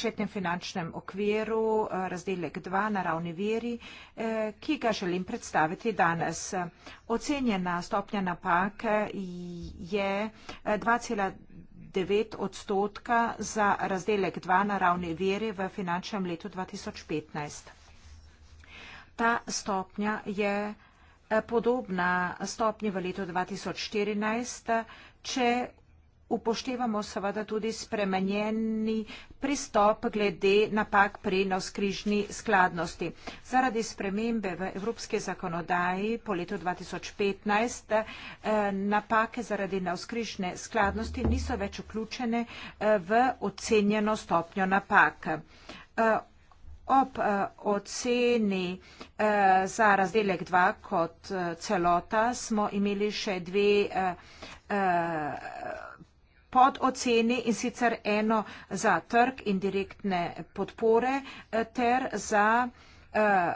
začetnem finančnem okviru, eh, razdelek 2 na ravni veri, eh, ki ga želim predstaviti danes. Ocenjena stopnja napake je 9 eh, odstotka za razdelek 2 na ravni veri v finančnem letu 2015. Ta stopnja je podobna stopnji v letu 2014, če upoštevamo seveda tudi spremenjeni pristop glede napak pri noskrižni skladnosti. Zaradi spremembe v evropske zakonodaji po letu 2015 eh, napake zaradi noskrižne skladnosti niso več vključene eh, v ocenjeno stopnjo napak. Eh, ob oceni za razdelek 2 kot celota smo imeli še dve vsega pod oceni in sicer eno za trg indirektne podpore eh, ter za eh,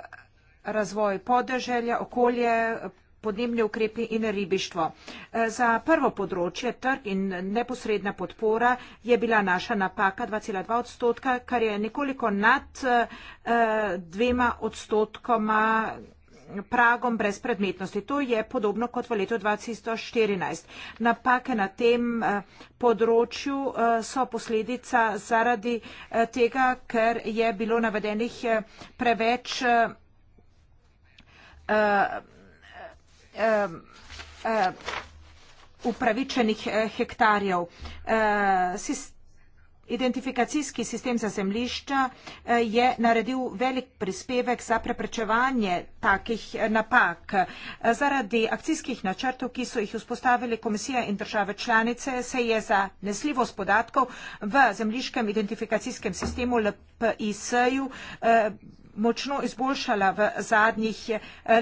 razvoj podeželja, okolje, podnebne ukrepe in ribištvo. Eh, za prvo področje trg in neposredna podpora je bila naša napaka 2,2 odstotka, kar je nekoliko nad dvema odstotkoma pragom brezpredmetnosti. To je podobno kot v letu 2014. Napake na tem eh, področju eh, so posledica zaradi eh, tega, ker je bilo navedenih preveč upravičenih hektarjev. Sistem Identifikacijski sistem za zemlišča eh, je naredil velik prispevek za preprečevanje takih eh, napak. Eh, zaradi akcijskih načrtov, ki so jih vzpostavili komisija in države članice, se je za nesljivost podatkov v zemliškem identifikacijskem sistemu LPIS-ju močno izboljšala v zadnjih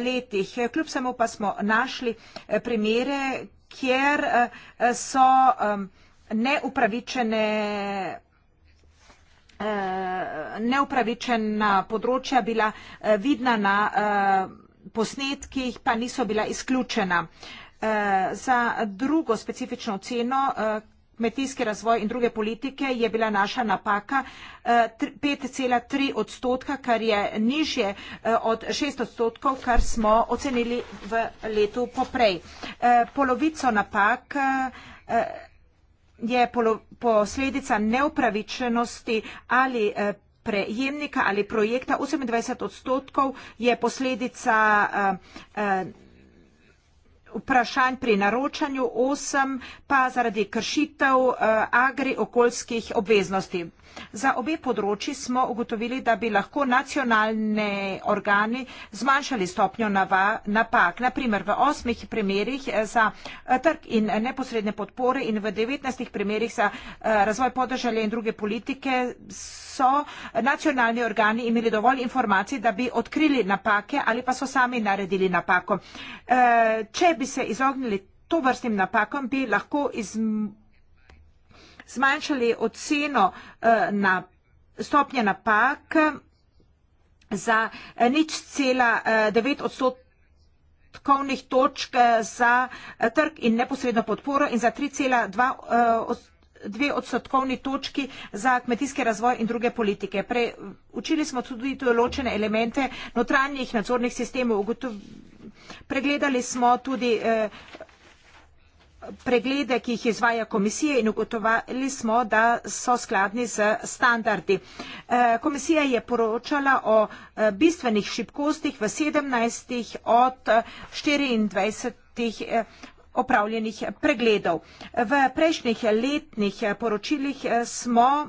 letih. Kljub samo pa smo našli primere, kjer so neupravičene eh, neupravičena področja bila eh, vidna na eh, posnetkih, pa niso bila izključena. Za drugo specifično oceno kmetijski razvoj in druge politike je bila naša napaka 5,3 odstotka, kar je nižje od 6 odstotkov, kar smo ocenili v letu poprej. Polovico napak je posledica neupravičenosti ali eh, prejemnika ali projekta. 28 odstotkov je posledica eh, eh, vprašanj pri naročanju, osem pa zaradi kršitev eh, agri-okoljskih obveznosti. Za obe področji smo ugotovili, da bi lahko nacionalne organi zmanjšali stopnjo napak. Naprimer, v osmih primerjih eh, za eh, trg in neposredne podpore in v devetnaestih primerjih za razvoj podržalja in druge politike so so nacionalni organi imeli dovolj informacij, da bi odkrili napake ali pa so sami naredili napako. Eh, če bi se izognili to vrstnim napakom, bi lahko zmanjšali oceno eh, na stopnje napak za eh, nič cela 9 odstot točk za trg in neposredno podporo in za 3,2 odstotkov dve odstotkovni točki za kmetijski razvoj in druge politike. Pre, učili smo tudi določene elemente notranjih nadzornih sistemov. Ugotov, pregledali smo tudi eh, preglede, ki jih izvaja komisija in ugotovili smo, da so skladni z standardi. Eh, komisija je poročala o eh, bistvenih šibkostih v 17 od 24 opravljenih pregledov. V prejšnjih letnih poročilih eh, smo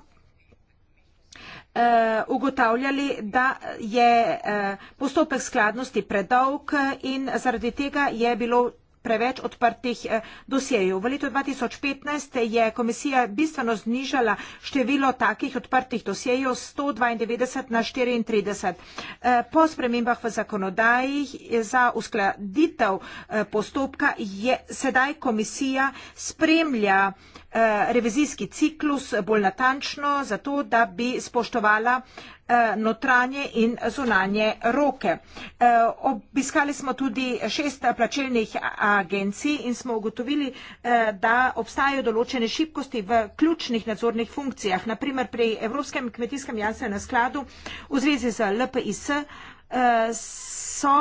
eh, ugotavljali, da je eh, postopek skladnosti predolg in zaradi tega je bilo preveč odprtih eh, dosjejev. V letu 2015 je komisija bistveno znižala število takih odprtih dosjejev 192 na 34. Eh, po spremembah v zakonodaji za uskladitev eh, postopka je sedaj komisija spremlja Eh, revizijski ciklus bolj natančno, zato da bi spoštovala eh, notranje in zunanje roke. Eh, obiskali smo tudi šest plačilnih agencij in smo ugotovili, da obstajajo določene šibkosti v ključnih nadzornih funkcijah. Naprimer, pri Evropskem kmetijskem jasnem skladu v zvezi z LPIS so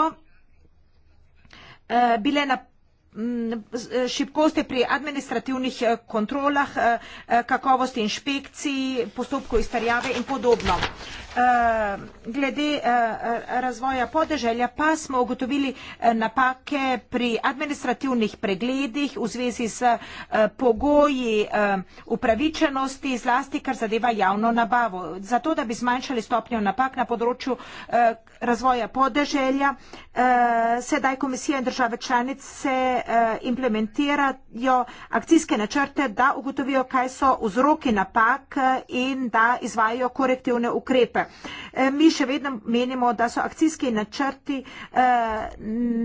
bile napravljene šibkosti pri administrativnih eh, kontrolah, eh, eh, kakovosti inšpekcij, postopkov izterjave in podobno. Eh, glede eh, eh, razvoja podeželja pa smo ugotovili napake pri administrativnih pregledih v zvezi s pogoji upravičenosti zlasti, kar zadeva javno nabavo. Zato, da bi zmanjšali stopnjo napak na področju razvoja podeželja, sedaj komisija in države članice implementirajo akcijske načrte, da ugotovijo, kaj so vzroki napak in da izvajajo korektivne ukrepe skupaj. Eh, mi še vedno menimo, da so akcijski načrti eh,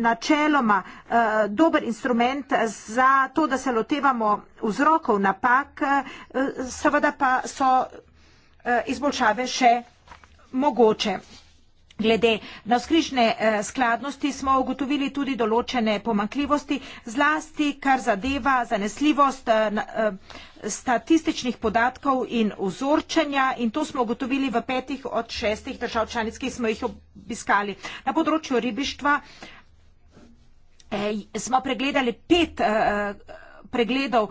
načeloma eh, dober instrument za to, da se lotevamo vzrokov napak, seveda pa so izboljšave še mogoče. Glede na skrižne eh, skladnosti smo ugotovili tudi določene pomankljivosti, zlasti kar zadeva zanesljivost eh, eh, statističnih podatkov in ozorčenja in to smo ugotovili v petih od šestih držav članic, ki smo jih obiskali. Na področju ribištva smo pregledali pet pregledov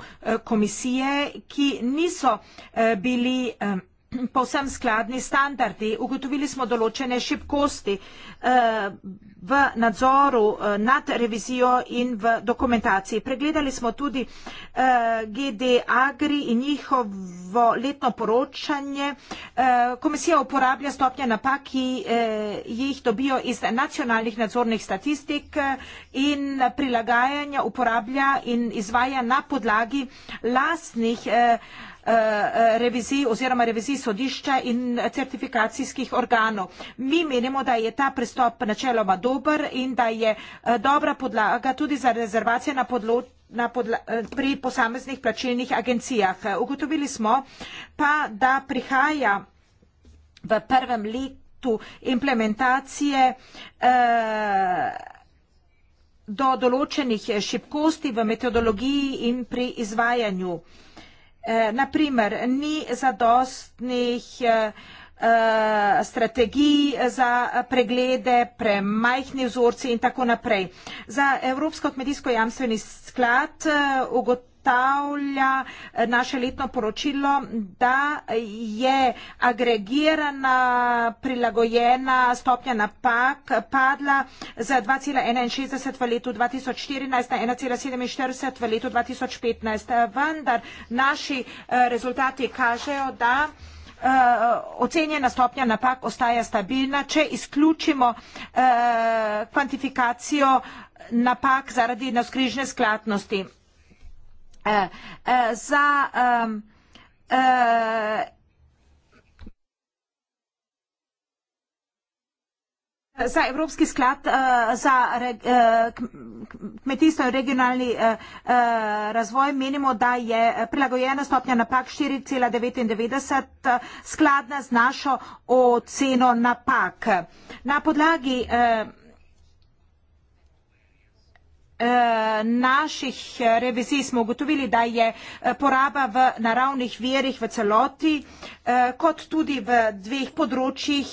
komisije, ki niso bili vsega, povsem skladni standardi, ugotovili smo določene šibkosti eh, v nadzoru eh, nad revizijo in v dokumentaciji. Pregledali smo tudi eh, GD Agri in njihovo letno poročanje. Komisija uporablja stopnje napak, ki jih dobijo iz nacionalnih nadzornih statistik in prilagajanja uporablja in izvaja na podlagi lastnih Eh, eh, revizij oziroma revizij sodišča in certifikacijskih organov. Mi menimo, da je ta pristop načeloma dober in da je eh, dobra podlaga tudi za rezervacije na podlod Na podla, pri posameznih plačilnih agencijah. Ugotovili smo pa, da prihaja v prvem letu implementacije eh, do določenih šibkosti v metodologiji in pri izvajanju eh, Eh, na primer, ni zadostnih eh, eh, strategij za preglede, premajhni vzorci in tako naprej. Za Evropsko kmetijsko jamstveni sklad ugotovimo, predstavlja eh, naše letno poročilo, da je agregirana prilagojena stopnja napak padla za 2,61 v letu 2014 na 1,47 v letu 2015. Eh, vendar naši eh, rezultati kažejo, da ocenjena stopnja napak ostaja stabilna, če izključimo kvantifikacijo napak zaradi navskrižne skladnosti. E, e, za e, za Evropski sklad za kmetijstvo in regionalni razvoj menimo, da je prilagojena stopnja napak 4,99 skladna z našo oceno napak. Na podlagi Eh, naših eh, revizij smo ugotovili, da je eh, poraba v naravnih verjih v celoti, kot tudi v dveh področjih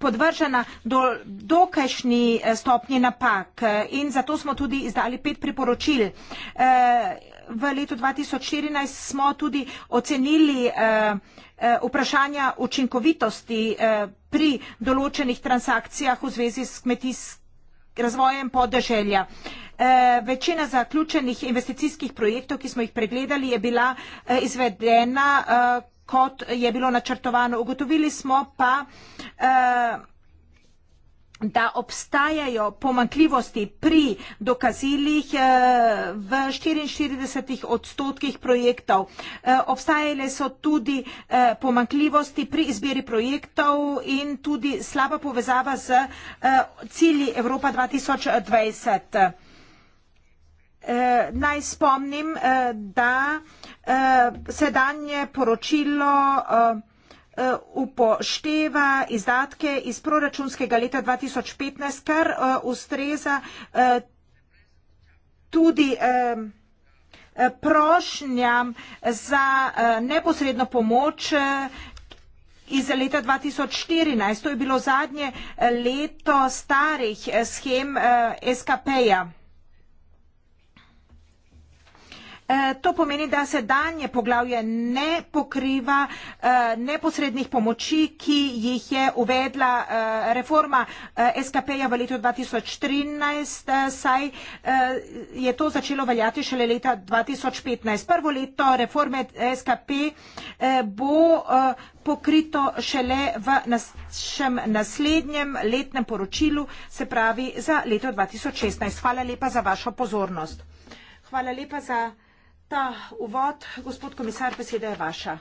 podvržena do dokajšnji stopnji napak in zato smo tudi izdali pet priporočil v letu 2014 smo tudi ocenili eh, eh, vprašanja učinkovitosti eh, pri določenih transakcijah v zvezi s kmetijskim razvojem podeželja. Večina zaključenih investicijskih projektov, ki smo jih pregledali, je bila izvedena, kot je bilo načrtovano. Ugotovili smo pa, da da obstajajo pomankljivosti pri dokazilih eh, v 44 odstotkih projektov. Eh, obstajale so tudi eh, pomankljivosti pri izbiri projektov in tudi slaba povezava z cilji Evropa 2020. Naj spomnim, da sedanje poročilo vsega, Eh, upošteva izdatke iz proračunskega leta 2015, kar eh, ustreza eh, tudi prošnjam za neposredno pomoč iz leta 2014. To je bilo zadnje leto starih schem SKP-ja. Eh, to pomeni, da se danje poglavje ne pokriva eh, neposrednih pomoči, ki jih je uvedla eh, reforma SKP-ja v letu 2013, saj je to začelo veljati šele leta 2015. Prvo leto reforme SKP bo pokrito šele v našem naslednjem letnem poročilu, se pravi za leto 2016. Hvala lepa za vašo pozornost. Hvala lepa za pozornost ta uvod. Gospod komisar, beseda je vaša.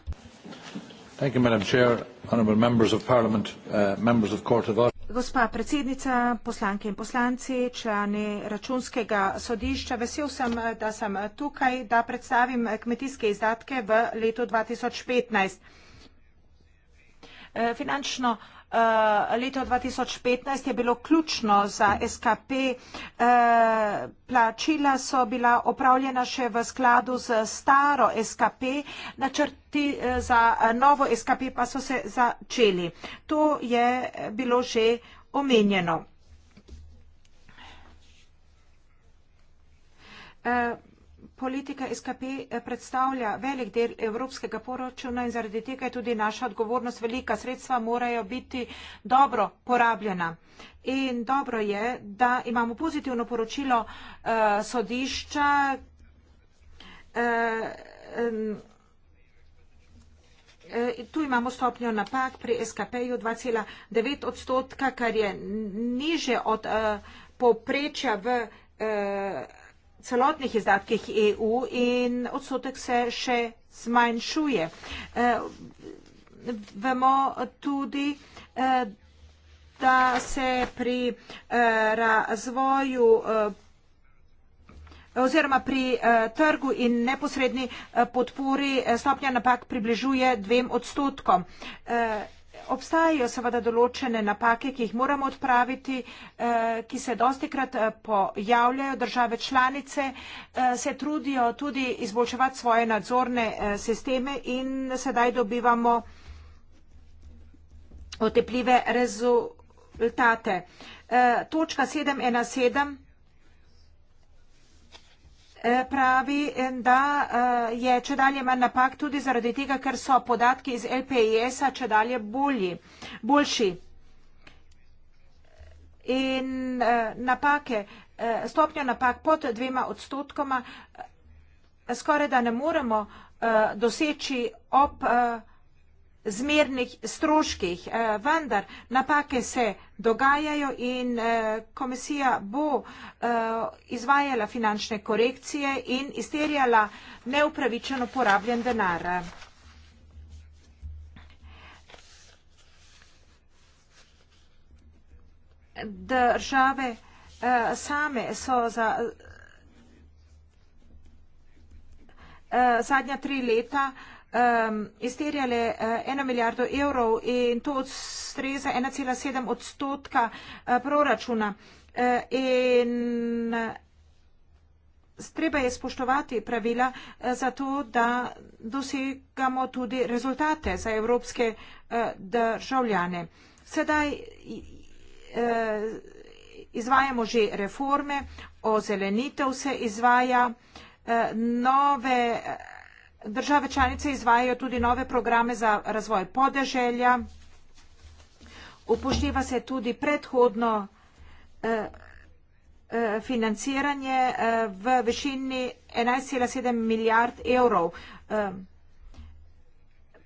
Thank you, Madam Chair, Honourable Members of Parliament, uh, Members of Court of Audit. Gospa predsednica, poslanke in poslanci, člani računskega sodišča, vesel sem, da sem tukaj, da predstavim kmetijske izdatke v letu 2015. E, finančno Eh, leto 2015 je bilo ključno za SKP. Uh, eh, plačila so bila opravljena še v skladu z staro SKP, načrti eh, za novo SKP pa so se začeli. To je bilo že omenjeno. Uh, politika SKP eh, predstavlja velik del evropskega poročuna in zaradi tega je tudi naša odgovornost velika. Sredstva morajo biti dobro porabljena. In dobro je, da imamo pozitivno poročilo uh, sodišča. Uh, um, uh, tu imamo stopnjo napak pri SKP-ju 2,9 odstotka, kar je niže od uh, eh, poprečja v uh, celotnih izdatkih EU in odsotek se še zmanjšuje. E, vemo tudi, e, da se pri e, razvoju oziroma pri trgu in neposredni podpori stopnja napak približuje dvem odstotkom obstajajo seveda določene napake, ki jih moramo odpraviti, eh, ki se dosti krat eh, pojavljajo. Države članice eh, se trudijo tudi izboljševati svoje nadzorne sisteme in sedaj dobivamo otepljive rezultate. Točka 717 E, pravi, da e, je če dalje manj napak tudi zaradi tega, ker so podatki iz LPIS-a če dalje bolji, boljši. In e, napake, stopnjo napak pod dvema odstotkoma skoraj da ne moremo doseči ob odstotkoma zmernih stroških, eh, vendar napake se dogajajo in eh, komisija bo eh, izvajala finančne korekcije in izterjala neupravičeno porabljen denar. Države same so za zadnja tri leta vsega, um, izterjale uh, eno milijardo evrov in to odstreza 1,7 odstotka uh, proračuna. Uh, in uh, treba je spoštovati pravila uh, za to, da dosegamo tudi rezultate za evropske uh, državljane. Sedaj uh, izvajamo že reforme, ozelenitev se izvaja, uh, nove. Uh, Države članice izvajajo tudi nove programe za razvoj podeželja. Upošteva se tudi predhodno eh, eh, financiranje eh, v višini 11,7 milijard evrov.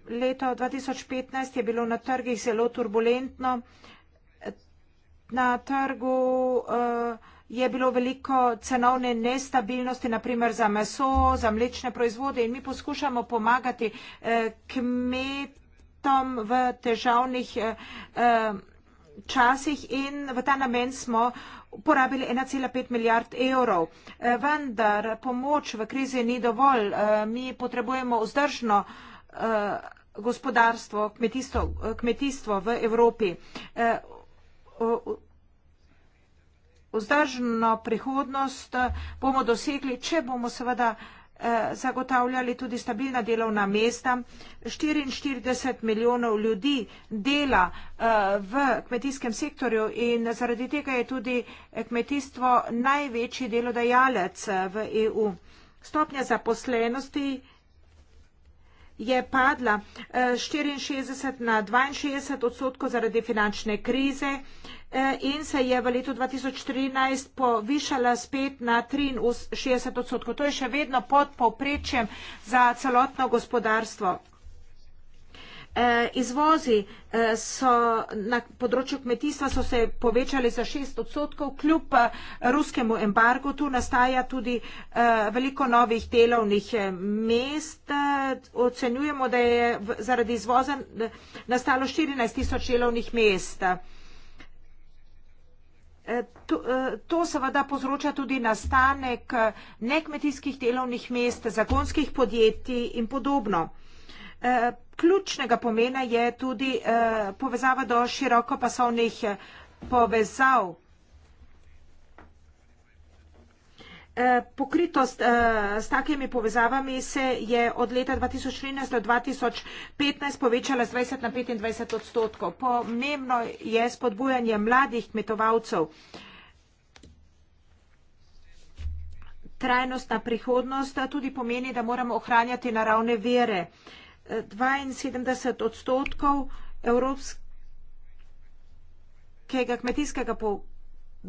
Leto 2015 je bilo na trgih zelo turbulentno. Na trgu uh, je bilo veliko cenovne nestabilnosti, naprimer za meso, za mlečne proizvode in mi poskušamo pomagati eh, kmetom v težavnih eh, eh, časih in v ta namen smo porabili 1,5 milijard evrov. Vendar pomoč v krizi ni dovolj. Mi potrebujemo vzdržno gospodarstvo, kmetijstvo v Evropi vzdržno prihodnost eh, bomo dosegli, če bomo seveda eh, zagotavljali tudi stabilna delovna mesta. 44 milijonov ljudi dela eh, v kmetijskem sektorju in zaradi tega je tudi kmetijstvo največji delodajalec v EU. Stopnja zaposlenosti je padla 64 na 62 odstotkov zaradi finančne krize. Eh, in se je v letu 2013 povišala spet na 63 odstotkov. To je še vedno pod povprečjem za celotno gospodarstvo. Eh, izvozi eh, so na področju kmetijstva so se povečali za šest odstotkov, kljub ruskemu embargu. Tu nastaja tudi veliko novih delovnih mest. Ocenjujemo, da je zaradi izvoza nastalo 14 tisoč delovnih mest. To, eh, to seveda povzroča tudi nastanek eh, nekmetijskih delovnih mest, zakonskih podjetij in podobno. Eh, ključnega pomena je tudi povezava do širokopasovnih povezav Eh, pokritost eh, s takimi povezavami se je od leta 2013 do 2015 povečala z 20 na 25 odstotkov. Pomembno je spodbujanje mladih kmetovalcev. Trajnostna prihodnost tudi pomeni, da moramo ohranjati naravne vere. 72 eh, odstotkov evropskega kmetijskega povezavanja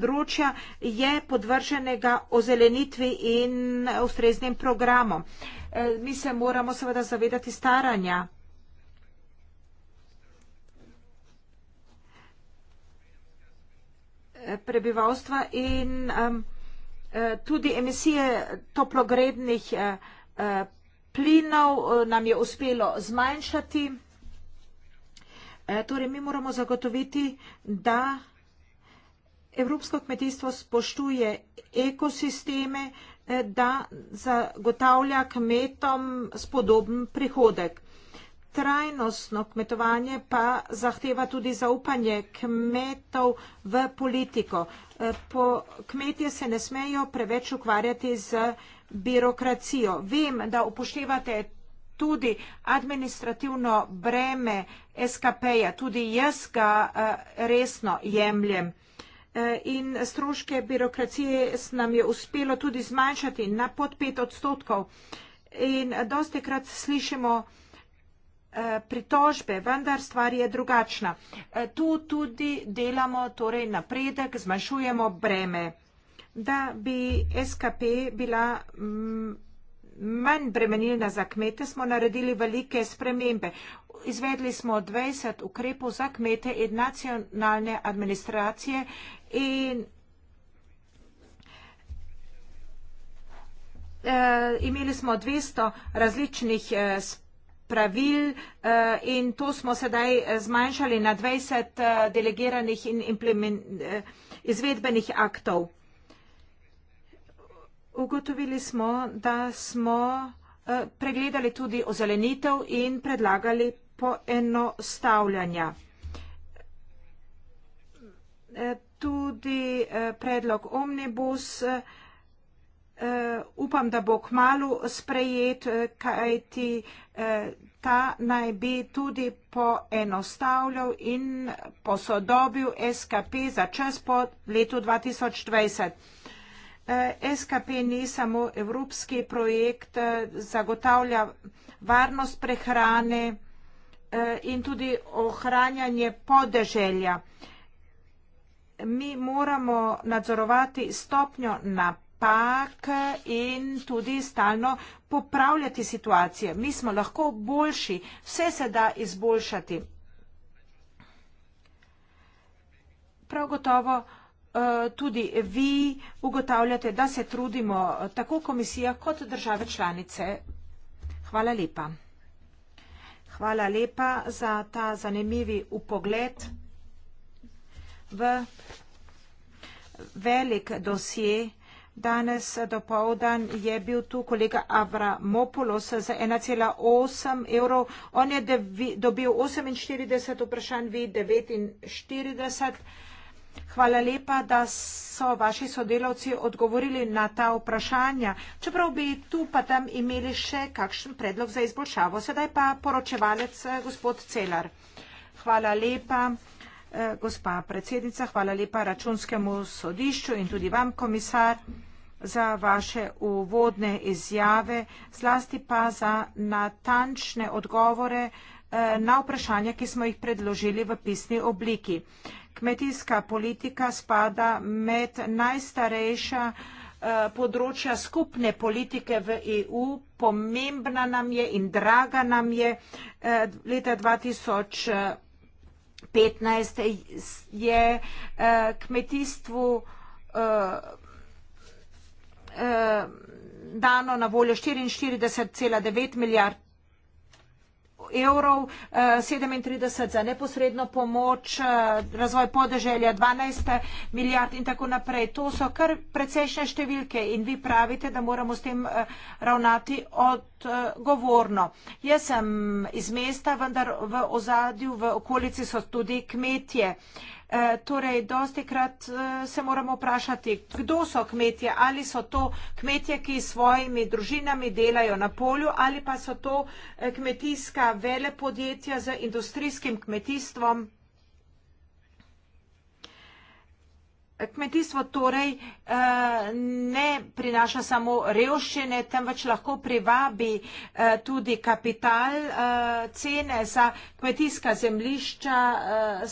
področja je podvrženega ozelenitvi in ustreznim programom. E, mi se moramo seveda zavedati staranja. E, prebivalstva in um, tudi emisije toplogrednih uh, plinov nam je uspelo zmanjšati. Uh, torej, mi moramo zagotoviti, da uh, evropsko kmetijstvo spoštuje ekosisteme, eh, da zagotavlja kmetom spodoben prihodek. Trajnostno kmetovanje pa zahteva tudi zaupanje kmetov v politiko. Eh, po kmetje se ne smejo preveč ukvarjati z birokracijo. Vem, da upoštevate tudi administrativno breme SKP-ja, tudi jaz ga eh, resno jemljem in stroške birokracije nam je uspelo tudi zmanjšati na pod pet odstotkov. In dosti krat slišimo eh, pritožbe, vendar stvar je drugačna. Eh, tu tudi delamo torej napredek, zmanjšujemo breme, da bi SKP bila mm, manj bremenilna za kmete, smo naredili velike spremembe. Izvedli smo 20 ukrepov za kmete in nacionalne administracije, In eh, imeli smo 200 različnih eh, pravil eh, in to smo sedaj eh, zmanjšali na 20 eh, delegiranih in eh, izvedbenih aktov. Ugotovili smo, da smo eh, pregledali tudi ozelenitev in predlagali poenostavljanja. Eh, tudi eh, predlog omnibus. Eh, upam, da bo k malu sprejet, eh, kajti ta naj bi tudi poenostavljal in posodobil SKP za čas po letu 2020. SKP ni samo evropski projekt, zagotavlja varnost prehrane in tudi ohranjanje podeželja mi moramo nadzorovati stopnjo napak in tudi stalno popravljati situacije. Mi smo lahko boljši, vse se da izboljšati. Prav gotovo eh, tudi vi ugotavljate, da se trudimo eh, tako komisija kot države članice. Hvala lepa. Hvala lepa za ta zanimivi upogled v velik dosje. Danes do povdan je bil tu kolega Avramopoulos za 1,8 evrov. On je dobil 48 vprašanj, vi 49. Hvala lepa, da so vaši sodelavci odgovorili na ta vprašanja. Čeprav bi tu pa tam imeli še kakšen predlog za izboljšavo. Sedaj pa poročevalec gospod Celar. Hvala lepa. Eh, gospa predsednica, hvala lepa računskemu sodišču in tudi vam, komisar, za vaše uvodne izjave, zlasti pa za natančne odgovore eh, na vprašanja, ki smo jih predložili v pisni obliki. Kmetijska politika spada med najstarejša eh, področja skupne politike v EU, pomembna nam je in draga nam je leta 2000. 15 je eh, kmetijstvu eh, eh, dano na voljo 44,9 milijard evrov, 37 eh, za neposredno pomoč, eh, razvoj podeželja 12 milijard in tako naprej. To so kar precejšnje številke in vi pravite, da moramo s tem eh, ravnati odgovorno. Jaz sem iz mesta, vendar v ozadju, v okolici so tudi kmetje. Eh, torej, dosti krat eh, se moramo vprašati, kdo so kmetje, ali so to kmetje, ki s svojimi družinami delajo na polju, ali pa so to eh, kmetijska vele podjetja z industrijskim kmetijstvom. Kmetijstvo torej eh, ne prinaša samo revščine, temveč lahko privabi eh, tudi kapital. Eh, cene za kmetijska zemlišča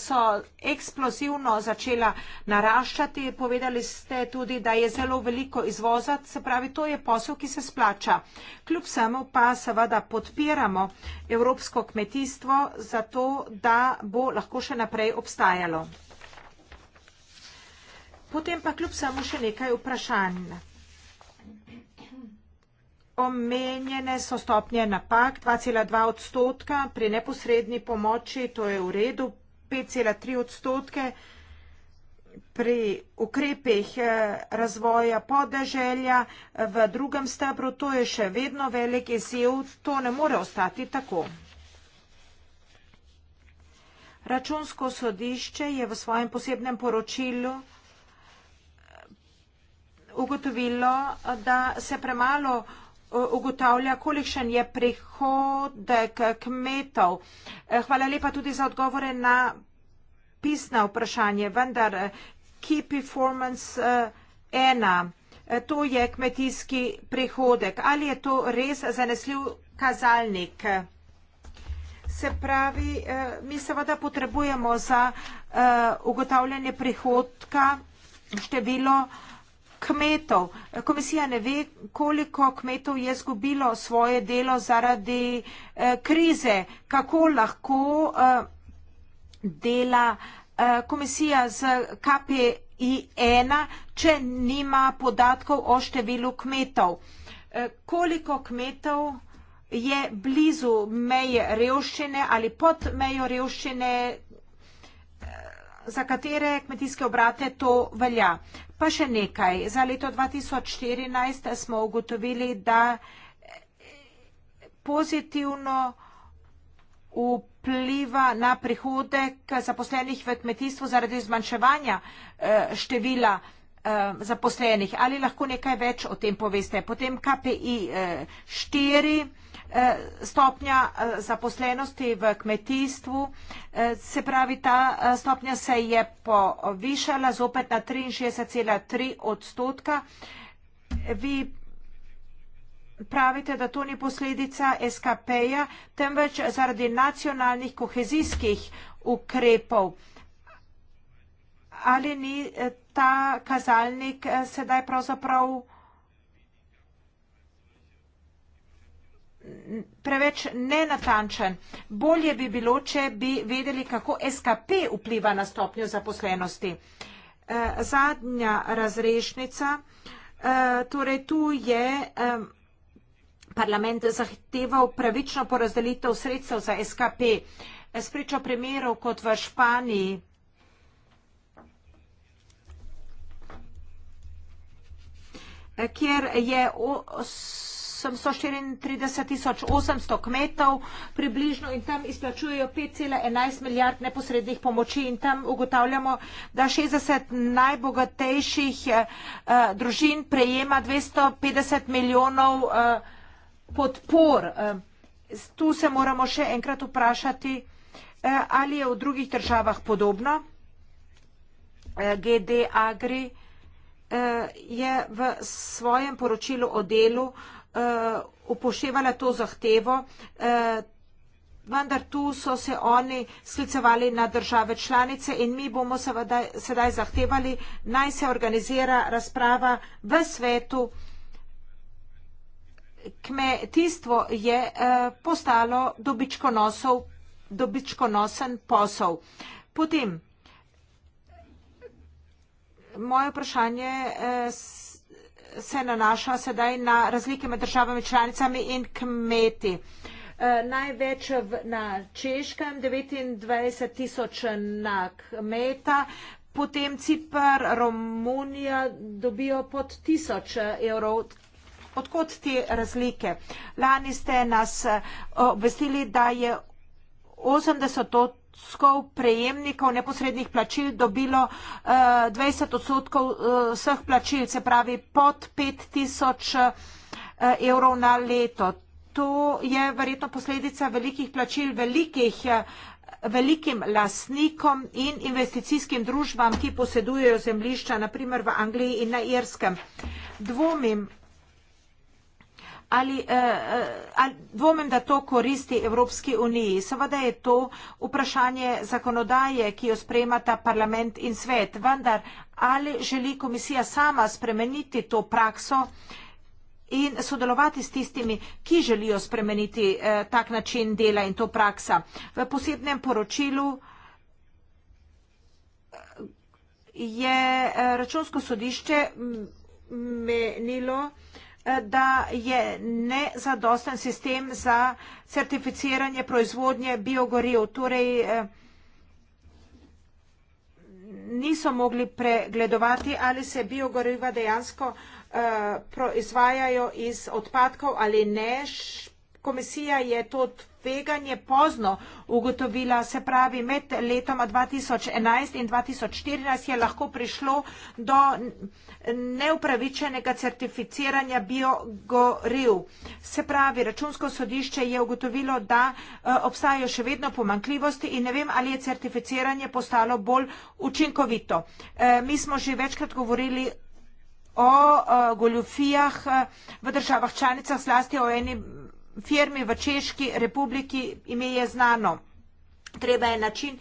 so eksplosivno začela naraščati. Povedali ste tudi, da je zelo veliko izvoza, se pravi, to je posel, ki se splača. Kljub samo pa seveda podpiramo evropsko kmetijstvo zato, da bo lahko še naprej obstajalo. Potem pa kljub samo še nekaj vprašanj. Omenjene so stopnje napak 2,2 odstotka pri neposredni pomoči, to je v redu, 5,3 odstotke pri ukrepih eh, razvoja podeželja eh, v drugem stebru, to je še vedno velik izjev, to ne more ostati tako. Računsko sodišče je v svojem posebnem poročilu ugotovilo, da se premalo eh, ugotavlja, kolikšen je prihodek kmetov. Eh, hvala lepa tudi za odgovore na pisna vprašanje, vendar eh, key performance ena, to je kmetijski prihodek. Ali je to res zanesljiv kazalnik? Se pravi, mi seveda potrebujemo za ugotavljanje prihodka število kmetov, kmetov. Komisija ne ve, koliko kmetov je zgubilo svoje delo zaradi eh, krize. Kako lahko eh, dela eh, komisija z KPI 1, če nima podatkov o številu kmetov? Eh, koliko kmetov je blizu meje revščine ali pod mejo revščine? Eh, za katere kmetijske obrate to velja. Pa še nekaj. Za leto 2014 smo ugotovili, da eh, pozitivno vpliva na prihodek zaposlenih v kmetijstvu zaradi zmanjševanja eh, števila eh, zaposlenih. Ali lahko nekaj več o tem poveste? Potem KPI 4 Eh, stopnja eh, zaposlenosti v kmetijstvu, eh, se pravi, ta stopnja se je povišala zopet na 63,3 odstotka. Vi pravite, da to ni posledica SKP-ja, temveč zaradi nacionalnih kohezijskih ukrepov. Ali ni ta kazalnik sedaj pravzaprav vsega? preveč nenatančen. Bolje bi bilo, če bi vedeli, kako SKP vpliva na stopnjo zaposlenosti. Eh, zadnja razrešnica, eh, torej tu je parlament zahteval pravično porazdelitev sredstev za SKP. Spričo primerov kot v Španiji, eh, kjer je osnovno 800 kmetov približno in tam izplačujejo 5,11 milijard neposrednih pomoči in tam ugotavljamo, da 60 najbogatejših eh, eh, družin prejema 250 milijonov eh, podpor. Eh, tu se moramo še enkrat vprašati, eh, ali je v drugih državah podobno. Eh, GD Agri eh, je v svojem poročilu o delu eh, uh, upoštevala to zahtevo. Uh, Vendar tu so se oni sklicevali na države članice in mi bomo sedaj, sedaj zahtevali, naj se organizira razprava v svetu. Kmetijstvo je eh, postalo dobičkonosov, dobičkonosen posel. Potem, moje vprašanje. Eh, se nanaša sedaj na razlike med državami članicami in kmeti. Eh, največ na Češkem, 29 tisoč na kmeta, potem Cipr, Romunija dobijo pod tisoč eh, evrov. Odkot te razlike? Lani ste nas eh, obvestili, da je 80 odstotkov prejemnikov neposrednih plačil dobilo eh, 20 odstotkov eh, vseh plačil, se pravi pod 5000 eh, evrov na leto. To je verjetno posledica velikih plačil velikih, eh, velikim lastnikom in investicijskim družbam, ki posedujejo zemlišča, naprimer v Angliji in na Irskem. Dvomim, ali, eh, eh, ali dvomim, da to koristi Evropski uniji. Seveda je to vprašanje zakonodaje, ki jo sprejmata parlament in svet. Vendar, ali želi komisija sama spremeniti to prakso in sodelovati s tistimi, ki želijo spremeniti eh, tak način dela in to praksa? V posebnem poročilu eh, je eh, računsko sodišče menilo, da je nezadosten sistem za certificiranje proizvodnje biogoriv. Torej, eh, niso mogli pregledovati, ali se biogoriva dejansko eh, proizvajajo iz odpadkov ali ne. Komisija je to tvoj tveganje pozno ugotovila, se pravi med letoma 2011 in 2014 je lahko prišlo do neupravičenega certificiranja biogoriv. Se pravi, računsko sodišče je ugotovilo, da e, obstajajo še vedno pomankljivosti in ne vem, ali je certificiranje postalo bolj učinkovito. E, mi smo že večkrat govorili o e, goljufijah v državah članicah, zlasti o enim firmi v Češki republiki ime je znano. Treba je način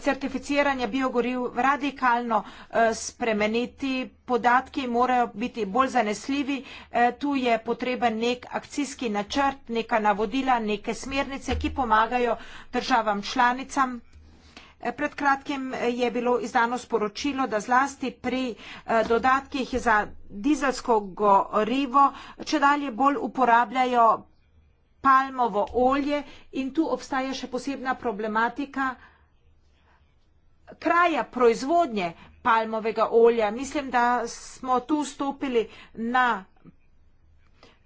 certificiranja biogoriv radikalno eh, spremeniti, podatki morajo biti bolj zanesljivi, eh, tu je potreben nek akcijski načrt, neka navodila, neke smernice, ki pomagajo državam članicam. Eh, pred kratkim je bilo izdano sporočilo, da zlasti pri dodatkih za dizelsko gorivo, če dalje bolj uporabljajo palmovo olje in tu obstaja še posebna problematika kraja proizvodnje palmovega olja. Mislim, da smo tu stopili na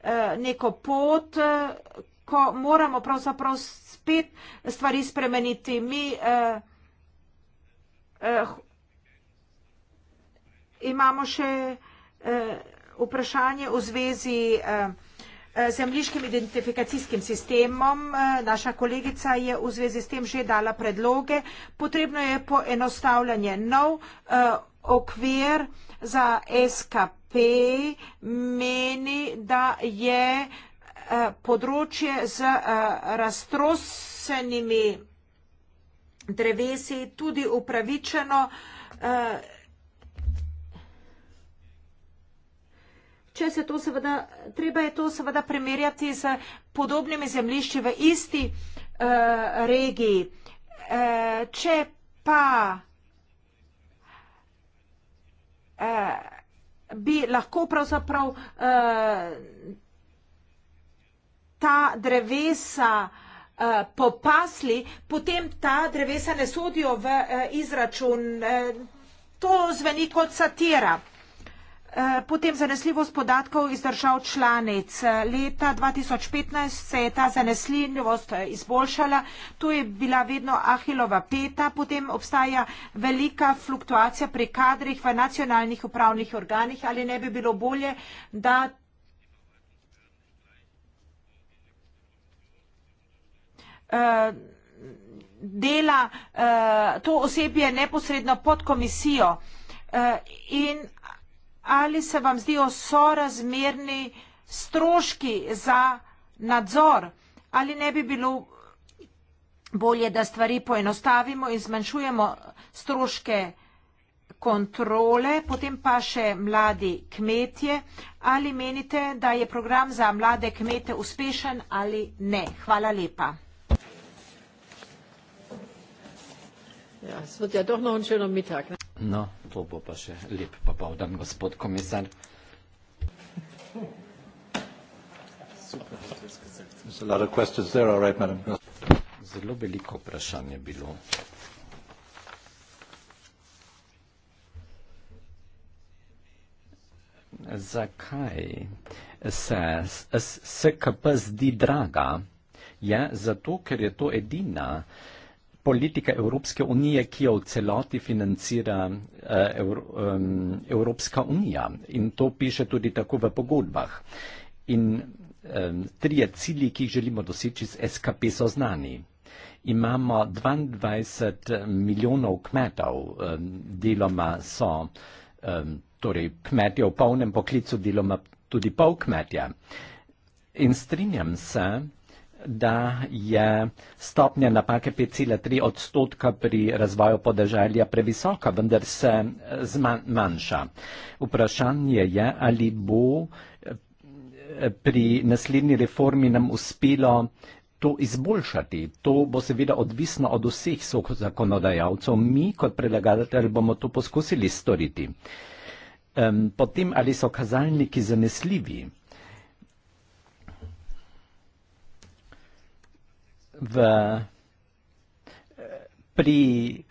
eh, neko pot, eh, ko moramo pravzaprav spet stvari spremeniti. Mi eh, eh, imamo še eh, vprašanje v zvezi eh, Eh, zemljiškim identifikacijskim sistemom. Eh, naša kolegica je v zvezi s tem že dala predloge. Potrebno je poenostavljanje nov eh, okvir za SKP. Meni, da je področje z rastrosenimi drevesi tudi upravičeno Če se to seveda, treba je to seveda primerjati z podobnimi zemljišči v isti uh, regiji. Uh, če pa uh, bi lahko pravzaprav uh, ta drevesa popasli, potem ta drevesa ne sodijo v izračun. To zveni kot satira. Eh, potem zanesljivost podatkov iz držav članic. Leta 2015 se je ta zanesljivost eh, izboljšala, tu je bila vedno ahilova peta, potem obstaja velika fluktuacija pri kadrih v nacionalnih upravnih organih, ali ne bi bilo bolje, da eh, dela to osebje neposredno pod komisijo in ali se vam zdijo sorazmerni stroški za nadzor, ali ne bi bilo bolje, da stvari poenostavimo in zmanjšujemo stroške kontrole, potem pa še mladi kmetje. Ali menite, da je program za mlade kmete uspešen ali ne? Hvala lepa. Ja, es wird ja doch noch ein schöner Mittag. Ne? No, to bo pa še lep popoldan, gospod komisar. Zelo veliko vprašanj je bilo. Zakaj se SKP zdi draga? Je zato, ker je to edina politika Evropske unije, ki jo v celoti financira eh, Evropska unija. In to piše tudi tako v pogodbah. In trije cilji, ki jih želimo doseči z SKP, so znani. Imamo 22 milijonov kmetov, deloma so torej kmetje v polnem poklicu, deloma tudi polkmetje. In strinjam se, da je stopnja napake 5,3 odstotka pri razvoju podeželja previsoka, vendar se eh, zmanjša. Vprašanje je, ali bo eh, pri naslednji reformi nam uspelo to izboljšati. To bo seveda odvisno od vseh zakonodajalcev. Mi kot predlagatelj bomo to poskusili storiti. Potem, ali so kazalniki zanesljivi? v Pri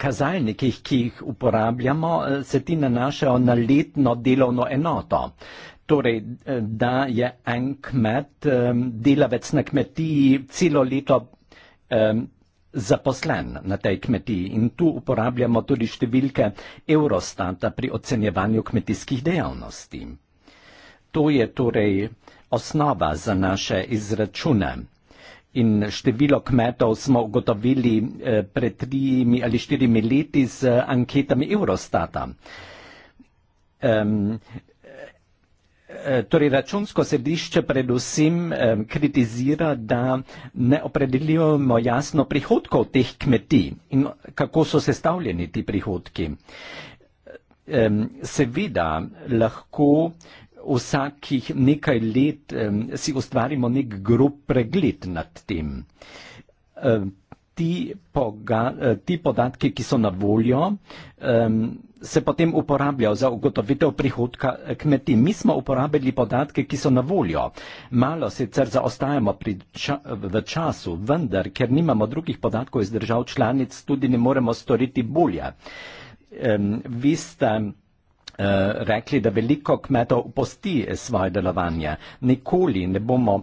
kazalnikih, ki jih uporabljamo, se ti nanašajo na letno delovno enoto. Torej, da je en kmet, delavec na kmetiji, celo leto zaposlen na tej kmetiji. In tu uporabljamo tudi številke Eurostata pri ocenjevanju kmetijskih dejavnosti. To je torej osnova za naše izračune in število kmetov smo ugotovili eh, pred tremi ali štirimi leti z eh, anketami Eurostata. Um, Torej, računsko središče predvsem eh, kritizira, da ne opredeljujemo jasno prihodkov teh kmetij in kako so sestavljeni ti prihodki. Eh, seveda lahko vsakih nekaj let eh, si ustvarimo nek grob pregled nad tem. Eh, ti, poga, eh, ti podatki, ki so na voljo, eh, se potem uporabljajo za ugotovitev prihodka e, kmetij. Mi smo uporabili podatke, ki so na voljo. Malo sicer zaostajamo ča, v času, vendar, ker nimamo drugih podatkov iz držav članic, tudi ne moremo storiti bolje. Eh, vi ste, Eh, rekli, da veliko kmetov opusti svoje delovanje. Nikoli ne bomo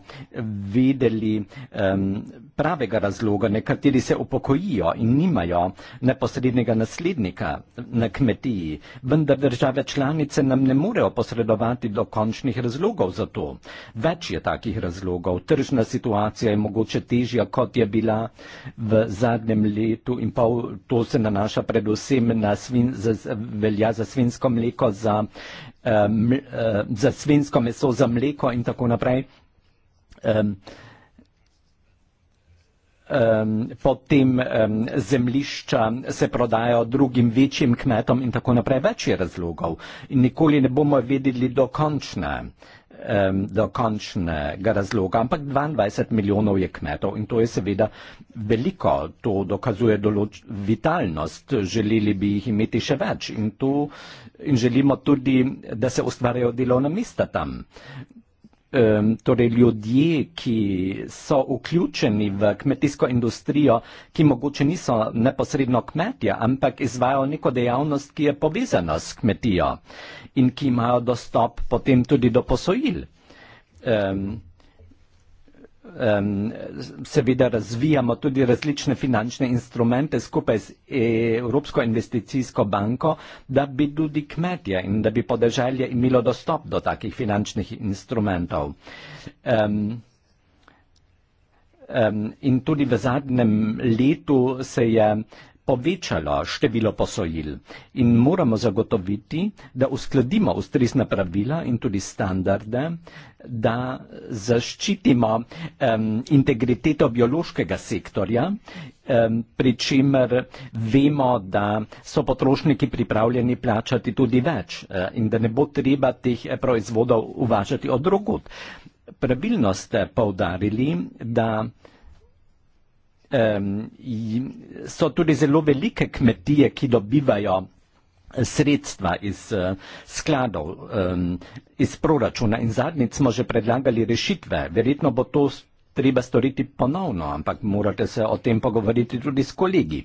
videli. Um, pravega razloga nekateri se upokojijo in nimajo neposrednega naslednika na kmetiji, vendar države članice nam ne morejo posredovati do končnih razlogov za to. Več je takih razlogov, tržna situacija je mogoče težja, kot je bila v zadnjem letu in pol, to se nanaša predvsem na svin, za, velja za svinsko mleko, za, um, za svinsko meso, za mleko in tako naprej. Um, Ehm, pod tem ehm, zemljišča se prodajo drugim večjim kmetom in tako naprej. Več je razlogov in nikoli ne bomo vedeli dokončne ehm, do končnega razloga, ampak 22 milijonov je kmetov in to je seveda veliko, to dokazuje določ vitalnost, želeli bi jih imeti še več in, to, in želimo tudi, da se ustvarjajo delovna mesta tam. Ehm, torej ljudje, ki so vključeni v kmetijsko industrijo, ki mogoče niso neposredno kmetje, ampak izvajo neko dejavnost, ki je povezana s kmetijo in ki imajo dostop potem tudi do posojil. Um, um, seveda razvijamo tudi različne finančne instrumente skupaj z Evropsko investicijsko banko, da bi tudi kmetje in da bi podeželje imelo dostop do takih finančnih instrumentov. Um, um, in tudi v zadnjem letu se je povečalo število posojil in moramo zagotoviti, da uskladimo ustrezna pravila in tudi standarde, da zaščitimo um, integriteto biološkega sektorja, um, pri čemer vemo, da so potrošniki pripravljeni plačati tudi več e, in da ne bo treba teh e, proizvodov uvažati od drugot. Pravilno ste povdarili, da Ehm, so tudi zelo velike kmetije, ki dobivajo eh, sredstva iz uh, skladov, um, iz proračuna in zadnjič smo že predlagali rešitve. Verjetno bo to treba storiti ponovno, ampak morate se o tem pogovoriti tudi s kolegi.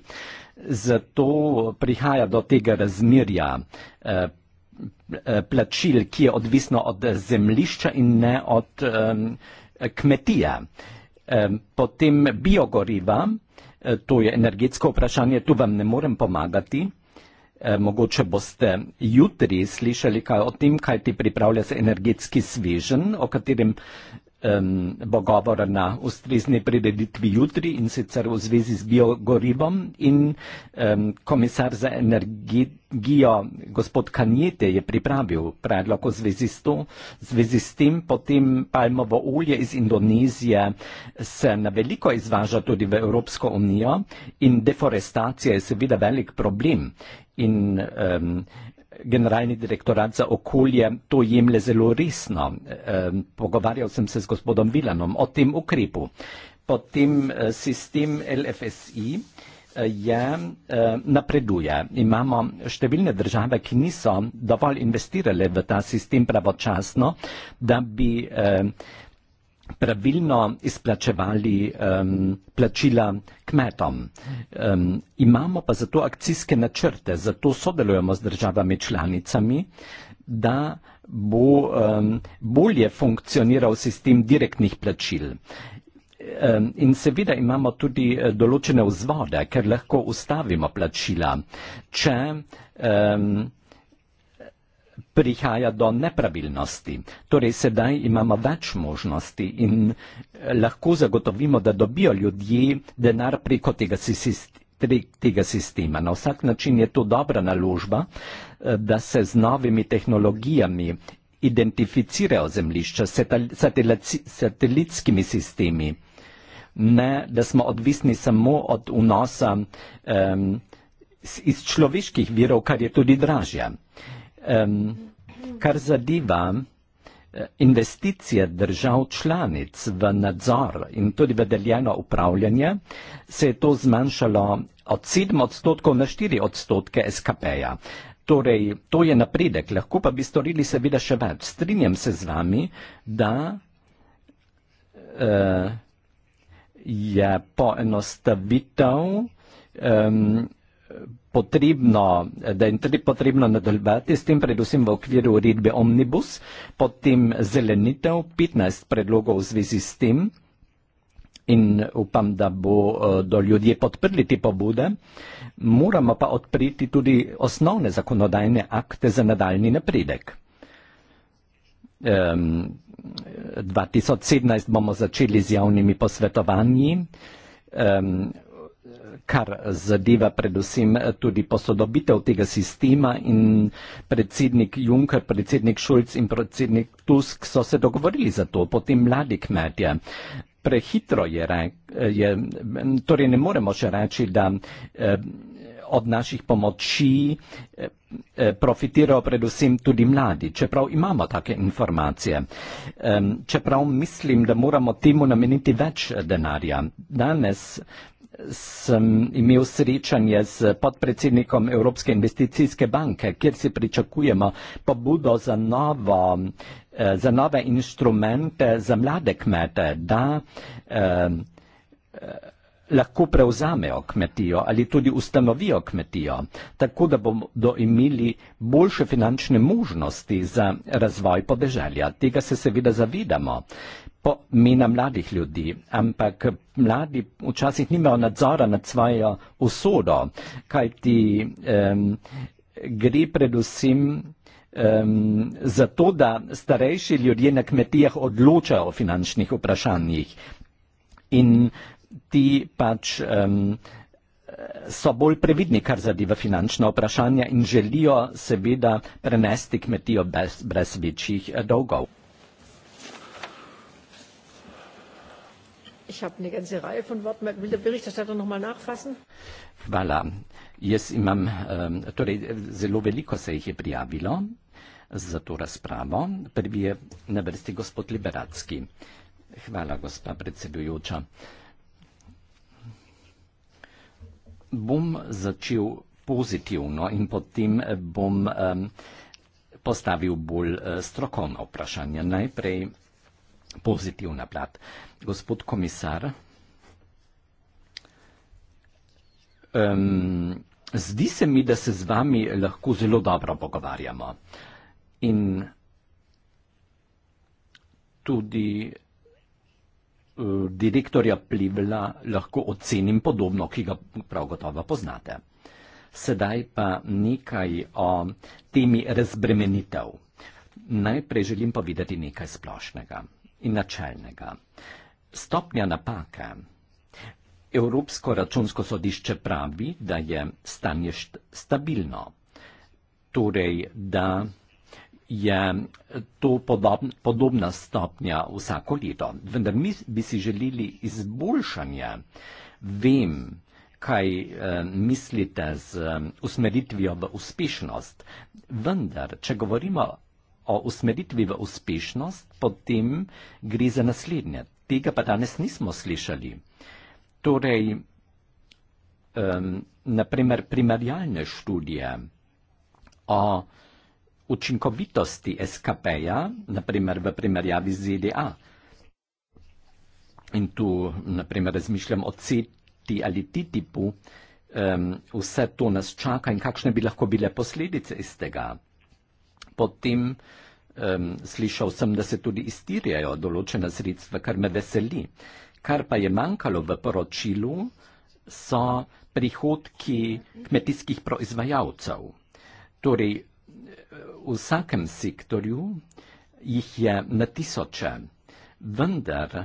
Zato prihaja do tega razmerja uh, plačil, ki je odvisno od zemlišča in ne od um, ehm, kmetija. Uh, po tem biogoriva, e, to je energetsko vprašanje, tu vam ne morem pomagati. E, mogoče boste jutri slišali kaj o tem, kaj ti pripravlja se energetski svežen, o katerem bo govora na ustrezni prireditvi jutri in sicer v zvezi z biogoribom in um, komisar za energijo gospod Kanjete je pripravil predlog v zvezi s to, v zvezi s tem potem palmovo olje iz Indonezije se na veliko izvaža tudi v Evropsko unijo in deforestacija je seveda velik problem in um, generalni direktorat za okolje to jemlje zelo resno. E, pogovarjal sem se z gospodom Vilanom o tem ukrepu. Potem e, sistem LFSI e, je, napreduje. Imamo številne države, ki niso dovolj investirale v ta sistem pravočasno, da bi eh, pravilno izplačevali um, plačila kmetom. Um, imamo pa zato akcijske načrte, zato sodelujemo z državami članicami, da bo um, bolje funkcioniral sistem direktnih plačil. Um, in seveda imamo tudi eh, določene vzvode, ker lahko ustavimo plačila, če um, prihaja do nepravilnosti. Torej, sedaj imamo več možnosti in eh, lahko zagotovimo, da dobijo ljudje denar preko tega sistema. Tega sistema. Na vsak način je to dobra naložba, eh, da se z novimi tehnologijami identificirajo zemlišča, satelitskimi sistemi, ne da smo odvisni samo od vnosa um, iz človeških virov, kar je tudi dražje. Uh, Um, kar zadeva eh, investicije držav članic v nadzor in tudi v deljeno upravljanje, se je to zmanjšalo od 7 odstotkov na 4 odstotke SKP-ja. Torej, to je napredek, lahko pa bi storili seveda še več. Strinjam se z vami, da uh, je poenostavitev um, potrebno, da je tudi potrebno nadaljevati s tem, predvsem v okviru uredbe Omnibus, potem zelenitev 15 predlogov v zvezi s tem in upam, da bodo eh, ljudje podprli te pobude. Moramo pa odpreti tudi osnovne zakonodajne akte za nadaljni napredek. Um, 2017 bomo začeli z javnimi posvetovanji. Um, kar zadeva predvsem eh, tudi posodobitev tega sistema in predsednik Juncker, predsednik Šulc in predsednik Tusk so se dogovorili za to, potem mladi kmetje. Prehitro je, je, torej ne moremo še reči, da eh, od naših pomoči eh, profitirajo predvsem tudi mladi, čeprav imamo take informacije. Čeprav mislim, da moramo temu nameniti več denarja. Danes sem imel srečanje z podpredsednikom Evropske investicijske banke, kjer si pričakujemo pobudo za, novo, eh, za nove inštrumente za mlade kmete, da eh, eh, lahko prevzamejo kmetijo ali tudi ustanovijo kmetijo, tako da bodo imeli boljše finančne možnosti za razvoj podeželja. Tega se seveda zavidamo po mina mladih ljudi, ampak mladi včasih nimajo nadzora nad svojo usodo, kaj ti um, gre predvsem um, za to, da starejši ljudje na kmetijah odločajo o finančnih vprašanjih in ti pač um, so bolj previdni, kar zadeva finančna vprašanja in želijo seveda prenesti kmetijo brez, brez večjih dolgov. Ich habe eine ganze Reihe von Worten. Will der Berichterstatter noch mal nachfassen? Voilà. Jaz imam, ehm, torej zelo veliko se jih je prijavilo za to razpravo. Prvi je na vrsti gospod Liberacki. Hvala, gospa predsedujoča. Bom začel pozitivno in potem ehm, bom ehm, postavil bolj eh, strokovno vprašanje. Najprej pozitivna plat. Gospod komisar, um, zdi se mi, da se z vami lahko zelo dobro pogovarjamo. In tudi uh, direktorja Plivla lahko ocenim podobno, ki ga prav gotovo poznate. Sedaj pa nekaj o temi razbremenitev. Najprej želim povedati nekaj splošnega in načelnega. Stopnja napake. Evropsko računsko sodišče pravi, da je stanje stabilno, torej da je to podobna stopnja vsako leto. Vendar mi bi si želeli izboljšanje. Vem, kaj e, mislite z eh, usmeritvijo v uspešnost. Vendar, če govorimo o usmeritvi v uspešnost, potem gre za naslednje. Tega pa danes nismo slišali. Torej, um, naprimer, primarjalne študije o učinkovitosti SKP-ja, naprimer v primerjavi z ZDA. In tu, naprimer, razmišljam o CT ali TTIP-u, um, vse to nas čaka in kakšne bi lahko bile posledice iz tega potem um, slišal sem, da se tudi iztirjajo določena sredstva, kar me veseli. Kar pa je manjkalo v poročilu, so prihodki kmetijskih proizvajalcev. Torej, v vsakem sektorju jih je na tisoče, vendar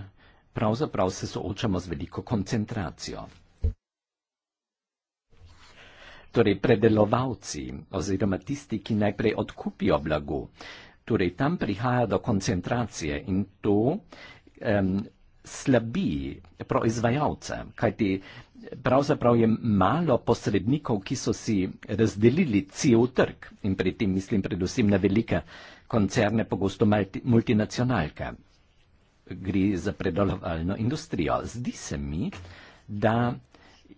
pravzaprav se soočamo z veliko koncentracijo torej predelovalci oziroma tisti, ki najprej odkupijo blago. Torej tam prihaja do koncentracije in to um, slabi proizvajalce, kajti pravzaprav je malo posrednikov, ki so si razdelili cel trg in pri tem mislim predvsem na velike koncerne, pogosto multi, multinacionalke. Gre za predelovalno industrijo. Zdi se mi, da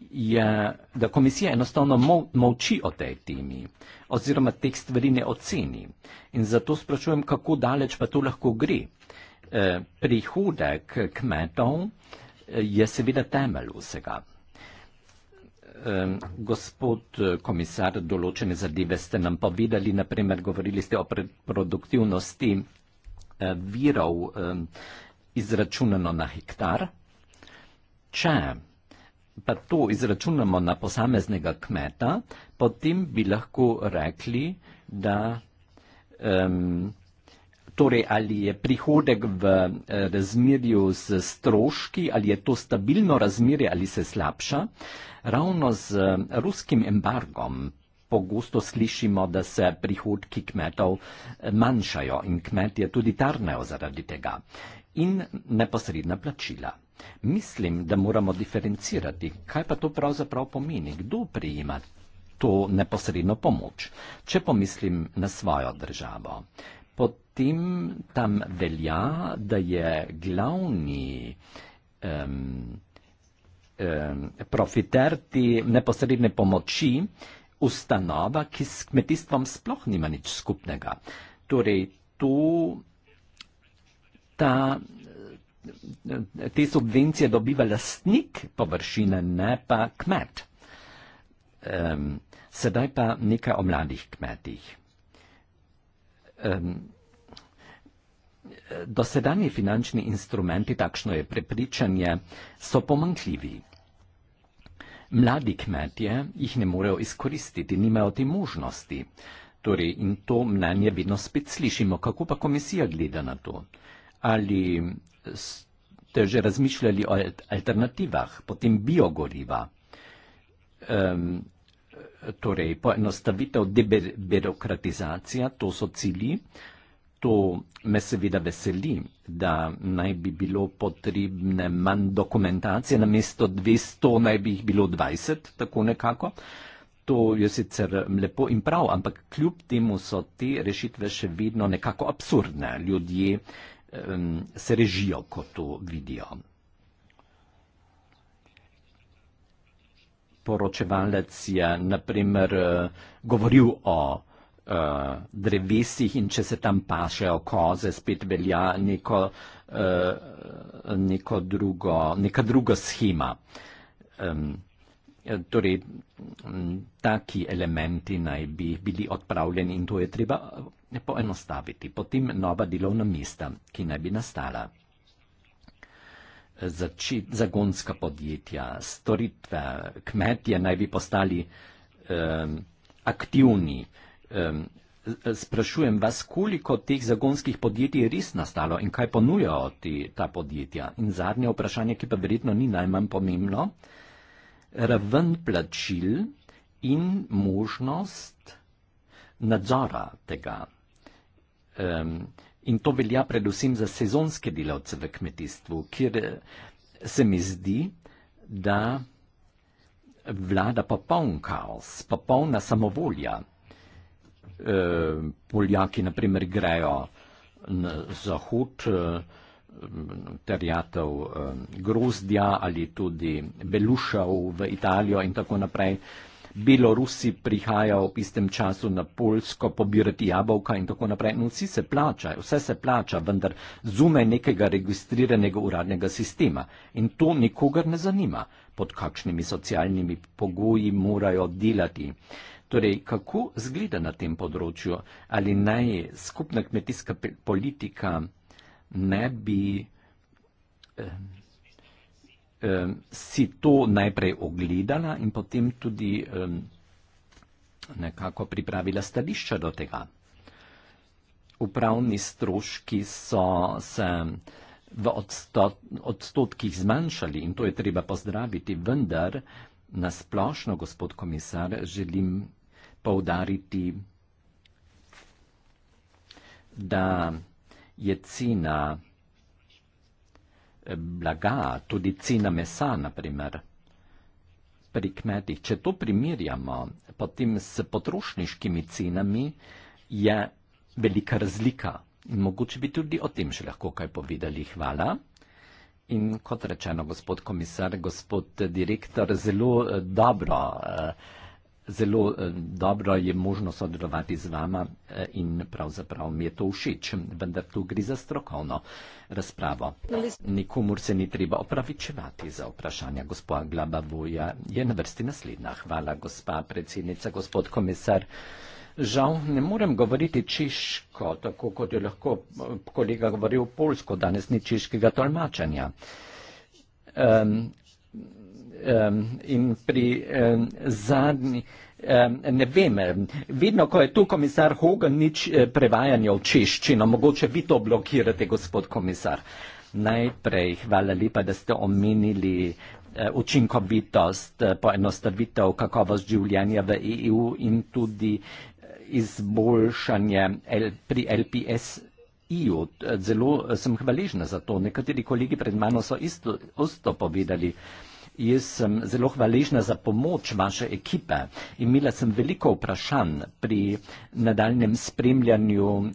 je, da komisija enostavno molči o tej temi oziroma teh stvari ne oceni. In zato sprašujem, kako daleč pa to lahko gre. E, prihodek kmetov eh, je seveda temelj vsega. E, gospod eh, komisar, določene zadeve ste nam povedali, naprimer govorili ste o produktivnosti e, virov e, izračunano na hektar. Če pa to izračunamo na posameznega kmeta, potem bi lahko rekli, da um, torej ali je prihodek v eh, razmerju s stroški, ali je to stabilno razmerje ali se slabša. Ravno z eh, ruskim embargom pogosto slišimo, da se prihodki kmetov eh, manjšajo in kmetje tudi tarnajo zaradi tega. In neposredna plačila. Mislim, da moramo diferencirati, kaj pa to pravzaprav pomeni, kdo prijima to neposredno pomoč. Če pomislim na svojo državo, potem tam velja, da je glavni um, um, profiter te neposredne pomoči ustanova, ki s kmetijstvom sploh nima nič skupnega. Torej, to, ta te subvencije dobiva lastnik površine, ne pa kmet. Um, sedaj pa nekaj o mladih kmetih. Um, dosedani finančni instrumenti, takšno je prepričanje, so pomankljivi. Mladi kmetje jih ne morejo izkoristiti, nimajo te možnosti. Torej, in to mnenje vedno spet slišimo, kako pa komisija gleda na to ali ste že razmišljali o alternativah, potem biogoriva, um, torej poenostavitev, debirokratizacija, to so cilji. To me seveda veseli, da naj bi bilo potrebne manj dokumentacije, namesto 200 naj bi jih bilo 20, tako nekako. To je sicer lepo in prav, ampak kljub temu so te rešitve še vedno nekako absurdne. Ljudje se režijo, ko to vidijo. Poročevalec je naprimer eh, govoril o eh, drevesih in če se tam pašejo koze, spet velja neko, eh, neko drugo, neka druga schema. Eh, torej, taki elementi naj bi bili odpravljeni in to je treba eh, poenostaviti. Potem nova delovna mesta, ki naj bi nastala. Eh, zači, zagonska podjetja, storitve, kmetje naj bi postali eh, aktivni. Eh, sprašujem vas, koliko teh zagonskih podjetij je res nastalo in kaj ponujajo ta podjetja. In zadnje vprašanje, ki pa verjetno ni najmanj pomembno. Eh, raven plačil in možnost nadzora tega. Um, in to velja predvsem za sezonske delavce v kmetijstvu, kjer eh, se mi zdi, da vlada popoln kaos, popolna samovolja. Uh, Poljaki, naprimer, grejo na zahod. Uh, terjatev eh, grozdja ali tudi belušev v Italijo in tako naprej. Belorusi prihajajo v istem času na Polsko pobirati jabolka in tako naprej. No, vsi se plačajo, vse se plača, vendar zume nekega registriranega uradnega sistema. In to nikogar ne zanima, pod kakšnimi socialnimi pogoji morajo delati. Torej, kako zgleda na tem področju, ali naj skupna kmetijska politika ne bi eh, eh, si to najprej ogledala in potem tudi eh, nekako pripravila stališča do tega. Upravni stroški so se v odstotkih zmanjšali in to je treba pozdraviti, vendar nasplošno, gospod komisar, želim poudariti, da je cena eh, blaga, tudi cena mesa, naprimer, pri kmetih. Če to primerjamo potem s potrošniškimi cenami, je velika razlika. In mogoče bi tudi o tem še lahko kaj povedali. Hvala. In kot rečeno, gospod komisar, gospod direktor, zelo eh, dobro. Eh, Zelo eh, dobro je možno sodelovati z vama eh, in pravzaprav mi je to všeč, vendar tu gre za strokovno razpravo. Nikomur se ni treba opravičevati za vprašanja. Gospod Glaba Voja je na vrsti naslednja. Hvala, gospa predsednica, gospod komisar. Žal ne morem govoriti češko, tako kot je lahko eh, kolega govoril polsko, danes ni češkega tolmačanja. Um, um, in pri um, zadnji. Um, ne vem, vedno, ko je tu komisar Hogan, nič eh, prevajanja v češčino, mogoče vi to blokirate, gospod komisar. Najprej hvala lepa, da ste omenili eh, učinkovitost, eh, poenostavitev kakovost življenja v EU in tudi eh, izboljšanje L pri LPS. EU. Zelo eh, sem hvaležna za to. Nekateri kolegi pred mano so isto, isto povedali. Um, Jaz sem zelo hvaležna za pomoč vaše ekipe. Imela sem veliko vprašanj pri nadaljem spremljanju um,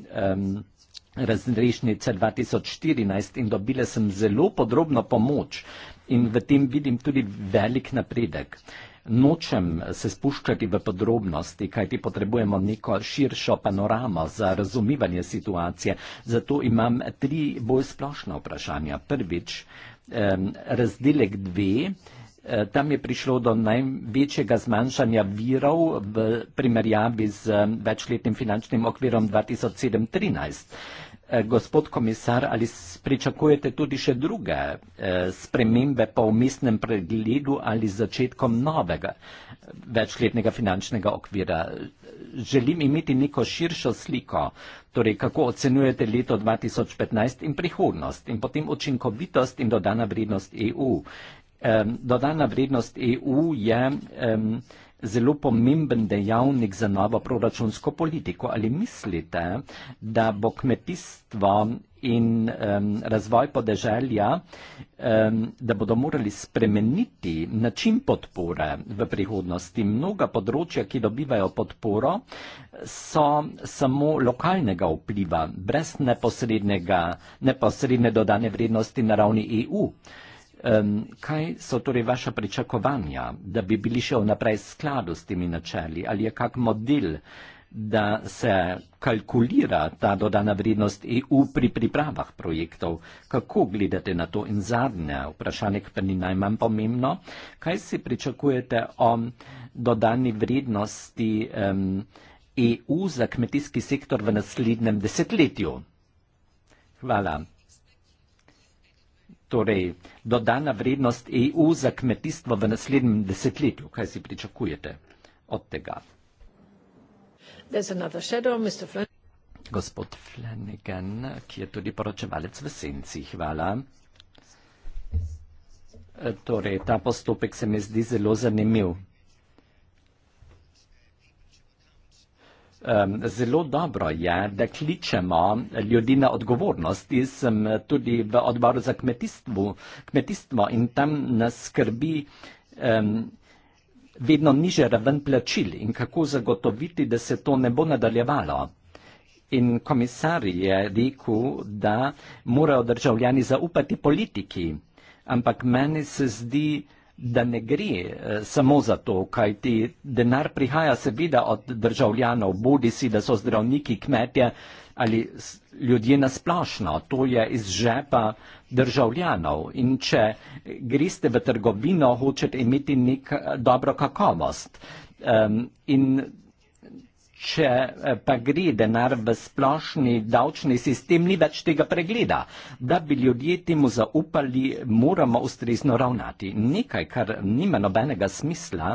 razrešnice 2014 in dobila sem zelo podrobno pomoč in v tem vidim tudi velik napredek. Nočem se spuščati v podrobnosti, kajti potrebujemo neko širšo panoramo za razumivanje situacije. Zato imam tri bolj splošna vprašanja. Prvič, eh, razdelek dve. Eh, Eh, tam je prišlo do največjega zmanjšanja virov v primerjavi z eh, večletnim finančnim okvirom 2007-2013. Eh, gospod komisar, ali pričakujete tudi še druge spremembe po umestnem pregledu ali začetkom novega večletnega finančnega okvira? Želim imeti neko širšo sliko, torej kako ocenujete leto 2015 in prihodnost in potem učinkovitost in dodana vrednost EU um, dodana vrednost EU je um, zelo pomemben dejavnik za novo proračunsko politiko. Ali mislite, da bo kmetijstvo in um, razvoj podeželja, um, da bodo morali spremeniti način podpore v prihodnosti. Mnoga področja, ki dobivajo podporo, so samo lokalnega vpliva, brez neposredne dodane vrednosti na ravni EU. Uh, Um, kaj so torej vaša pričakovanja, da bi bili šel naprej skladu s temi načeli? Ali je kak model, da se kalkulira ta dodana vrednost EU pri pripravah projektov? Kako gledate na to? In zadnje vprašanje, ki pa ni najmanj pomembno, kaj si pričakujete o dodani vrednosti um, EU za kmetijski sektor v naslednjem desetletju? Hvala torej dodana vrednost EU za kmetijstvo v naslednjem desetletju? Kaj si pričakujete od tega? Gospod Flanagan, ki je tudi poročevalec v senci, hvala. E, torej, ta postopek se mi zdi zelo zanimiv. um, zelo dobro je, da kličemo ljudi na odgovornost. Jaz sem tudi v odboru za kmetijstvo in tam nas skrbi um, vedno niže raven plačil in kako zagotoviti, da se to ne bo nadaljevalo. In komisar je rekel, da morajo državljani zaupati politiki, ampak meni se zdi, da ne gre eh, samo za to, kaj ti denar prihaja seveda od državljanov, bodi si, da so zdravniki, kmetje ali ljudje nasplošno, to je iz žepa državljanov. In če greste v trgovino, hočete imeti nek dobro kakovost. Um, Če eh, pa gre denar v splošni davčni sistem, ni več tega pregleda. Da bi ljudje temu zaupali, moramo ustrezno ravnati. Nekaj, kar nima nobenega smisla,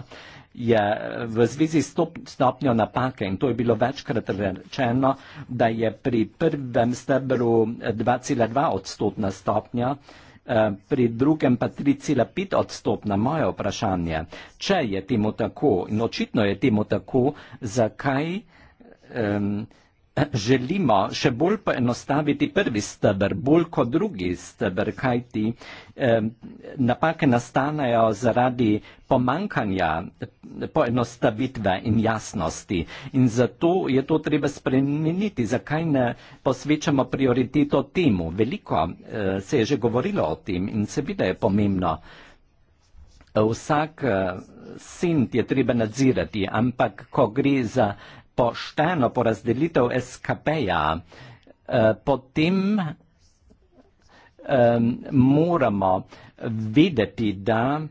je eh, v zvezi s stopnjo napake in to je bilo večkrat rečeno, da je pri prvem stebru 2,2 eh, odstotna stopnja. Eh, pri drugem pa 3,5 odstop na moje vprašanje. Če je temu tako, in očitno je temu tako, zakaj um, želimo še bolj poenostaviti prvi stebr, bolj kot drugi stebr, kajti eh, napake nastanejo zaradi pomankanja poenostavitve in jasnosti. In zato je to treba spremeniti, zakaj ne posvečamo prioriteto temu. Veliko eh, se je že govorilo o tem in seveda je pomembno. Vsak eh, sint je treba nadzirati, ampak ko gre za pošteno porazdelitev SKP-ja, eh, potem moramo videti, da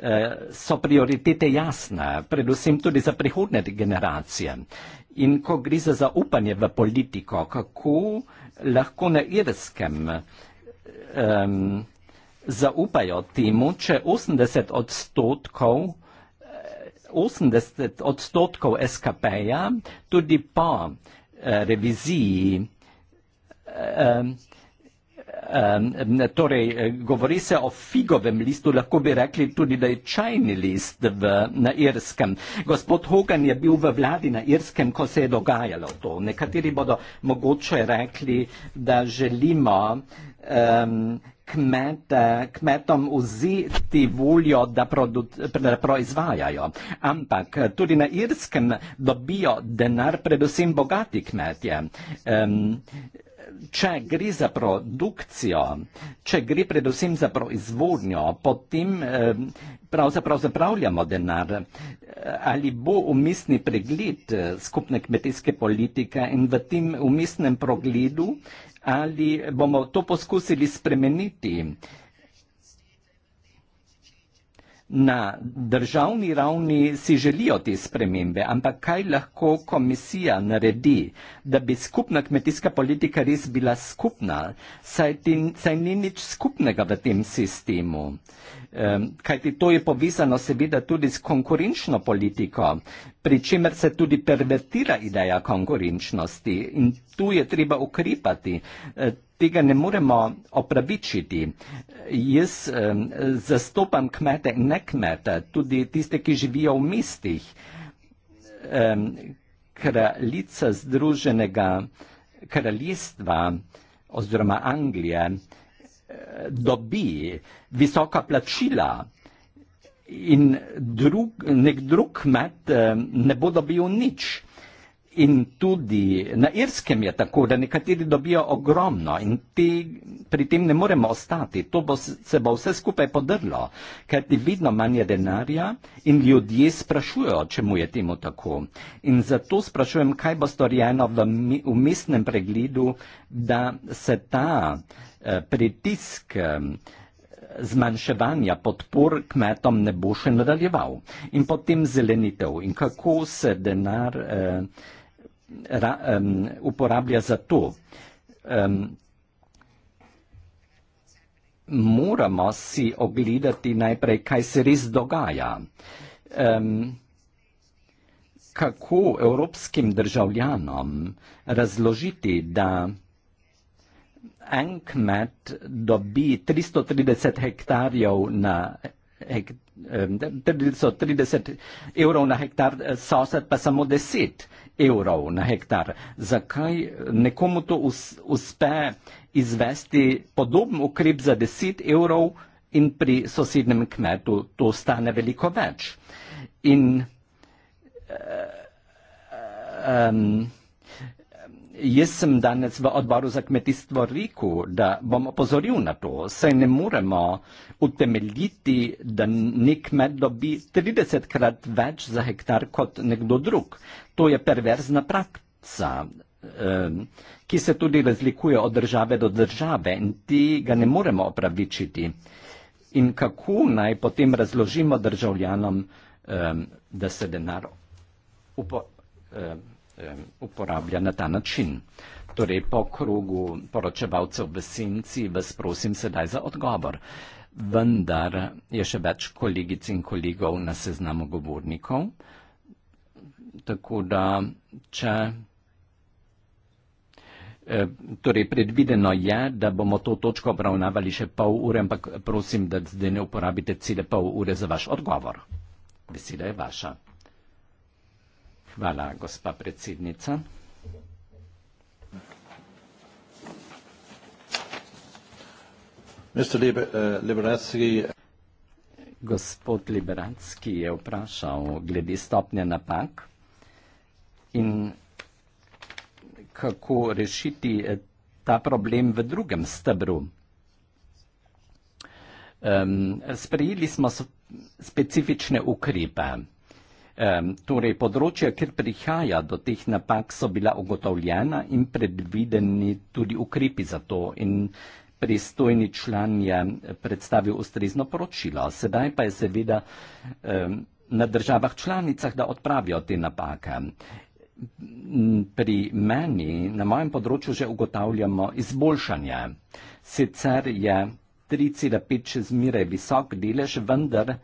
eh, so prioritete jasne, predvsem tudi za prihodne generacije. In ko gre za zaupanje v politiko, kako lahko na irskem zaupajo temu, če 80 odstotkov vsega, 80 odstotkov SKP-ja, tudi pa eh, reviziji, eh, eh, torej govori se o figovem listu, lahko bi rekli tudi, da je čajni list na Irskem. Gospod Hogan je bil v vladi na Irskem, ko se je dogajalo to. Nekateri bodo mogoče rekli, da želimo kmet, kmetom vzeti voljo, da, produ, da proizvajajo. Ampak tudi na Irskem dobijo denar predvsem bogati kmetje. Um, Če gre za produkcijo, če gre predvsem za proizvodnjo, potem pravzaprav zapravljamo denar. Ali bo umestni pregled eh, skupne kmetijske politike in v tem umestnem pregledu ali bomo to poskusili spremeniti. Na državni ravni si želijo te spremembe, ampak kaj lahko komisija naredi, da bi skupna kmetijska politika res bila skupna, saj, ti, saj ni nič skupnega v tem sistemu. Um, ehm, kaj ti to je povezano seveda tudi s konkurenčno politiko, pri čemer se tudi pervertira ideja konkurenčnosti in tu je treba ukrepati. Uh, tega ne moremo opravičiti. Jaz um, zastopam kmete in ne kmete, tudi tiste, ki živijo v mestih. Um, kraljica Združenega kraljestva oziroma Anglije eh, dobi visoka plačila in drug, nek drug kmet um, ne bo dobil nič. In tudi na Irskem je tako, da nekateri dobijo ogromno in ti, pri tem ne moremo ostati. To bo, se bo vse skupaj podrlo, ker ti vidno manj je denarja in ljudje sprašujejo, čemu je temu tako. In zato sprašujem, kaj bo storjeno v umestnem pregledu, da se ta eh, pritisk. Eh, zmanjševanja podpor kmetom ne bo še nadaljeval. In potem zelenitev. In kako se denar eh, ra, um, uporablja za to. Um, moramo si ogledati najprej, kaj se res dogaja. Um, kako evropskim državljanom razložiti, da en kmet dobi 330 hektarjev na hek, 330 evrov na hektar, sosed pa samo 10 evrov na hektar. Zakaj nekomu to uspe izvesti podoben ukrep za 10 evrov in pri sosednjem kmetu to stane veliko več? In, uh, um, jaz sem danes v odboru za kmetijstvo rekel, da bom opozoril na to, saj ne moremo utemeljiti, da nek kmet dobi 30 krat več za hektar kot nekdo drug. To je perverzna praksa, ki se tudi razlikuje od države do države in tega ne moremo opravičiti. In kako naj potem razložimo državljanom, da se denar upo uporablja na ta način. Torej, po krogu poročevalcev v senci vas prosim sedaj za odgovor. Vendar je še več kolegic in kolegov na seznamu govornikov, tako da če. E, torej, predvideno je, da bomo to točko obravnavali še pol ure, ampak prosim, da zdaj ne uporabite cele pol ure za vaš odgovor. Beseda je vaša. Hvala, gospa predsednica. Eh, eh. Gospod Liberacki je vprašal glede stopnje napak in kako rešiti eh, ta problem v drugem stebru. Sprejeli smo specifične ukrepe. Torej, področja, kjer prihaja do teh napak, so bila ugotovljena in predvideni tudi ukrepi za to. In pristojni član je predstavil ustrezno poročilo. Sedaj pa je seveda na državah članicah, da odpravijo te napake. Pri meni, na mojem področju, že ugotavljamo izboljšanje. Sicer je 3,5 še zmeraj visok delež, vendar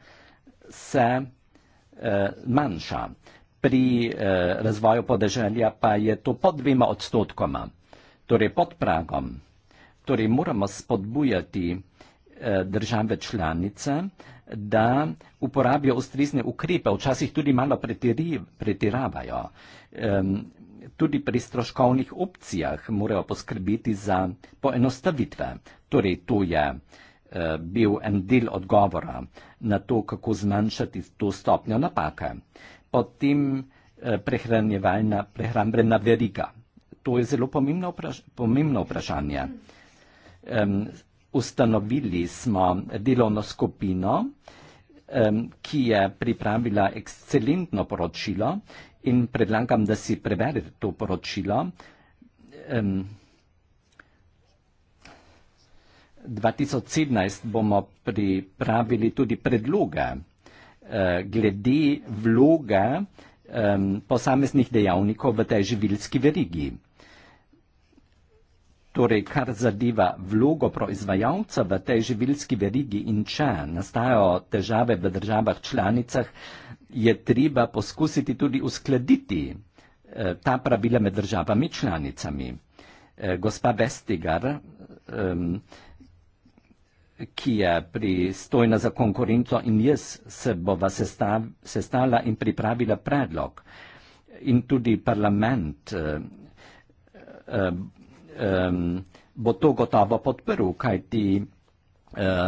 se. Eh, manjša. Pri eh, razvoju podeželja pa je to pod dvema odstotkoma, torej pod pragom. Torej moramo spodbujati eh, države članice, da uporabijo ustrizne ukrepe, včasih tudi malo pretiravajo. Tudi pri stroškovnih opcijah morajo poskrbiti za poenostavitve. Torej to je vse. Eh, bil en del odgovora na to, kako zmanjšati to stopnjo napake. Potem eh, prehranjevalna, prehrambrena veriga. To je zelo pomembno, vpraš pomembno vprašanje. Um, ustanovili smo delovno skupino, um, ki je pripravila ekscelentno poročilo in predlagam, da si preberete to poročilo. Um, 2017 bomo pripravili tudi predloge eh, glede vloga posameznih dejavnikov v tej živilski verigi. Torej, kar zadeva vlogo proizvajalca v tej živilski verigi in če nastajajo težave v državah članicah, je treba poskusiti tudi uskladiti eh, ta pravila med državami članicami. Eh, gospa Vestigar, ki je pristojna za konkurenco in jaz se bova sestala in pripravila predlog. In tudi parlament eh, eh, eh, bo to gotovo podprl, kajti eh,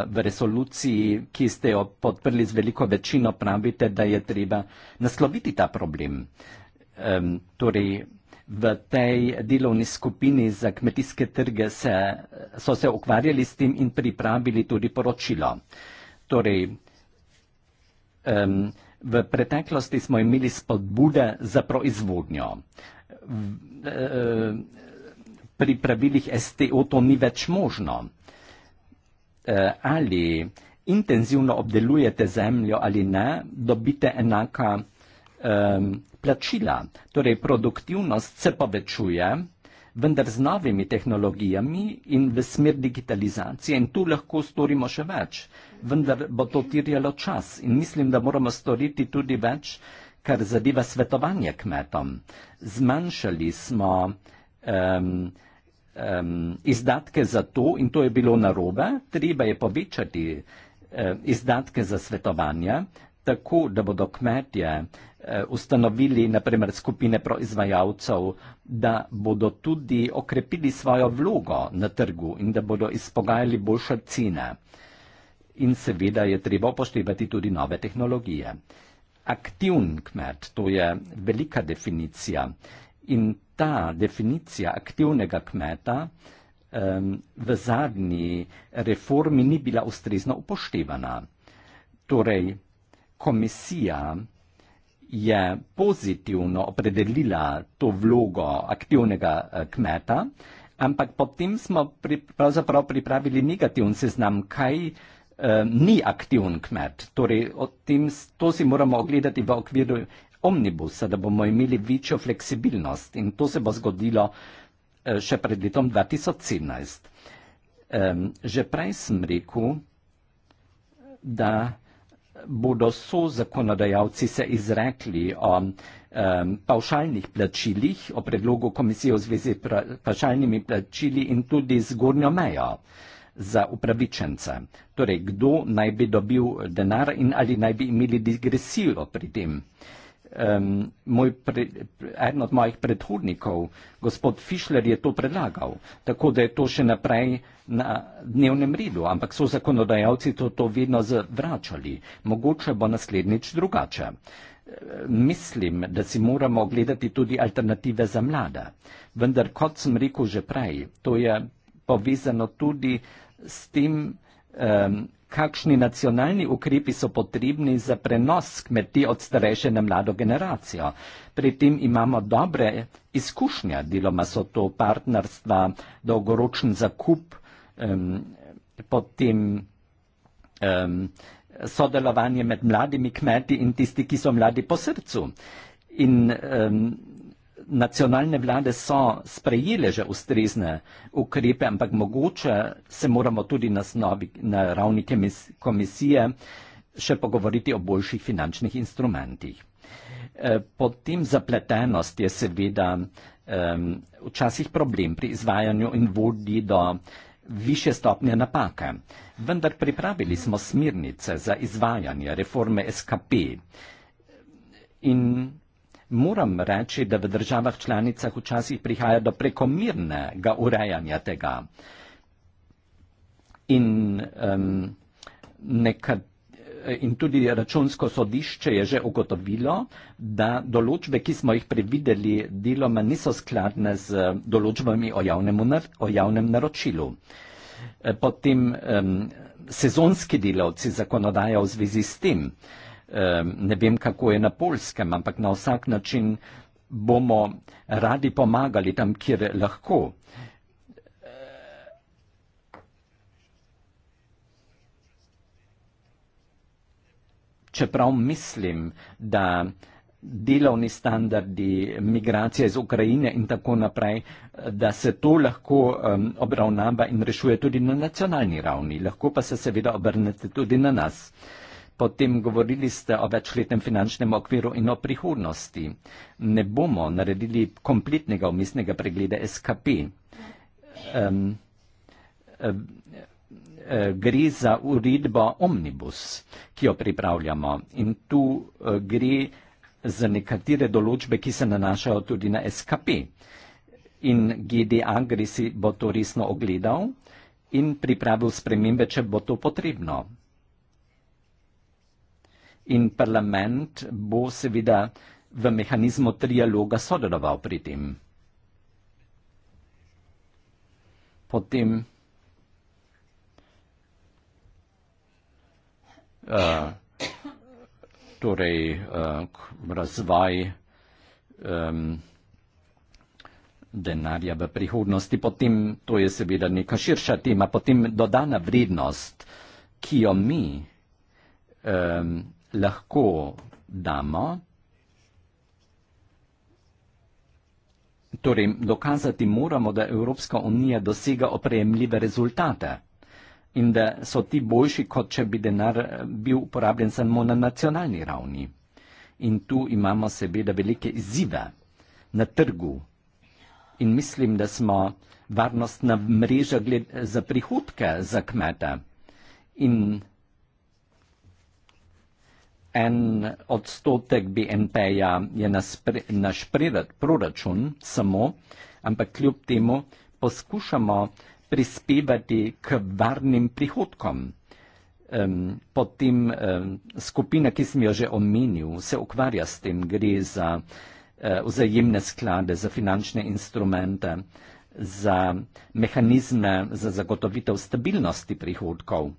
v resoluciji, ki ste jo podprli z veliko večino, pravite, da je treba nasloviti ta problem. Eh, torej, v tej delovni skupini za kmetijske trge se, so se ukvarjali s tem in pripravili tudi poročilo. Torej, um, v preteklosti smo imeli spodbude za proizvodnjo. V, um, pri pravilih STO to ni več možno. Uh, ali intenzivno obdelujete zemljo ali ne, dobite enaka um, plačila, torej produktivnost se povečuje, vendar z novimi tehnologijami in v smer digitalizacije in tu lahko storimo še več, vendar bo to tirjalo čas in mislim, da moramo storiti tudi več, kar zadeva svetovanje kmetom. Zmanjšali smo um, um, izdatke za to in to je bilo narobe, treba je povečati eh, izdatke za svetovanje, tako, da bodo kmetje eh, ustanovili naprimer skupine proizvajalcev, da bodo tudi okrepili svojo vlogo na trgu in da bodo izpogajali boljše cene. In seveda je treba upoštevati tudi nove tehnologije. Aktivn kmet, to je velika definicija. In ta definicija aktivnega kmeta um, v zadnji reformi ni bila ustrezno upoštevana. Torej, komisija je pozitivno opredelila to vlogo aktivnega eh, kmeta, ampak potem smo pri, pravzaprav pripravili negativen seznam, kaj eh, ni aktivn kmet. Torej, tem, to si moramo ogledati v okviru omnibusa, da bomo imeli večjo fleksibilnost in to se bo zgodilo eh, še pred letom 2017. Eh, že prej sem rekel, da bodo so zakonodajalci se izrekli o um, pavšalnih plačilih, o predlogu komisije v zvezi s pavšalnimi plačili in tudi zgornjo mejo za upravičence. Torej, kdo naj bi dobil denar in ali naj bi imeli digresijo pri tem. Uh, um, moj pre, eden od mojih predhodnikov, gospod Fišler, je to predlagal, tako da je to še naprej na dnevnem redu, ampak so zakonodajalci to, to vedno zavračali. Mogoče bo naslednjič drugače. Mislim, da si moramo gledati tudi alternative za mlada. Vendar, kot sem rekel že prej, to je povezano tudi s tem, um, kakšni nacionalni ukrepi so potrebni za prenos kmetij od starejše na mlado generacijo. Pri tem imamo dobre izkušnje, deloma so to partnerstva, dolgoročen zakup, um, potem um, sodelovanje med mladimi kmeti in tisti, ki so mladi po srcu. In um, nacionalne vlade so sprejele že ustrezne ukrepe, ampak mogoče se moramo tudi na, snobi, na ravni komisije še pogovoriti o boljših finančnih instrumentih. Eh, potem zapletenost je seveda um, včasih problem pri izvajanju in vodi do više stopnje napake. Vendar pripravili smo smirnice za izvajanje reforme SKP in moram reči, da v državah članicah včasih prihaja do prekomirnega urejanja tega. In, um, nekat, in tudi računsko sodišče je že ugotovilo, da določbe, ki smo jih predvideli, deloma niso skladne z določbami o javnem, o javnem naročilu. Potem um, sezonski delavci zakonodaja v zvezi s tem. Uh, ne vem, kako je na polskem, ampak na vsak način bomo radi pomagali tam, kjer lahko. Čeprav mislim, da delovni standardi, migracija iz Ukrajine in tako naprej, da se to lahko um, obravnava in rešuje tudi na nacionalni ravni. Lahko pa se seveda obrnete tudi na nas. Uh, Potem govorili ste o večletnem finančnem okviru in o prihodnosti. Ne bomo naredili kompletnega umestnega pregleda SKP. Um, um, gre za uredbo omnibus, ki jo pripravljamo in tu eh, gre za nekatere določbe, ki se nanašajo tudi na SKP. In GDA gre si bo to resno ogledal in pripravil spremembe, če bo to potrebno in parlament bo seveda v mehanizmu trialoga sodeloval pri tem. Potem uh, torej, uh, razvaj um, denarja v prihodnosti, potem to je seveda neka širša tema, potem dodana vrednost, ki jo mi um, lahko damo, torej dokazati moramo, da Evropska unija dosega oprejemljive rezultate in da so ti boljši, kot če bi denar eh, bil uporabljen samo na nacionalni ravni. In tu imamo seveda velike izzive na trgu. In mislim, da smo varnostna mreža za prihodke za kmete. In en odstotek BNP-ja je naš proračun samo, ampak kljub temu poskušamo prispevati k varnim prihodkom. Um, potem um, skupina, ki sem jo že omenil, se ukvarja s tem, gre za uh, vzajemne sklade, za finančne instrumente, za mehanizme za zagotovitev stabilnosti prihodkov.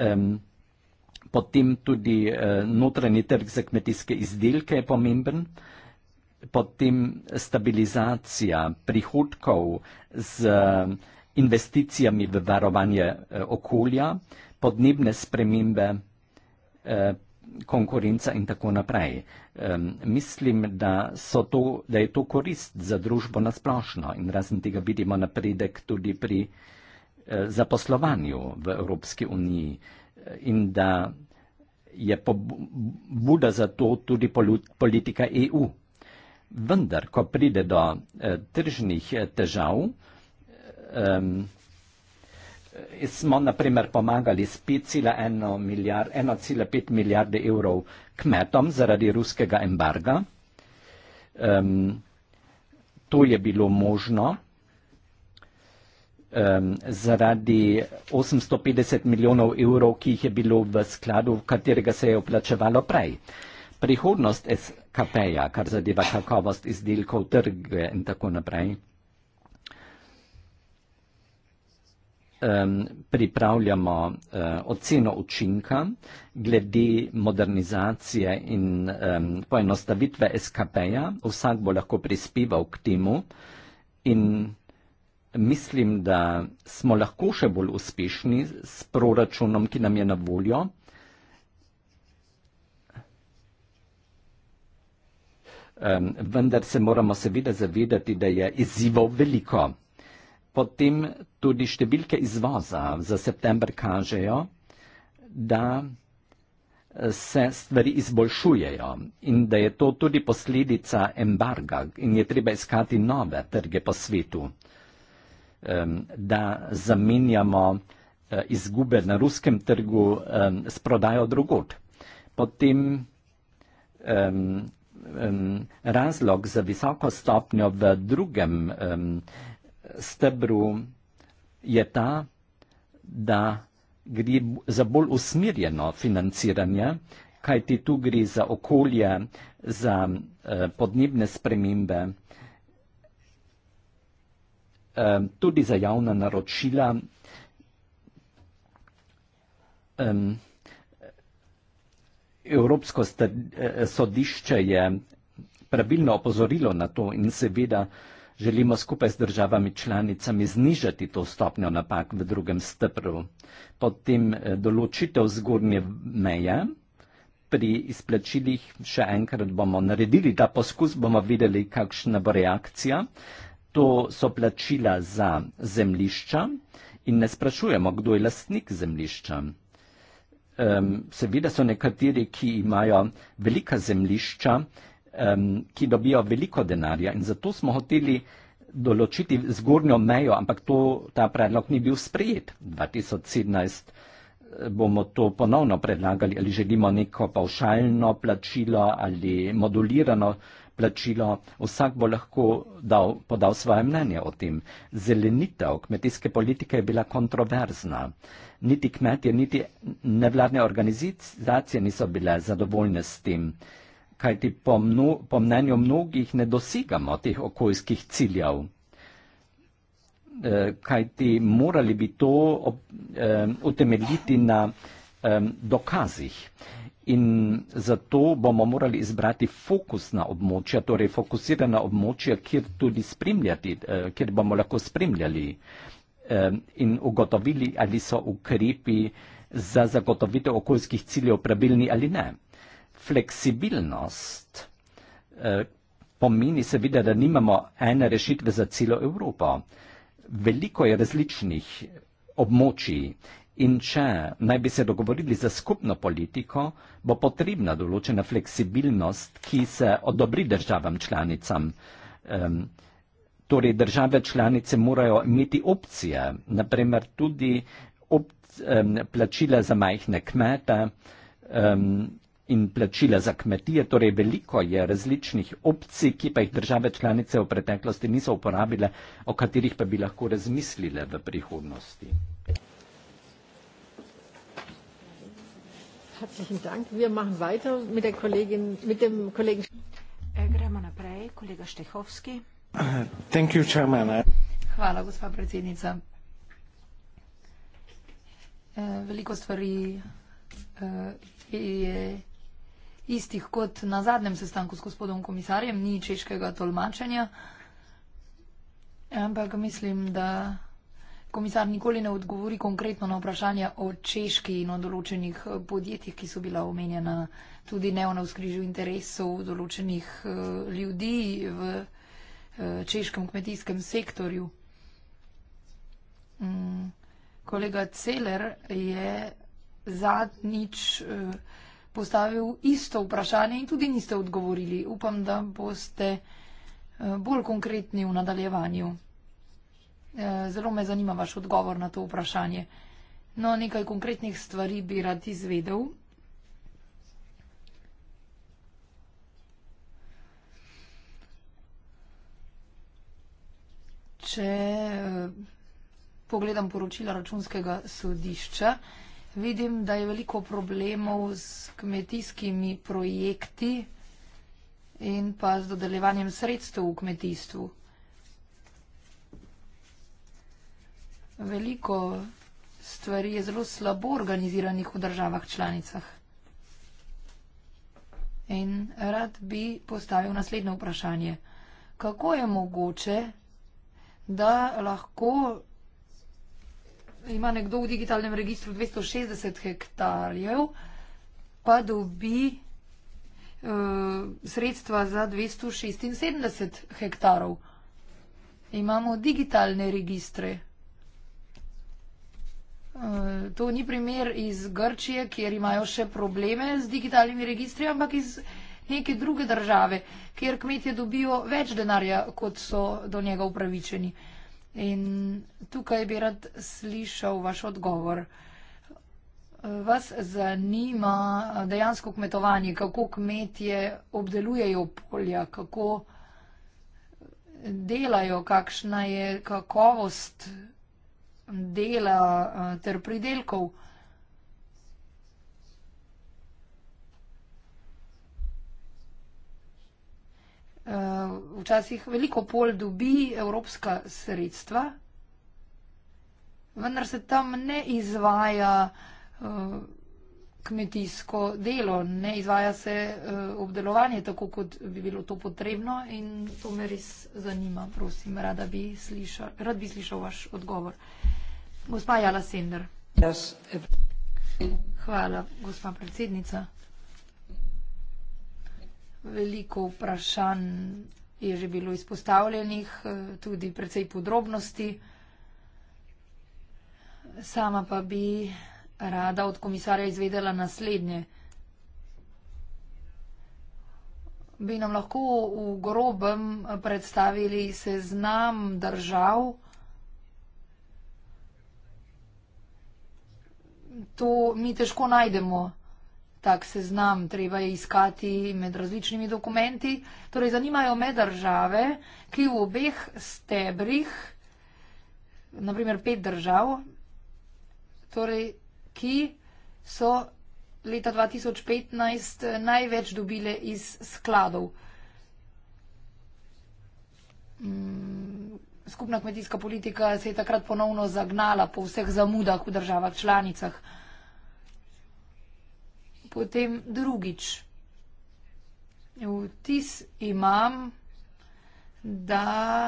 Um, potem tudi uh, notranji trg za kmetijske izdelke je pomemben, potem stabilizacija prihodkov z eh, investicijami v varovanje eh, okolja, podnebne spremembe, konkurenca in tako naprej. Mislim, da, to, da je to korist za družbo na splošno in razen tega vidimo napredek tudi pri zaposlovanju v Evropski uniji in da je pobuda za to tudi politika EU. Vendar, ko pride do eh, tržnih eh, težav, eh, smo naprimer pomagali s 5,5 milijard, milijarde evrov kmetom zaradi ruskega embarga. Eh, to je bilo možno um, zaradi 850 milijonov evrov, ki jih je bilo v skladu, katerega se je oplačevalo prej. Prihodnost SKP-ja, kar zadeva kakovost izdelkov, trge in tako naprej, um, pripravljamo uh, oceno učinka glede modernizacije in um, poenostavitve SKP-ja. Vsak bo lahko prispeval k temu in mislim, da smo lahko še bolj uspešni s proračunom, ki nam je na voljo. Vendar se moramo seveda zavedati, da je izzivov veliko. Potem tudi številke izvoza za september kažejo, da eh, se stvari izboljšujejo in da je to tudi posledica embarga in je treba iskati nove trge po svetu da zamenjamo eh, izgube na ruskem trgu s prodajo drugot. Potem razlog za visoko stopnjo v drugem stebru je ta, da gre za bolj usmirjeno financiranje, kajti tu gre za okolje, za eh, podnebne spremembe, um, tudi za javna naročila. Um, Evropsko eh, sodišče je pravilno opozorilo na to in seveda želimo skupaj z državami članicami znižati to stopnjo napak v drugem stepru. Potem eh, določitev zgornje meje pri izplačilih še enkrat bomo naredili ta poskus, bomo videli, kakšna bo reakcija. Uh, to so plačila za zemljišča in ne sprašujemo, kdo je lastnik zemljišča. Um, seveda so nekateri, ki imajo velika zemljišča, um, ki dobijo veliko denarja in zato smo hoteli določiti zgornjo mejo, ampak to, ta predlog ni bil sprejet. 2017 eh, bomo to ponovno predlagali, ali želimo neko pavšalno plačilo ali modulirano plačilo, vsak bo lahko dal, podal svoje mnenje o tem. Zelenitev kmetijske politike je bila kontroverzna. Niti kmetje, niti nevladne organizacije niso bile zadovoljne s tem, kajti po, mno, po mnenju mnogih ne dosigamo teh okoljskih ciljev. E, kajti morali bi to e, utemeljiti na e, dokazih in zato bomo morali izbrati fokusna območja, torej fokusirana območja, kjer tudi spremljati, eh, kjer bomo lahko spremljali eh, in ugotovili, ali so ukrepi za zagotovitev okoljskih ciljev pravilni ali ne. Fleksibilnost eh, pomeni seveda, da nimamo ene rešitve za celo Evropo. Veliko je različnih območij In če naj bi se dogovorili za skupno politiko, bo potrebna določena fleksibilnost, ki se odobri državam članicam. Um, torej države članice morajo imeti opcije, naprimer tudi op, um, plačila za majhne kmete um, in plačila za kmetije. Torej veliko je različnih opcij, ki pa jih države članice v preteklosti niso uporabile, o katerih pa bi lahko razmislile v prihodnosti. Herzlichen Dank. Wir machen weiter mit der Kollegin, mit dem Kollegen. Eh, gremo naprej, kolega Stehovski. Thank you, Chairman. Hvala, gospa predsednica. Eh, veliko stvari eh, je istih kot na zadnjem sestanku s gospodom komisarjem, ni češkega tolmačenja, ampak mislim, da Komisar nikoli ne odgovori konkretno na vprašanje o Češki in o določenih eh, podjetjih, ki so bila omenjena tudi ne o navskrižju interesov določenih eh, ljudi v eh, češkem kmetijskem sektorju. Mm, kolega Celer je zadnjič postavil isto vprašanje in tudi niste odgovorili. Upam, da boste bolj konkretni v nadaljevanju. Eh, zelo me zanima vaš odgovor na to vprašanje. No, nekaj konkretnih stvari bi rad izvedel. Če eh, pogledam poročila računskega sodišča, vidim, da je veliko problemov s kmetijskimi projekti in pa z dodeljevanjem sredstev v kmetijstvu. veliko stvari je zelo slabo organiziranih v državah članicah. In rad bi postavil naslednje vprašanje. Kako je mogoče, da lahko ima nekdo v digitalnem registru 260 hektarjev, pa dobi uh, sredstva za 276 hektarov? Imamo digitalne registre. Eh, to ni primer iz Grčije, kjer imajo še probleme z digitalnimi registri, ampak iz neke druge države, kjer kmetje dobijo več denarja, kot so do njega upravičeni. In tukaj bi rad slišal vaš odgovor. Eh, vas zanima dejansko kmetovanje, kako kmetje obdelujejo polja, kako delajo, kakšna je kakovost dela eh, ter pridelkov. Eh, včasih veliko pol dobi evropska sredstva, vendar se tam ne izvaja vsega, eh, kmetijsko delo, ne izvaja se uh, obdelovanje tako, kot bi bilo to potrebno in to me res zanima. Prosim, rada bi slišal, rad bi slišal vaš odgovor. Gospa Jala Sender. Yes. Hvala, gospa predsednica. Veliko vprašanj je že bilo izpostavljenih, eh, tudi precej podrobnosti. Sama pa bi rada od komisarja izvedela naslednje. Bi nam lahko v grobem predstavili seznam držav? To mi težko najdemo, tak seznam, treba je iskati med različnimi dokumenti. Torej, zanimajo me države, ki v obeh stebrih, naprimer pet držav, torej ki so leta 2015 največ dobile iz skladov. Mm, skupna kmetijska politika se je takrat ponovno zagnala po vseh zamudah v državah članicah. Potem drugič. Vtis imam, da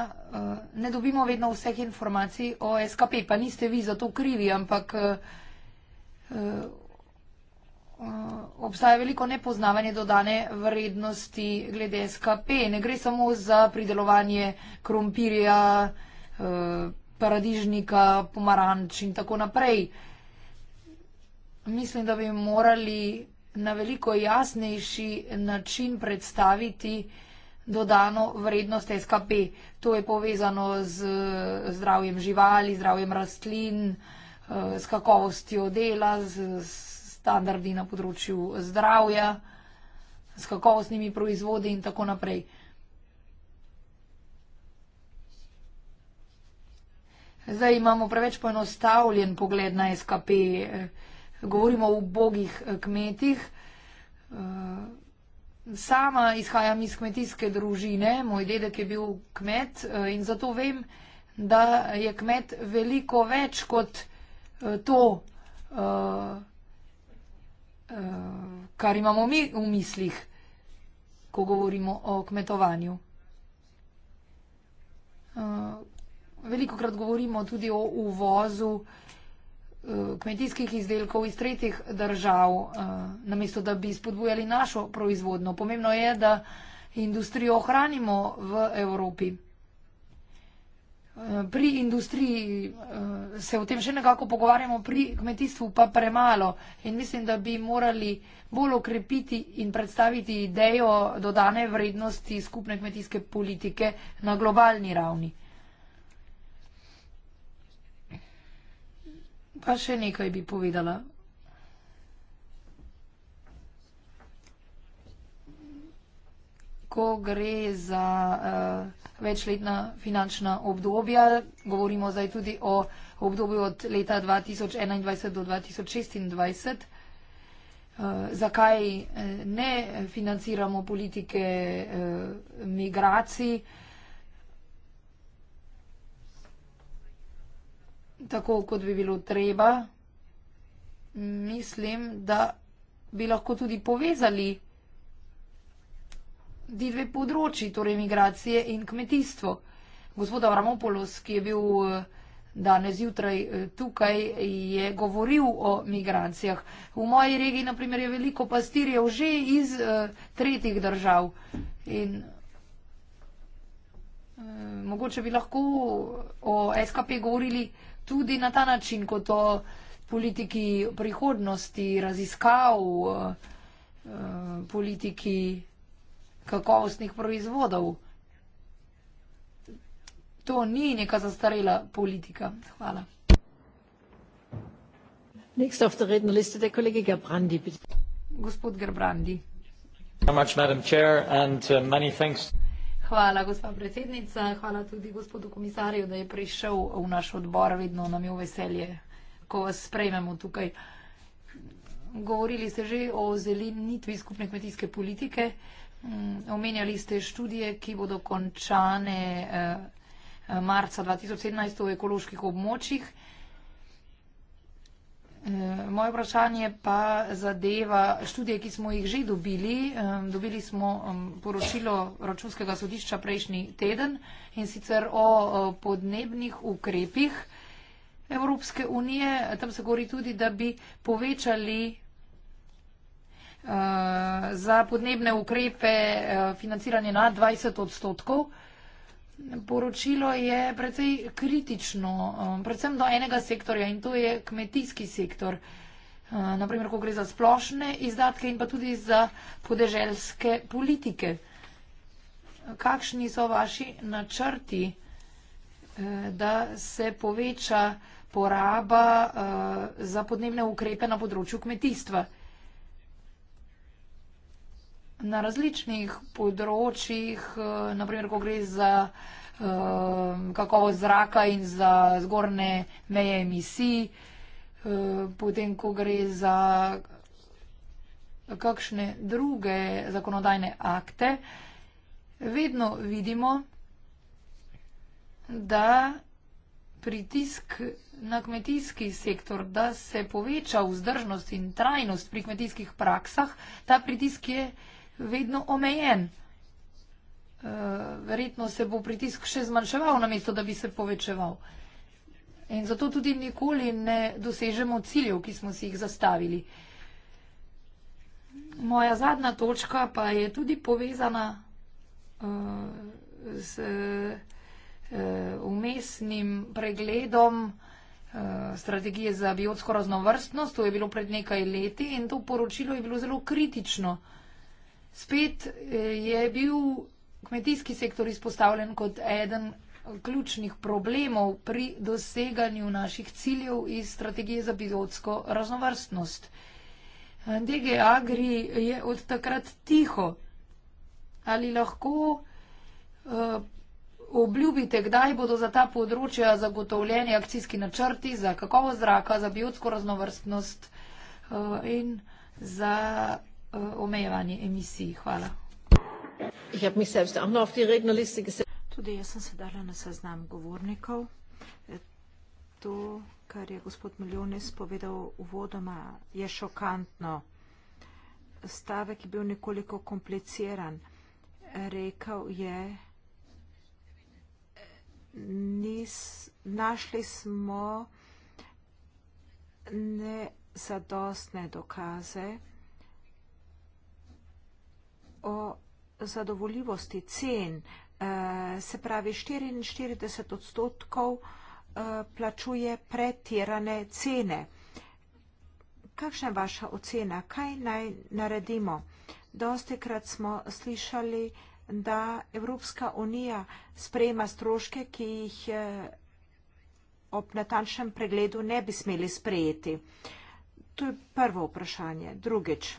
eh, ne dobimo vedno vseh informacij o SKP, pa niste vi za to krivi, ampak eh, Eh, obstaja veliko nepoznavanje dodane vrednosti glede SKP. Ne gre samo za pridelovanje krompirja, eh, paradižnika, pomaranč in tako naprej. Mislim, da bi morali na veliko jasnejši način predstaviti dodano vrednost SKP. To je povezano z zdravjem živali, zdravjem rastlin, Eh, s kakovostjo dela, s standardi na področju zdravja, s kakovostnimi proizvodi in tako naprej. Zdaj imamo preveč poenostavljen pogled na SKP. Eh, govorimo o bogih eh, kmetih. Sama izhajam iz kmetijske družine, moj dedek je bil kmet in zato vem, da je kmet veliko več kot kmet. Eh, to, eh, eh, kar imamo mi v mislih, ko govorimo o kmetovanju. Veliko krat govorimo tudi o uvozu kmetijskih izdelkov iz tretjih držav, namesto da bi spodbujali našo proizvodno. Pomembno je, da industrijo ohranimo v Evropi. Eh, pri industriji eh, se o tem še nekako pogovarjamo, pri kmetijstvu pa premalo. In mislim, da bi morali bolj okrepiti in predstaviti idejo dodane vrednosti skupne kmetijske politike na globalni ravni. Pa še nekaj bi povedala. ko gre za uh, večletna finančna obdobja, govorimo zdaj tudi o obdobju od leta 2021 do 2026. Eh, zakaj eh, ne financiramo politike eh, migracij, tako kot bi bilo treba? Mislim, da bi lahko tudi povezali di dve področji, torej migracije in kmetijstvo. Gospod Avramopoulos, ki je bil eh, danes jutraj eh, tukaj, je govoril o migracijah. V moji regiji, naprimer, je veliko pastirjev že iz uh, tretjih držav. In uh, mogoče bi lahko o SKP govorili tudi na ta način, kot o politiki prihodnosti, raziskav, uh, politiki kakovostnih proizvodov. To ni neka zastarela politika. Hvala. Gospod Gerbrandi. Uh, Hvala, gospa predsednica. Hvala tudi gospodu komisarju, da je prišel v naš odbor. Vedno nam je v veselje, ko vas sprejmemo tukaj. Govorili ste že o zelenitvi skupne kmetijske politike. Mm, omenjali ste študije, ki bodo končane eh, eh, marca 2017 v ekoloških območjih. Eh, moje vprašanje pa zadeva študije, ki smo jih že dobili. Dobili smo mm, poročilo računskega sodišča prejšnji teden in sicer o podnebnih ukrepih Evropske unije. Tam se govori tudi, da bi povečali za podnebne ukrepe eh, financiranje na 20 odstotkov. Poročilo je precej kritično, eh, predvsem do enega sektorja in to je kmetijski sektor. Eh, Naprimer, ko gre za splošne izdatke in pa tudi za podeželske politike. Kakšni so vaši načrti, da se poveča poraba za podnebne ukrepe na področju kmetijstva? na različnih področjih, eh, naprimer, ko gre za eh, kakovost zraka in za zgornje meje emisij, eh, potem, ko gre za kakšne druge zakonodajne akte, vedno vidimo, da pritisk na kmetijski sektor, da se poveča vzdržnost in trajnost pri kmetijskih praksah, ta pritisk je vedno omejen. Eh, verjetno se bo pritisk še zmanjševal, namesto da bi se povečeval. In zato tudi nikoli ne dosežemo ciljev, ki smo si jih zastavili. Moja zadnja točka pa je tudi povezana eh, z umestnim eh, pregledom strategije za biotsko raznovrstnost. To je bilo pred nekaj leti in to poročilo je bilo zelo kritično spet eh, je bil kmetijski sektor izpostavljen kot eden ključnih problemov pri doseganju naših ciljev iz strategije za biotsko raznovrstnost. DG Agri je od takrat tiho. Ali lahko uh, obljubite, kdaj bodo za ta področja zagotovljeni akcijski načrti za kakovo zraka, za biotsko raznovrstnost uh, in za Eh, omejevanje emisij. Hvala. Tudi jaz sem se dala na seznam govornikov. E, to, kar je gospod Miljonis povedal uvodoma, je šokantno. Stavek je bil nekoliko kompliciran. Rekel je, nis, našli smo nezadostne dokaze o zadovoljivosti cen, eh, se pravi 44 odstotkov eh, plačuje pretirane cene. Kakšna je vaša ocena? Kaj naj naredimo? Dosti krat smo slišali, da Evropska unija sprejema stroške, ki jih eh, ob natančnem pregledu ne bi smeli sprejeti. To je prvo vprašanje. Drugič.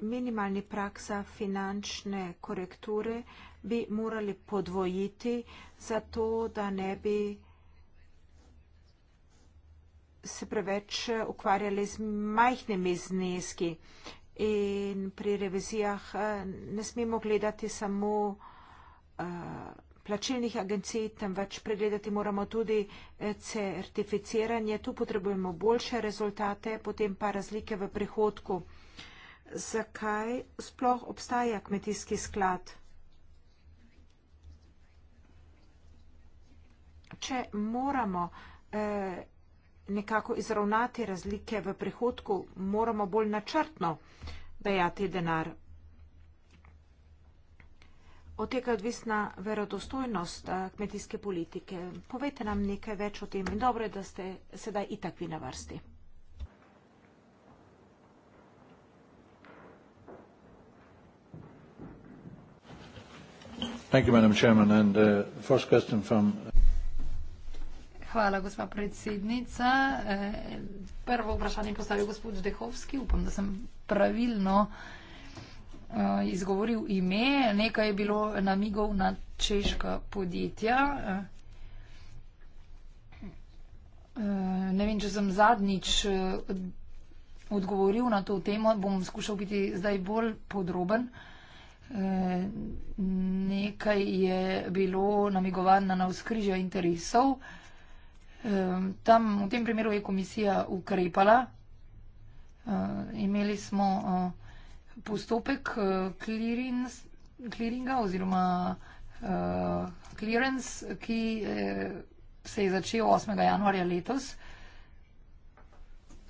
minimalni praksa finančne korekture bi morali podvojiti zato, da ne bi se preveč ukvarjali z majhnimi zneski in pri revizijah eh, ne smemo gledati samo eh, plačilnih agencij, temveč pregledati moramo tudi eh, certificiranje. Tu potrebujemo boljše rezultate, potem pa razlike v prihodku zakaj sploh obstaja kmetijski sklad. Če moramo eh, nekako izravnati razlike v prihodku, moramo bolj načrtno dajati denar. Od tega je odvisna verodostojnost eh, kmetijske politike. Povejte nam nekaj več o tem in dobro je, da ste sedaj itak vi na vrsti. Thank you, Madam Chairman. And uh, the first question from. Uh, Hvala, gospa predsednica. Eh, prvo vprašanje je postavil gospod Dehovski. Upam, da sem pravilno eh, izgovoril ime. Nekaj je bilo namigov na češka podjetja. Eh, ne vem, če sem zadnjič odgovoril na to temo. Bom skušal biti zdaj bolj podroben nekaj je bilo namigovano na vzkrižje interesov. Tam v tem primeru je komisija ukrepala. Imeli smo postopek clearinga oziroma clearance, ki e, se je začel 8. januarja letos.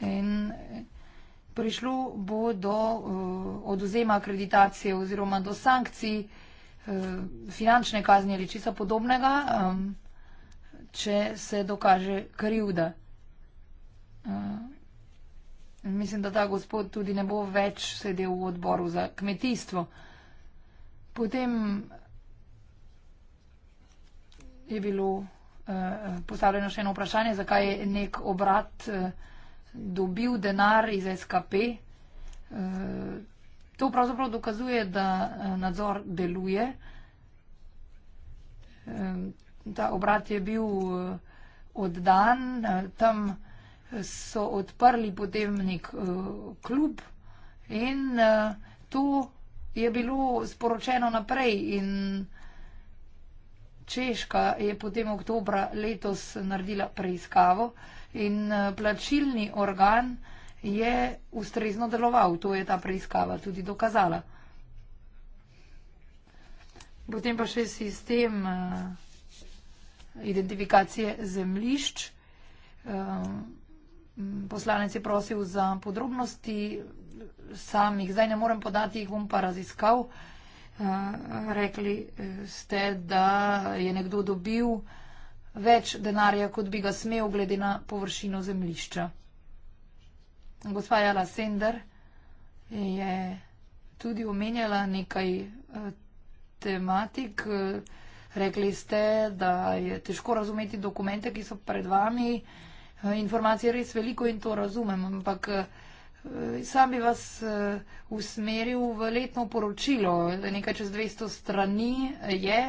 In prišlo bo do uh, eh, oduzema akreditacije oziroma do sankcij, uh, finančne kazni ali česa podobnega, um, če se dokaže krivda. Uh, mislim, da ta gospod tudi ne bo več sedel v odboru za kmetijstvo. Potem je bilo uh, postavljeno še eno vprašanje, zakaj je nek obrat. Uh, dobil denar iz SKP. Eh, to pravzaprav dokazuje, da eh, nadzor deluje. Eh, ta obrat je bil oddan, tam so odprli potem nek klub in to je bilo sporočeno naprej in Češka je potem oktobra letos naredila preiskavo in eh, plačilni organ je ustrezno deloval. To je ta preiskava tudi dokazala. Potem pa še sistem eh, identifikacije zemlišč. Eh, poslanec je prosil za podrobnosti samih. Zdaj ne morem podati, jih bom pa raziskal. Rekli ste, da je nekdo dobil več denarja, kot bi ga smel, glede na površino zemljišča. Gospa Jala Sender je tudi omenjala nekaj eh, tematik. Rekli ste, da je težko razumeti dokumente, ki so pred vami. Eh, informacije res veliko in to razumem, ampak eh, sam bi vas usmeril v letno poročilo. Nekaj čez 200 strani je.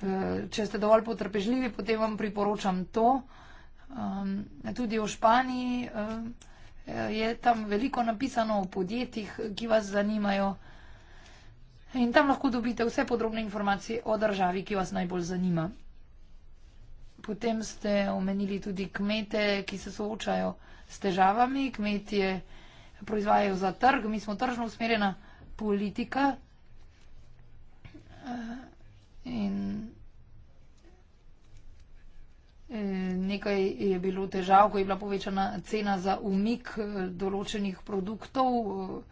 Eh, če ste dovolj potrpežljivi, potem vam priporočam to. Tudi v Španiji eh, je tam veliko napisano o podjetjih, ki vas zanimajo. In tam lahko dobite vse podrobne informacije o državi, ki vas najbolj zanima. Potem ste omenili tudi kmete, ki se soočajo s težavami. Kmetje proizvajajo za trg, mi smo tržno usmerjena politika. Eh, in eh, nekaj je bilo težav, ko je bila povečana cena za umik eh, določenih produktov.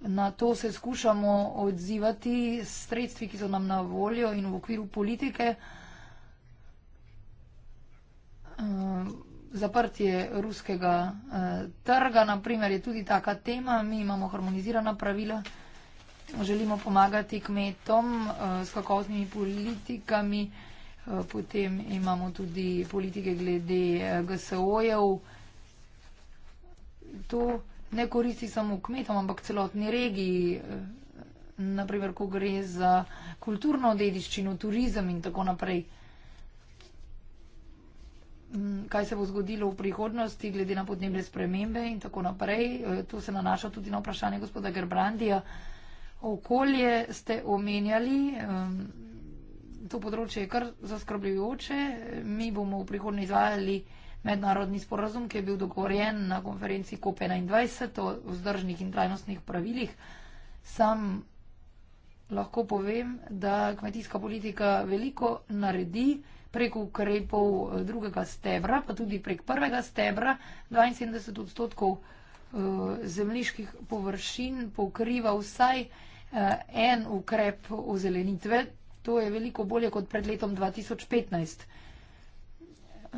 Na to se skušamo odzivati s sredstvi, ki so nam na voljo in v okviru politike. Eh, zaprtje ruskega trga, naprimer, je tudi taka tema. Mi imamo harmonizirana pravila želimo pomagati kmetom eh, s kakovostnimi politikami, eh, potem imamo tudi politike glede eh, GSO-jev. To ne koristi samo kmetom, ampak celotni regiji, naprimer, ko gre za kulturno dediščino, turizem in tako naprej. Mm, kaj se bo zgodilo v prihodnosti, glede na podnebne spremembe in tako naprej. To se nanaša tudi na vprašanje gospoda Gerbrandija. Okolje ste omenjali, to področje je kar zaskrbljujoče. Mi bomo v prihodnje izvajali mednarodni sporazum, ki je bil dogovorjen na konferenci COP21 o vzdržnih in trajnostnih pravilih. Sam lahko povem, da kmetijska politika veliko naredi preko ukrepov eh, drugega stebra, pa tudi prek prvega stebra. 72 odstotkov eh, zemljiških površin pokriva vsaj Eh, en ukrep ozelenitve. To je veliko bolje kot pred letom 2015. Eh,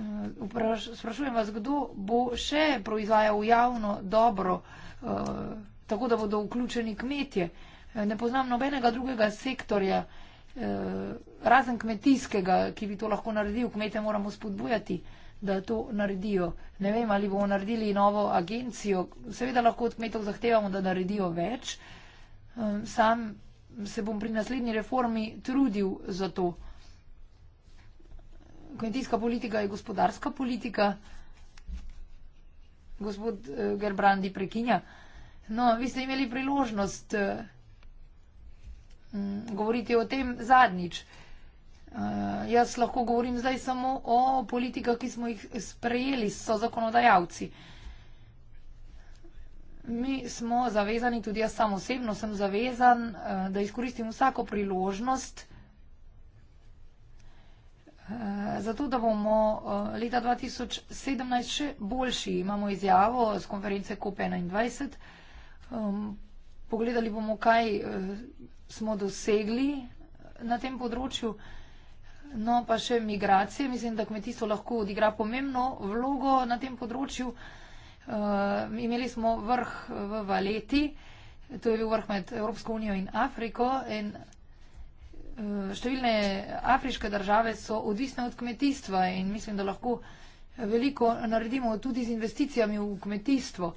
vpraš, sprašujem vas, kdo bo še proizvajal javno dobro, eh, tako da bodo vključeni kmetje. Ne poznam nobenega drugega sektorja, razen kmetijskega, ki bi to lahko naredil. Kmete moramo spodbujati, da to naredijo. Ne vem, ali bomo naredili novo agencijo. Seveda lahko od kmetov zahtevamo, da naredijo več. Um, sam se bom pri naslednji reformi trudil za to. Kmetijska politika je gospodarska politika. Gospod eh, Gerbrandi prekinja. No, vi ste imeli priložnost eh, govoriti o tem zadnjič. Eh, jaz lahko govorim zdaj samo o politikah, ki smo jih sprejeli, so zakonodajalci. Mi smo zavezani, tudi jaz sam osebno sem zavezan, eh, da izkoristim vsako priložnost, eh, zato da bomo eh, leta 2017 še boljši. Imamo izjavo z konference COP21. Ehm, pogledali bomo, kaj smo dosegli na tem področju. No pa še migracije. Mislim, da kmetijstvo lahko odigra pomembno vlogo na tem področju. Uh, imeli smo vrh v Valeti, to je bil vrh med Evropsko unijo in Afriko in uh, številne afriške države so odvisne od kmetijstva in mislim, da lahko veliko naredimo tudi z investicijami v kmetijstvo.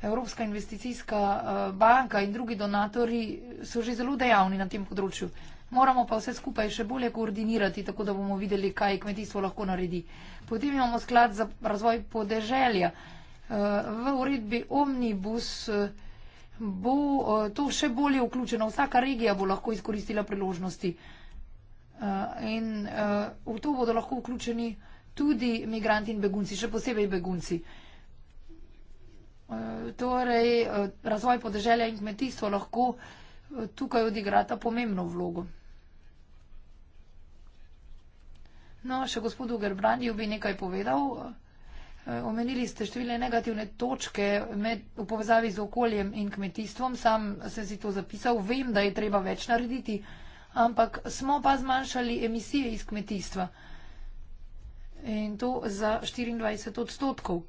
Evropska investicijska eh, banka in drugi donatori so že zelo dejavni na tem področju. Moramo pa vse skupaj še bolje koordinirati, tako da bomo videli, kaj kmetijstvo lahko naredi. Potem imamo sklad za razvoj podeželja. V uredbi Omnibus eh, bo eh, to še bolje vključeno. Vsaka regija bo lahko izkoristila priložnosti. Eh, in v to bodo lahko vključeni tudi migranti in begunci, še posebej begunci. Torej, razvoj podeželja in kmetijstvo lahko tukaj odigrata pomembno vlogo. No, še gospodu Gerbrandiju bi nekaj povedal. Omenili ste številne negativne točke med, v povezavi z okoljem in kmetijstvom. Sam sem si to zapisal, vem, da je treba več narediti, ampak smo pa zmanjšali emisije iz kmetijstva. In to za 24 odstotkov.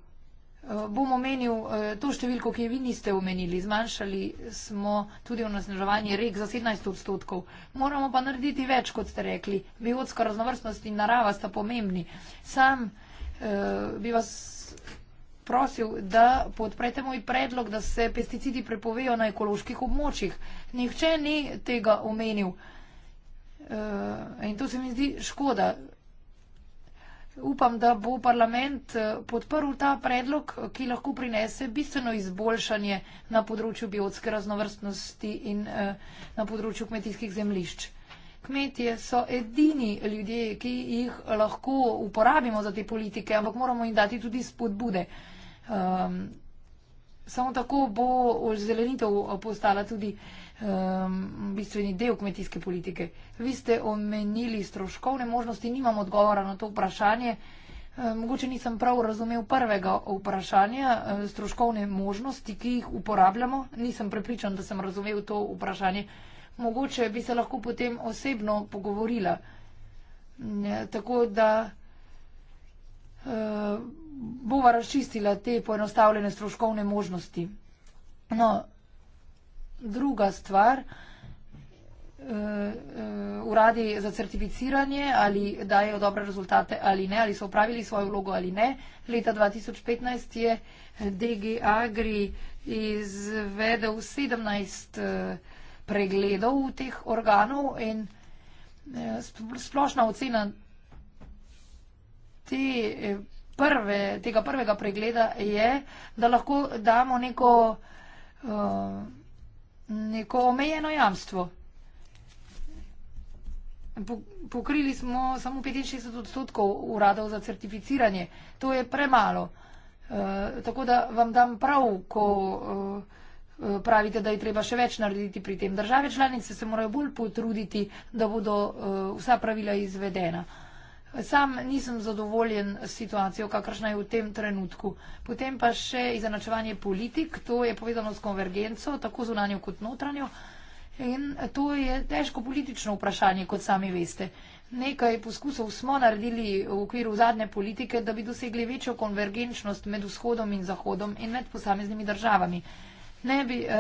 Bom omenil eh, to številko, ki je vi niste omenili. Zmanjšali smo tudi onesnaževanje rek za 17 odstotkov. Moramo pa narediti več, kot ste rekli. Biotska raznovrstnost in narava sta pomembni. Sam Eh, bi vas prosil, da podprete moj predlog, da se pesticidi prepovejo na ekoloških območjih. Nihče ni tega omenil. Eh, in to se mi zdi škoda. Upam, da bo parlament eh, podprl ta predlog, ki lahko prinese bistveno izboljšanje na področju biotske raznovrstnosti in na področju kmetijskih zemlišč kmetje so edini ljudje, ki jih lahko uporabimo za te politike, ampak moramo jim dati tudi spodbude. Um, samo tako bo zelenitev postala tudi um, bistveni del kmetijske politike. Vi ste omenili stroškovne možnosti, nimam odgovora na to vprašanje. Um, mogoče nisem prav razumel prvega vprašanja, um, stroškovne možnosti, ki jih uporabljamo. Nisem prepričan, da sem razumel to vprašanje mogoče bi se lahko potem osebno pogovorila. Tako da eh, bova razčistila te poenostavljene stroškovne možnosti. No, druga stvar, eh, eh, uradi za certificiranje, ali dajo dobre rezultate ali ne, ali so upravili svojo vlogo ali ne. Leta 2015 je DG Agri izvedel 17 uh, pregledov teh organov in eh, splošna ocena te eh, prve, tega prvega pregleda je, da lahko damo neko, eh, neko omejeno jamstvo. Pokrili smo samo 65 odstotkov uradov za certificiranje. To je premalo. Tako da vam dam prav, ko. Eh, pravite, da je treba še več narediti pri tem. Države članice se morajo bolj potruditi, da bodo eh, vsa pravila izvedena. Sam nisem zadovoljen s situacijo, kakršna je v tem trenutku. Potem pa še izenačevanje politik, to je povezano s konvergenco, tako zunanjo kot notranjo. In to je težko politično vprašanje, kot sami veste. Nekaj poskusov smo naredili v okviru zadnje politike, da bi dosegli večjo konvergenčnost med vzhodom in zahodom in med posameznimi državami ne bi uh,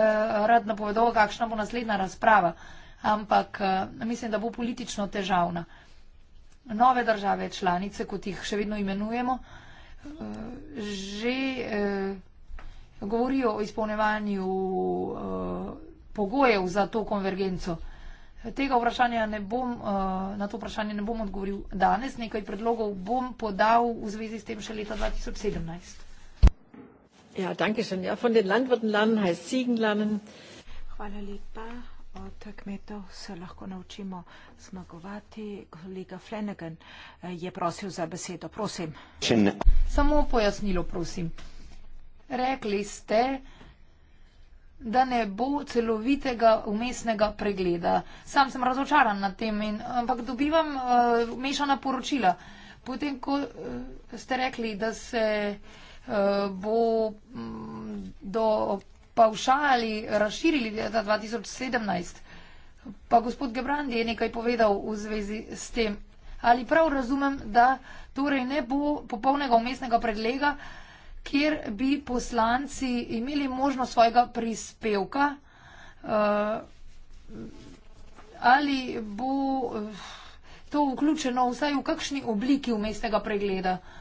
rad napovedal, kakšna bo naslednja razprava, ampak uh, mislim, da bo politično težavna. Nove države članice, kot jih še vedno imenujemo, uh, že uh, govorijo o izpolnevanju uh, pogojev za to konvergenco. Tega vprašanja ne bom, na to vprašanje ne bom odgovoril danes, nekaj predlogov bom podal v zvezi s tem še leta 2017. Ja, danke schön. Ja, von den Landwirten lernen heißt Ziegen lernen. Hvala lepa. Od kmetov se lahko naučimo zmagovati. Kolega Flanagan eh, je prosil za besedo. Prosim. Samo pojasnilo, prosim. Rekli ste, da ne bo celovitega umestnega pregleda. Sam sem razočaran nad tem, in, ampak dobivam uh, eh, mešana poročila. Potem, ko uh, ste rekli, da se. Uh, Eh, bo mm, do pavšali razširili leta 2017. Pa gospod Gebrandi je nekaj povedal v zvezi s tem. Ali prav razumem, da torej ne bo popolnega umestnega predlega, kjer bi poslanci imeli možnost svojega prispevka? Eh, ali bo eh, to vključeno vsaj v kakšni obliki umestnega pregleda? Uh,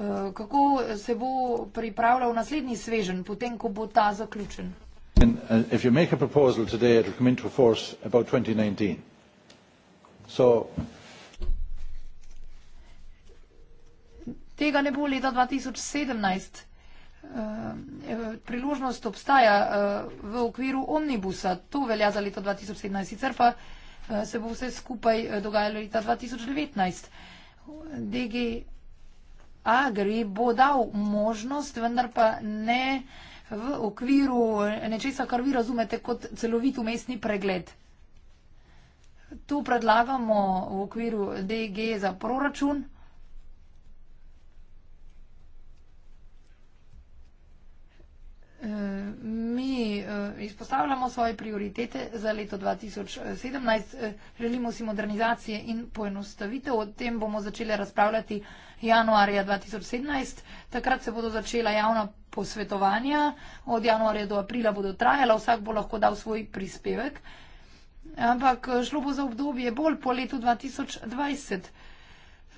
Eh, kako se bo pripravljal naslednji svežen, potem, ko bo ta zaključen. And uh, if you make a proposal today, it will come into force about 2019. So. Agri bo dal možnost, vendar pa ne v okviru nečesa, kar vi razumete kot celovit umestni pregled. To predlagamo v okviru DG za proračun. Mi eh, izpostavljamo svoje prioritete za leto 2017. Eh, želimo si modernizacije in poenostavitev. O tem bomo začeli razpravljati januarja 2017. Takrat se bodo začela javna posvetovanja. Od januarja do aprila bodo trajala. Vsak bo lahko dal svoj prispevek. Ampak eh, šlo bo za obdobje bolj po letu 2020.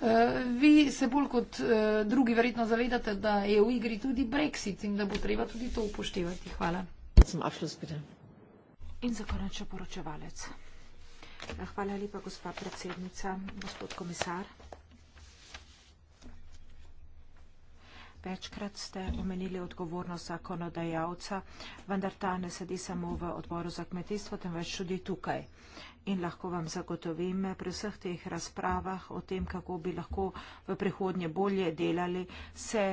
Eh, vi se bolj kot eh, drugi verjetno zavedate, da je v igri tudi brexit in da bo treba tudi to upoštevati. Hvala. In zakonče poročevalec. Eh, hvala lepa, gospa predsednica, gospod komisar. Večkrat ste omenili odgovornost zakonodajalca, vendar ta ne sedi samo v odboru za kmetijstvo, temveč tudi tukaj. Uh, in lahko vam zagotovim pri vseh teh razpravah o tem, kako bi lahko v prihodnje bolje delali, se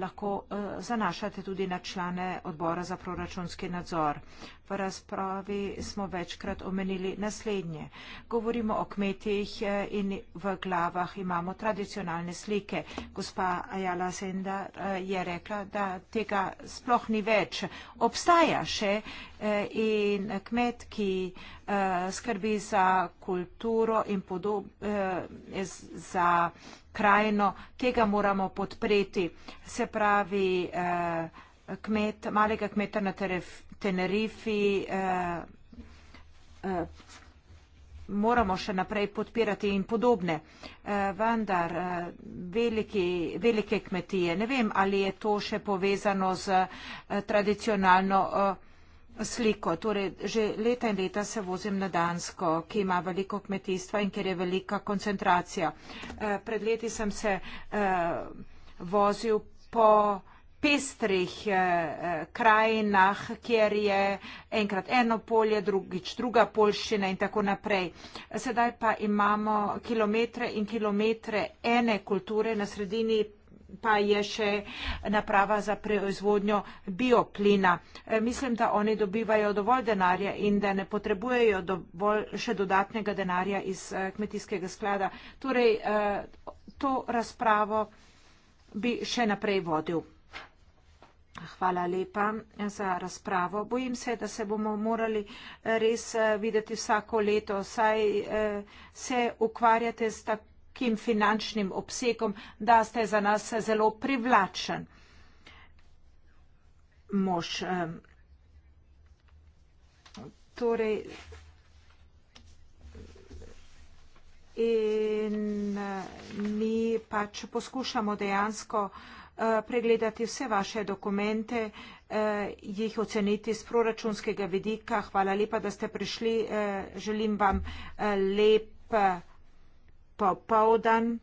lahko eh, zanašate tudi na člane odbora za proračunski nadzor. V razpravi smo večkrat omenili naslednje. Govorimo o kmetih eh, in v glavah imamo tradicionalne slike. Gospa Ajala Zendar eh, je rekla, da tega sploh ni več. Obstaja še in kmet, ki skrbi za kulturo in podob, eh, za krajino, tega moramo podpreti. Se pravi, eh, kmet, malega kmeta na teref, Tenerifi eh, eh, moramo še naprej podpirati in podobne. Eh, vendar eh, veliki, velike kmetije, ne vem, ali je to še povezano z eh, tradicionalno. Eh, sliko. Torej, že leta in leta se vozim na Dansko, ki ima veliko kmetijstva in kjer je velika koncentracija. Eh, pred leti sem se eh, vozil po pestrih eh, krajinah, kjer je enkrat eno polje, drugič druga polščina in tako naprej. Sedaj pa imamo kilometre in kilometre ene kulture na sredini pa je še naprava za proizvodnjo bioplina. E, mislim, da oni dobivajo dovolj denarja in da ne potrebujejo dovolj še dodatnega denarja iz e, kmetijskega sklada. Torej, e, to razpravo bi še naprej vodil. Hvala lepa za razpravo. Bojim se, da se bomo morali res videti vsako leto, saj se ukvarjate s tako velikim finančnim obsegom, da ste za nas zelo privlačen mož. Torej, in eh, mi pač poskušamo dejansko eh, pregledati vse vaše dokumente, eh, jih oceniti z proračunskega vidika. Hvala lepa, da ste prišli. Želim vam lep popovdan.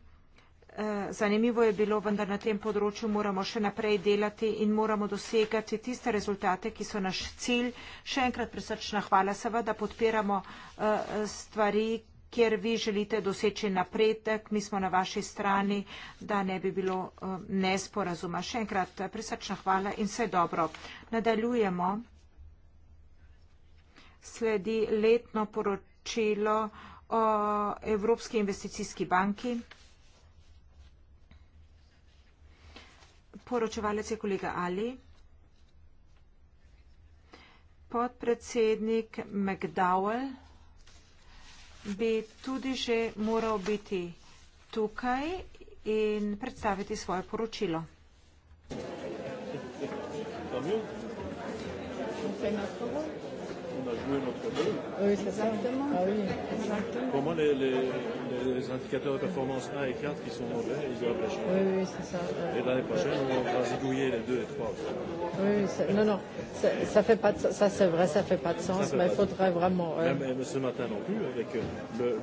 Eh, zanimivo je bilo, vendar na tem področju moramo še naprej delati in moramo dosegati tiste rezultate, ki so naš cilj. Še enkrat presrčna hvala seveda, podpiramo eh, stvari, kjer vi želite doseči napredek. Mi smo na vaši strani, da ne bi bilo eh, nesporazuma. Še enkrat presrčna hvala in vse dobro. Nadaljujemo. Sledi letno poročilo o Evropski investicijski banki. Poročevalec je kolega Ali. Podpredsednik McDowell bi tudi že moral biti tukaj in predstaviti svoje poročilo. Hvala va jouer notre jeu. Oui, c'est ça. Exactement. Ah, oui. Exactement. Pour moi, les, les, les indicateurs de performance 1 et 4 qui sont mauvais, ils doivent lâcher. Oui, oui, c'est ça. Et l'année prochaine, on va zigouiller les 2 et 3. Oui, non, non. Ça, fait pas de... ça, c'est vrai, ça fait pas de sens, mais il faudrait vraiment. Euh... Même, même ce matin non plus, avec euh, le. le...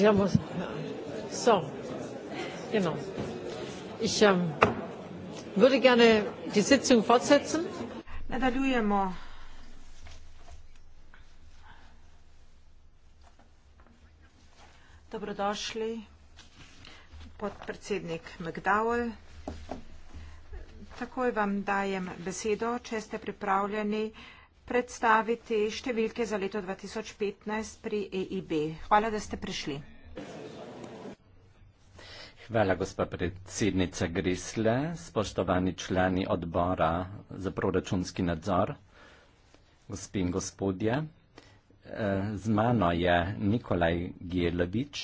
digamos, so, genau. Ich ähm, würde gerne die Sitzung fortsetzen. Dobrodošli, podpredsednik McDowell. Takoj vam dajem besedo, če ste pripravljeni predstaviti številke za leto 2015 pri EIB. Hvala, da ste prišli. Hvala, gospa predsednica Grisle, spoštovani člani odbora za proračunski nadzor, gospin gospodje. Eh, z mano je Nikolaj Gjelovič,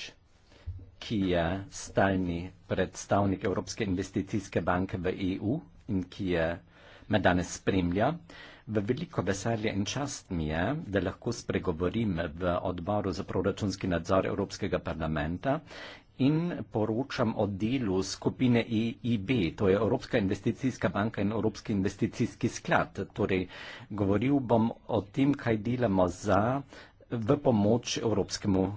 ki je stalni predstavnik Evropske investicijske banke v EU in ki je me danes spremlja. V veliko veselje in čast mi je, da lahko spregovorim v odboru za proračunski nadzor Evropskega parlamenta in poročam o delu skupine EIB, to je Evropska investicijska banka in Evropski investicijski sklad. Torej, govoril bom o tem, kaj delamo za uh, v pomoč evropskemu eh,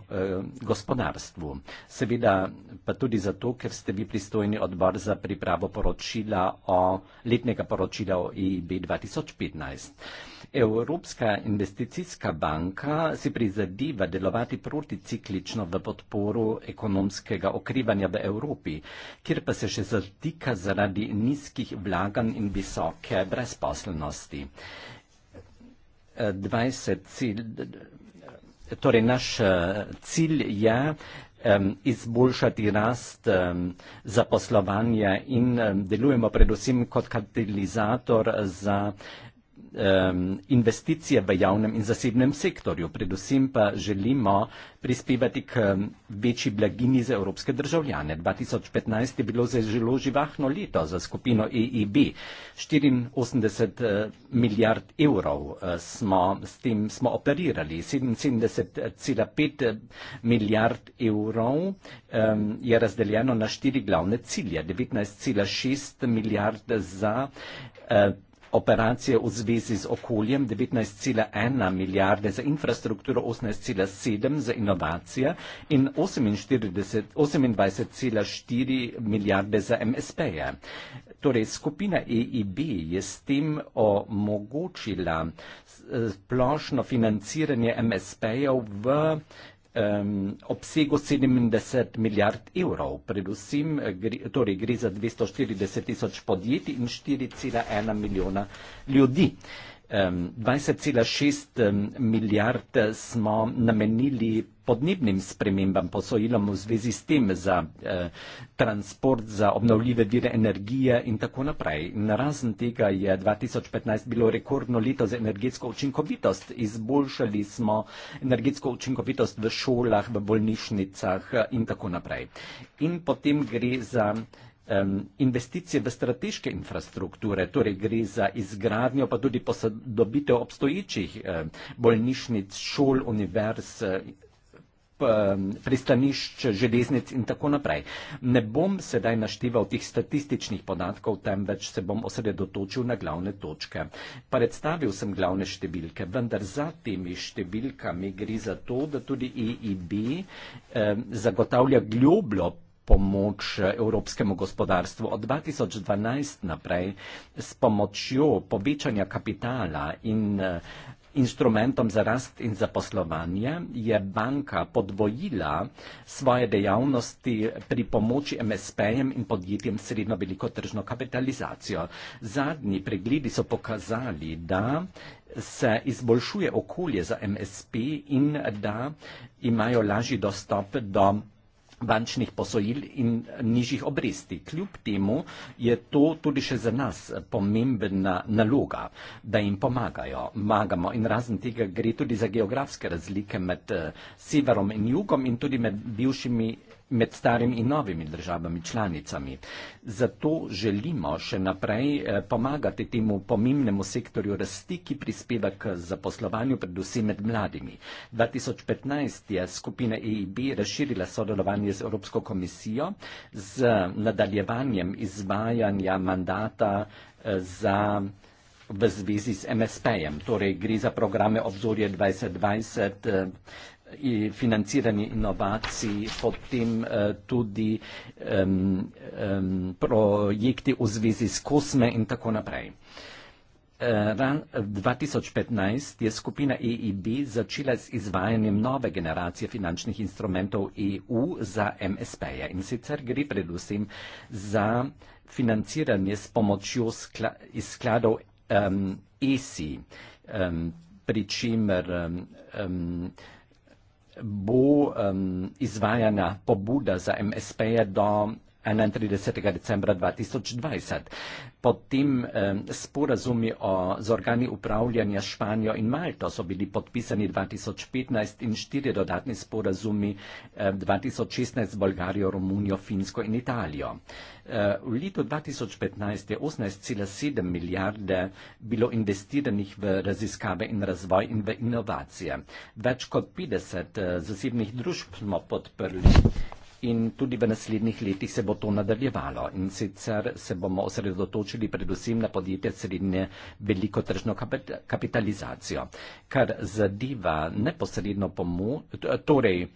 gospodarstvu. Seveda pa tudi zato, ker ste vi pristojni odbor za pripravo poročila o, letnega poročila o EIB 2015. Evropska investicijska banka si prizadeva delovati proticiklično v podporu ekonomskega okrivanja v Evropi, kjer pa se še zatika zaradi nizkih vlagan in visoke brezposelnosti. 20 eh, cilj, torej naš eh, cilj je izboljšati rast zaposlovanja in delujemo predvsem kot katalizator za um, investicije v javnem in zasebnem sektorju. Predvsem pa želimo prispevati k večji blagini za evropske državljane. 2015 je bilo zelo živahno leto za skupino EIB. E 84 eh, milijard evrov eh, smo s tem smo operirali. 77,5 eh, milijard evrov um, je razdeljeno na štiri glavne cilje. 19,6 milijard za uh, operacije v zvezi z okoljem 19,1 milijarde, za infrastrukturo 18,7, za inovacije in 28,4 milijarde za MSP-je. Torej, skupina EIB je s tem omogočila eh, splošno financiranje MSP-jev v um, obsegu 70 milijard evrov. Predvsem eh, gre, torej, gre za 240 tisoč podjetij in 4,1 milijona ljudi. Uh, 20,6 milijard eh, smo namenili podnebnim spremembam, posojilom v zvezi s tem za eh, transport, za obnovljive vire energije in tako naprej. Narazen tega je 2015 bilo rekordno leto za energetsko učinkovitost. Izboljšali smo energetsko učinkovitost v šolah, v bolnišnicah eh, in tako naprej. In potem gre za investicije v strateške infrastrukture, torej gre za izgradnjo pa tudi posodobitev obstoječih bolnišnic, šol, univerz, eh, pristanišč, železnic in tako naprej. Ne bom sedaj naštival tih statističnih podatkov, temveč se bom osredotočil na glavne točke. Predstavil sem glavne številke, vendar za temi številkami gre za to, da tudi EIB eh, zagotavlja globljo pomoč evropskemu gospodarstvu. Od 2012 naprej s pomočjo povečanja kapitala in eh, instrumentom za rast in zaposlovanje je banka podvojila svoje dejavnosti pri pomoči MSP-jem in podjetjem s srednjo veliko tržno kapitalizacijo. Zadnji pregledi so pokazali, da se izboljšuje okolje za MSP in da imajo lažji dostop do bančnih posojil in nižjih obresti. Kljub temu je to tudi še za nas pomembna naloga, da jim pomagajo. Magamo in razen tega gre tudi za geografske razlike med eh, severom in jugom in tudi med bivšimi med starimi in novimi državami članicami. Zato želimo še naprej eh, pomagati temu pomembnemu sektorju rasti, ki prispeva k zaposlovanju predvsem med mladimi. 2015 je skupina EIB razširila sodelovanje z Evropsko komisijo z nadaljevanjem izvajanja mandata eh, za v zvezi z MSP-jem, torej gre za programe obzorje 2020 financiranje inovacij, potem eh, tudi um, um, projekti v zvezi s kosme in tako naprej. Eh, ran 2015 je skupina EIB začela s izvajanjem nove generacije finančnih instrumentov EU za MSP-je in sicer gre predvsem za financiranje s pomočjo skla iz skladov um, ESI, um, pri čemer um, um, bo um, izvajana pobuda za MSP-je do na 30. decembra 2020. Pod tim eh, sporazumi o, z organi upravljanja Španijo in Malto so bili podpisani 2015 in štiri dodatni sporazumi eh, 2016 z Bolgarijo, Romunijo, Finsko in Italijo. Eh, v letu 2015 je 18,7 milijarde bilo investiranih v raziskave in razvoj in v inovacije. Več kot 50 eh, zasebnih družb smo podprli in tudi v naslednjih letih se bo to nadaljevalo. In sicer se bomo osredotočili predvsem na podjetje srednje veliko tržno kapitalizacijo, kar zadeva neposredno pomoč, torej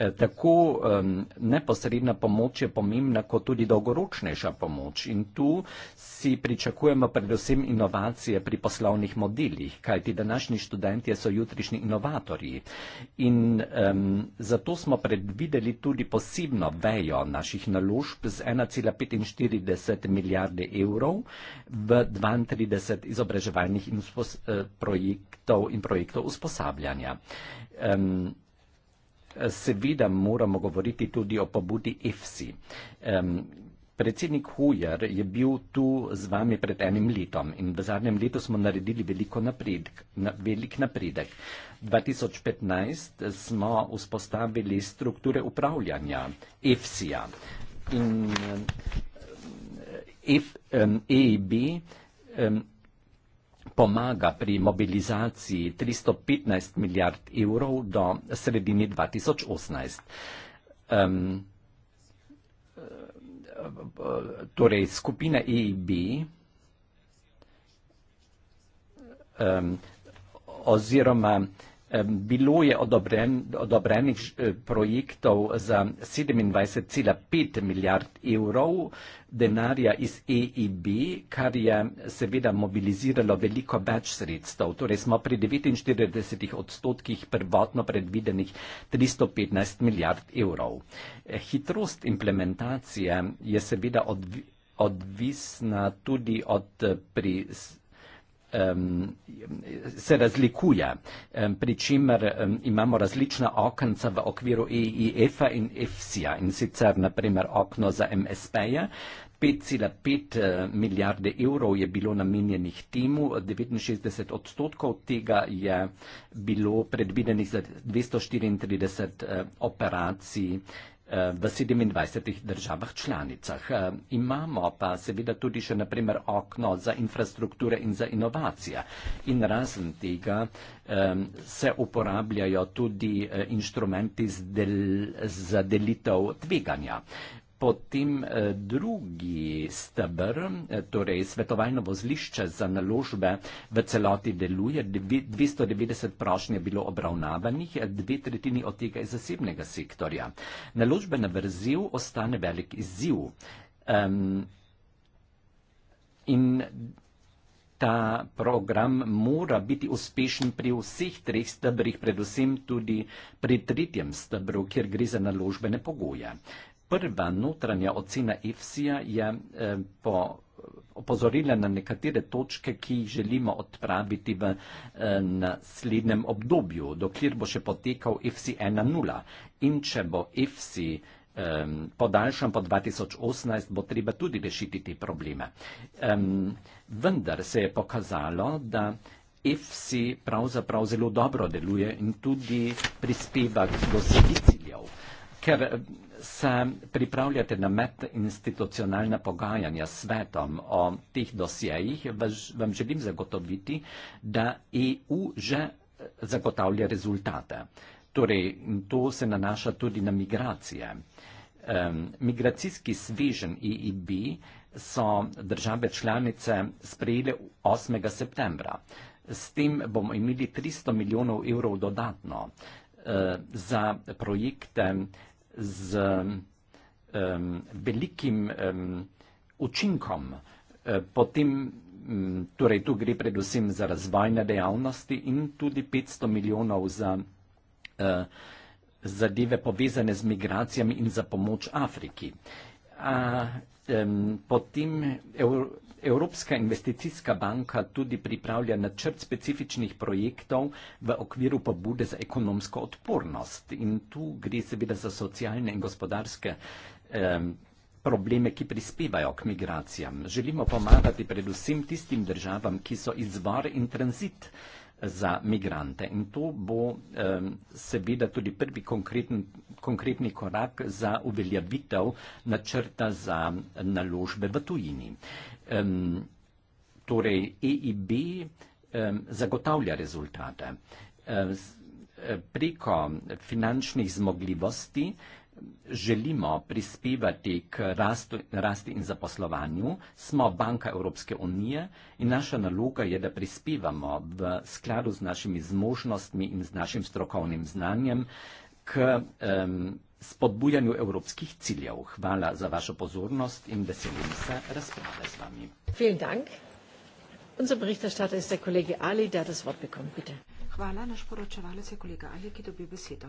Eh, tako um, neposredna pomoč je pomembna, kot tudi dolgoročnejša pomoč. In tu si pričakujemo predvsem inovacije pri poslovnih modelih, kajti današnji študentje so jutrišnji inovatorji. In um, zato smo predvideli tudi posebno vejo naših naložb z 1,45 milijarde evrov v 32 izobraževalnih in uspos, uh, eh, projektov in projektov usposabljanja. Um, Seveda moramo govoriti tudi o pobudi IFSI. Um, predsednik Hujer je bil tu z vami pred enim letom in v zadnjem letu smo naredili veliko napredek, na, velik napredek. 2015 smo vzpostavili strukture upravljanja IFSI-ja in um, EIB. Um, pomaga pri mobilizaciji 315 milijard evrov do sredini 2018. Um, torej, skupina EIB um, oziroma bilo je odobren, odobrenih eh, projektov za 27,5 milijard evrov denarja iz EIB, kar je seveda mobiliziralo veliko več sredstev. Torej smo pri 49 odstotkih prvotno predvidenih 315 milijard evrov. Eh, hitrost implementacije je seveda odvisna tudi od eh, pristopnosti um, se razlikuje, um, pri čemer um, imamo različna okenca v okviru EIF-a e in EFSI-a in sicer naprimer okno za MSP-je. 5,5 eh, milijarde evrov je bilo namenjenih temu, 69 odstotkov tega je bilo predvidenih za 234 eh, operacij v 27 državah članicah. E, imamo pa seveda tudi še naprimer okno za infrastrukture in za inovacije. In razen tega e, se uporabljajo tudi e, inštrumenti za delitev tveganja. Potem eh, drugi stebr, eh, torej svetovalno vozlišče za naložbe v celoti deluje, 290 prošnje je bilo obravnavanih, eh, dve tretjini od tega je zasebnega sektorja. Naložbe na vrziv ostane velik izziv. Um, in ta program mora biti uspešen pri vseh treh stebrih, predvsem tudi pri tretjem stebru, kjer gre za naložbene pogoje prva notranja ocena EFSI-ja je eh, po opozorila na nekatere točke, ki jih želimo odpraviti v eh, naslednjem obdobju, dokler bo še potekal EFSI 1.0. In če bo EFSI eh, podaljšan po 2018, bo treba tudi rešiti te probleme. Vendar se je pokazalo, da EFSI pravzaprav zelo dobro deluje in tudi prispeva k dosegici ker eh, se pripravljate na medinstitucionalna pogajanja s svetom o teh dosjejih, vam želim zagotoviti, da EU že eh, zagotavlja rezultate. Torej, to se nanaša tudi na migracije. Um, migracijski svežen EIB so države članice sprejele 8. septembra. S tem bomo imeli 300 milijonov evrov dodatno uh, za projekte uh, z um, velikim um, učinkom. E, potem, torej tu gre predvsem za razvojne dejavnosti in tudi 500 milijonov za uh, zadeve povezane z migracijami in za pomoč Afriki. A, um, potem Evropa. Evropska investicijska banka tudi pripravlja načrt specifičnih projektov v okviru pobude za ekonomsko odpornost. In tu gre seveda za socialne in gospodarske eh, probleme, ki prispevajo k migracijam. Želimo pomagati predvsem tistim državam, ki so izvor in tranzit eh, za migrante. In to bo um, seveda tudi prvi konkreten, konkretni korak za uveljavitev načrta za naložbe v tujini. Um, torej, EIB um, zagotavlja rezultate. Um, preko finančnih zmogljivosti uh, želimo prispevati k rastu, rasti in zaposlovanju, smo banka Evropske unije in naša naloga je, da prispevamo v skladu z našimi zmožnostmi in z našim strokovnim znanjem k um, spodbujanju evropskih ciljev. Hvala za vašo pozornost in veselim se razprave z vami. Hvala, naš poročevalec je kolega Ali, ki dobi besedo.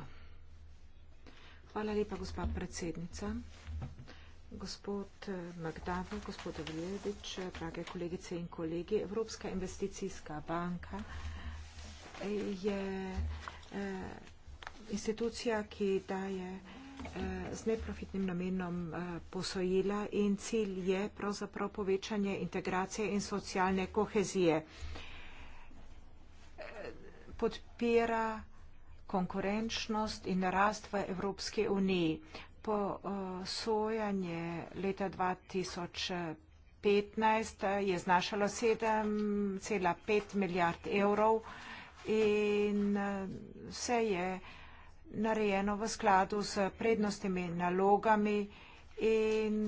Hvala lepa, gospa predsednica. Gospod eh, Magdavo, gospod Avljevič, drage kolegice in kolegi, Evropska investicijska banka eh, je eh, institucija, ki daje z neprofitnim namenom posojila in cilj je pravzaprav povečanje integracije in socialne kohezije. Podpira konkurenčnost in rast v Evropske uniji. Po sojanje leta 2015 je znašalo 7,5 milijard evrov in vse je narejeno v skladu s prednostimi nalogami in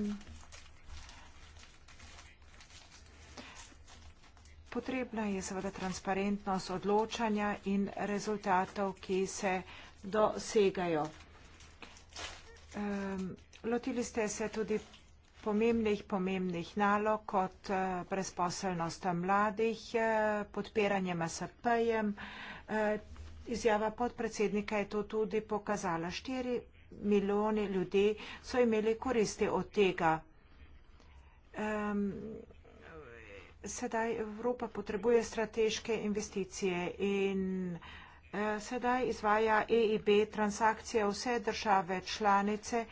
Potrebna je seveda transparentnost odločanja in rezultatov, ki se dosegajo. Um, lotili ste se tudi pomembnih, pomembnih nalog kot uh, brezposelnost mladih, uh, podpiranje MSP-jem. Uh, eh, izjava podpredsednika je to tudi pokazala. Štiri milijoni ljudi so imeli koristi od tega. Um, sedaj Evropa potrebuje strateške investicije in eh, sedaj izvaja EIB transakcije vse države članice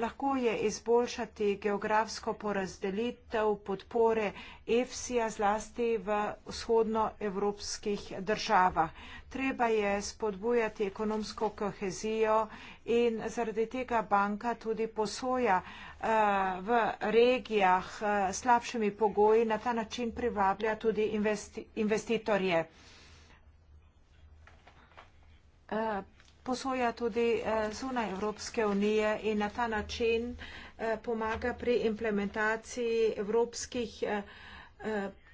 lahko je izboljšati geografsko porazdelitev podpore EFSI-ja zlasti v vzhodnoevropskih državah. Treba je spodbujati ekonomsko kohezijo in zaradi tega banka tudi posoja eh, v regijah eh, slabšimi pogoji, na ta način privablja tudi investitorje. Eh, posoja tudi eh, zunaj Evropske unije in na ta način eh, pomaga pri implementaciji evropskih eh,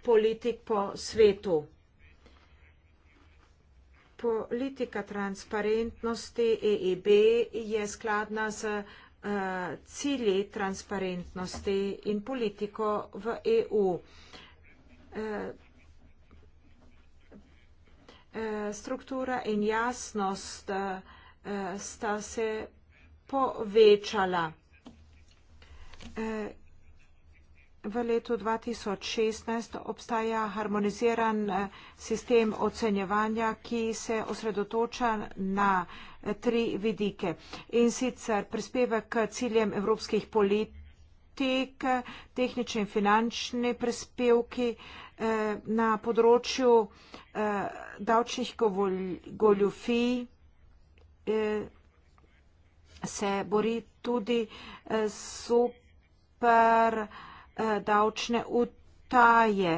politik po svetu. Politika transparentnosti EEB je skladna z cilji transparentnosti in politiko v EU. Eh, struktura in jasnost eh, sta se povečala. Eh, v letu 2016 obstaja harmoniziran sistem ocenjevanja, ki se osredotoča na tri vidike. In sicer prispevek k ciljem evropskih politik, tehnični in finančni prispevki, Eh, na področju eh, davčnih goljufij eh, se bori tudi super davčne utaje.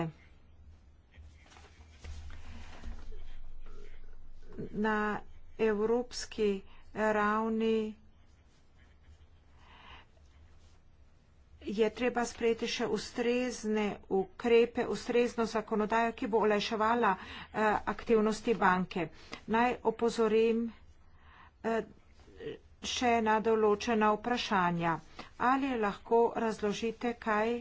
Na evropski ravni je treba sprejeti še ustrezne ukrepe, ustrezno zakonodajo, ki bo olajševala eh, aktivnosti banke. Naj opozorim eh, še na določena vprašanja. Ali lahko razložite, kaj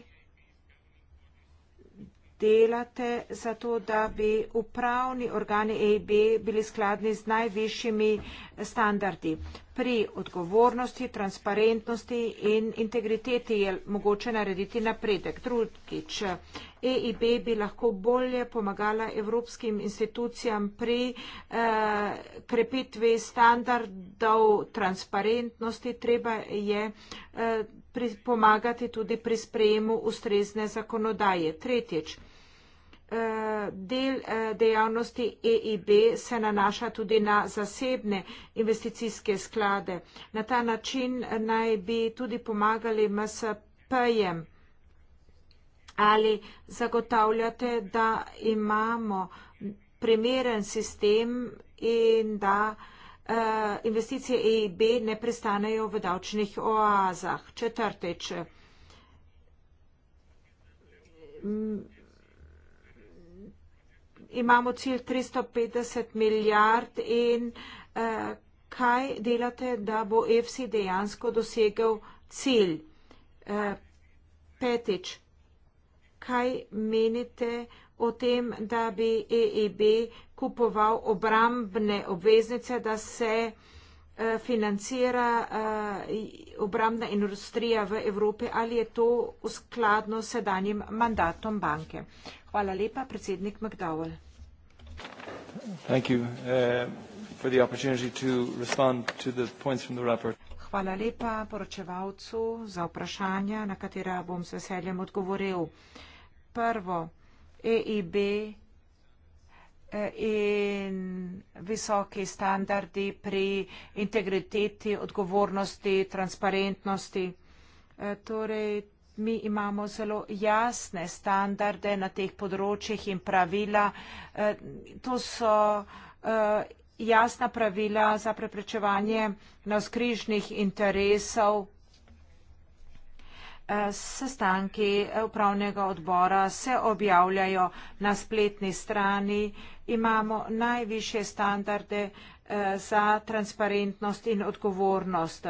delate za to, da bi upravni organi EIB bili skladni z najvišjimi standardi? Pri odgovornosti, transparentnosti in integriteti je mogoče narediti napredek. Drugič, EIB bi lahko bolje pomagala evropskim institucijam pri eh, krepitvi standardov transparentnosti. Treba je eh, pri, pomagati tudi pri sprejemu ustrezne zakonodaje. Tretjič, Eh, del eh, dejavnosti EIB se nanaša tudi na zasebne investicijske sklade. Na ta način naj bi tudi pomagali MSP-jem. Ali zagotavljate, da imamo primeren sistem in da eh, investicije EIB ne prestanejo v davčnih oazah? Četrteč imamo cilj 350 milijard in eh, kaj delate, da bo EFSI dejansko dosegel cilj? Eh, petič, kaj menite o tem, da bi EEB kupoval obrambne obveznice, da se eh, Eh, financira eh, obramna industrija v Evropi, ali je to skladno s sedanjim mandatom banke. Hvala lepa, predsednik McDowell. Eh, Hvala lepa poročevalcu za vprašanja, na katera bom se seljem odgovoril. Prvo, EIB in visoki standardi pri integriteti, odgovornosti, transparentnosti. E, torej, mi imamo zelo jasne standarde na teh področjih in pravila. E, to so e, jasna pravila za preprečevanje navskrižnih interesov. Sestanki upravnega odbora se objavljajo na spletni strani imamo najviše standarde eh, za transparentnost in odgovornost.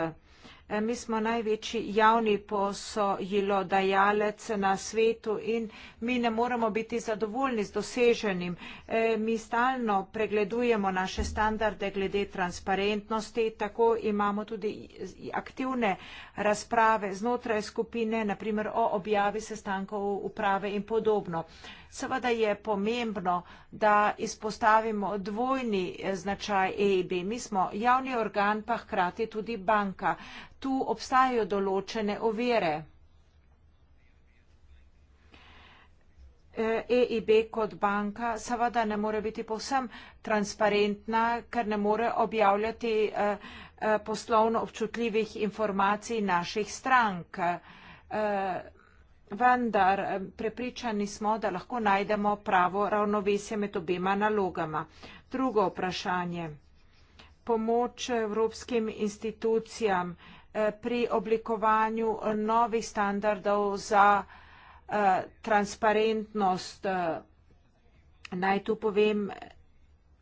Eh, mi smo največji javni posojilodajalec na svetu in mi ne moremo biti zadovoljni z doseženim. Eh, mi stalno pregledujemo naše standarde glede transparentnosti, tako imamo tudi aktivne razprave znotraj skupine, naprimer o objavi sestankov uprave in podobno. Seveda je pomembno, da izpostavimo dvojni eh, značaj EIB. Mi smo javni organ, pa hkrati tudi banka. Tu obstajajo določene ovire. EIB eh, e kot banka seveda ne more biti povsem transparentna, ker ne more objavljati eh, poslovno občutljivih informacij naših strank. Vendar eh, prepričani smo, da lahko najdemo pravo ravnovesje med obema nalogama. Drugo vprašanje. Pomoč evropskim institucijam eh, pri oblikovanju novih standardov za eh, transparentnost. Naj tu povem,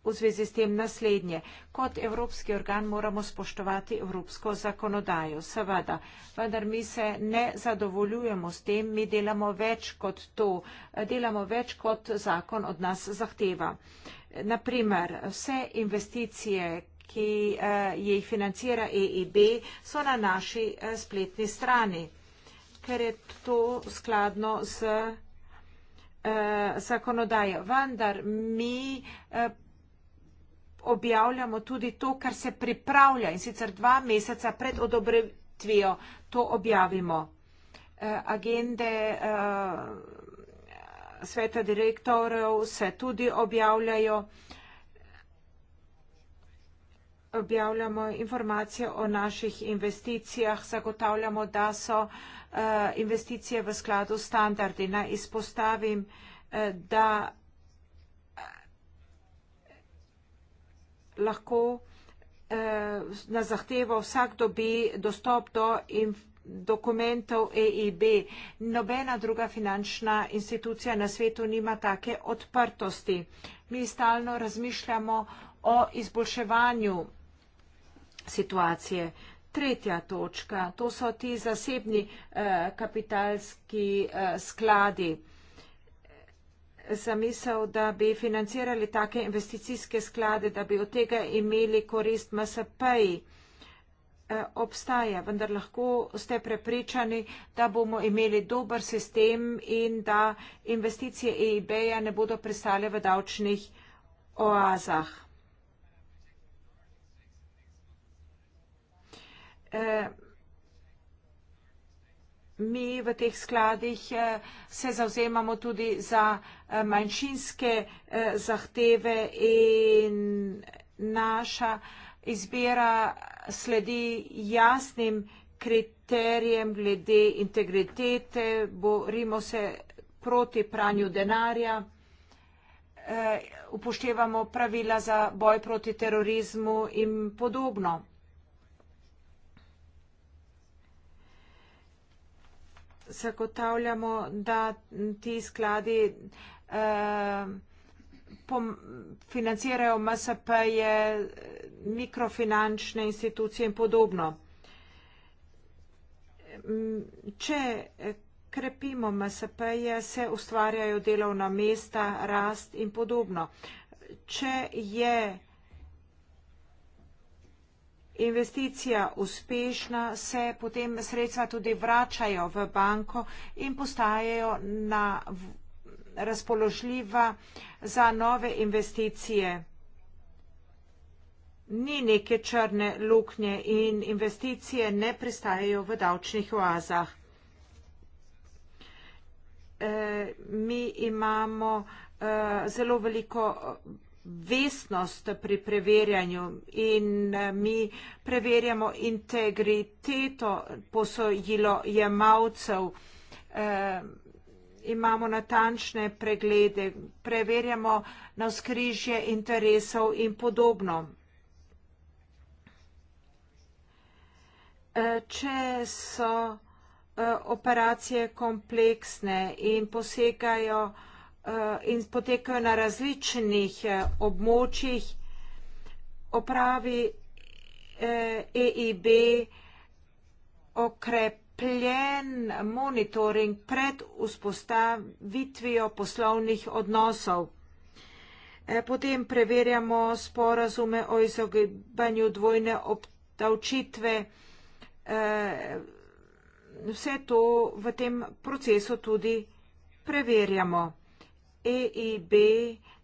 V zvezi s tem naslednje, kot evropski organ moramo spoštovati evropsko zakonodajo, seveda, vendar mi se ne zadovoljujemo s tem, mi delamo več kot to, delamo več kot zakon od nas zahteva. Naprimer, vse investicije, ki eh, jih financira EIB, so na naši eh, spletni strani, ker je to skladno z eh, zakonodajo. Vendar mi eh, objavljamo tudi to, kar se pripravlja in sicer dva meseca pred odobritvijo to objavimo. Eh, agende eh, sveta direktorjev se tudi objavljajo. Objavljamo informacije o naših investicijah, zagotavljamo, da so eh, investicije v skladu standardi. Naj izpostavim, da lahko eh, na zahtevo vsak dobi dostop do in dokumentov EIB. Nobena druga finančna institucija na svetu nima take odprtosti. Mi stalno razmišljamo o izboljševanju situacije. Tretja točka, to so ti zasebni eh, kapitalski eh, skladi zamisel, da bi financirali take investicijske sklade, da bi od tega imeli korist MSP-ji. Eh, obstaja, vendar lahko ste prepričani, da bomo imeli dober sistem in da investicije EIB-ja ne bodo pristale v davčnih oazah. Eh, mi v teh skladih eh, se zavzemamo tudi za eh, manjšinske eh, zahteve in naša izbira sledi jasnim kriterijem glede integritete, borimo se proti pranju denarja, upoštevamo pravila za boj proti terorizmu in podobno. zagotavljamo, da ti skladi eh, financirajo MSP-je, mikrofinančne institucije in podobno. Mm, če krepimo MSP-je, se ustvarjajo delovna mesta, rast in podobno. Če je investicija uspešna, se potem sredstva tudi vračajo v banko in postajajo na razpoložljiva za nove investicije. Ni neke črne luknje in investicije ne pristajajo v davčnih oazah. E, mi imamo e, zelo veliko. E, vestnost pri preverjanju in eh, mi preverjamo integriteto posojilo jemalcev. E, imamo natančne preglede, preverjamo na skrižje interesov in podobno. E, če so e, operacije kompleksne in posegajo e, Eh, in potekajo na različnih eh, območjih, opravi EIB eh, e okrepljen monitoring pred vzpostavitvijo poslovnih odnosov. Potem preverjamo sporazume o izogibanju dvojne obdavčitve. Vse to v tem procesu tudi preverjamo. EIB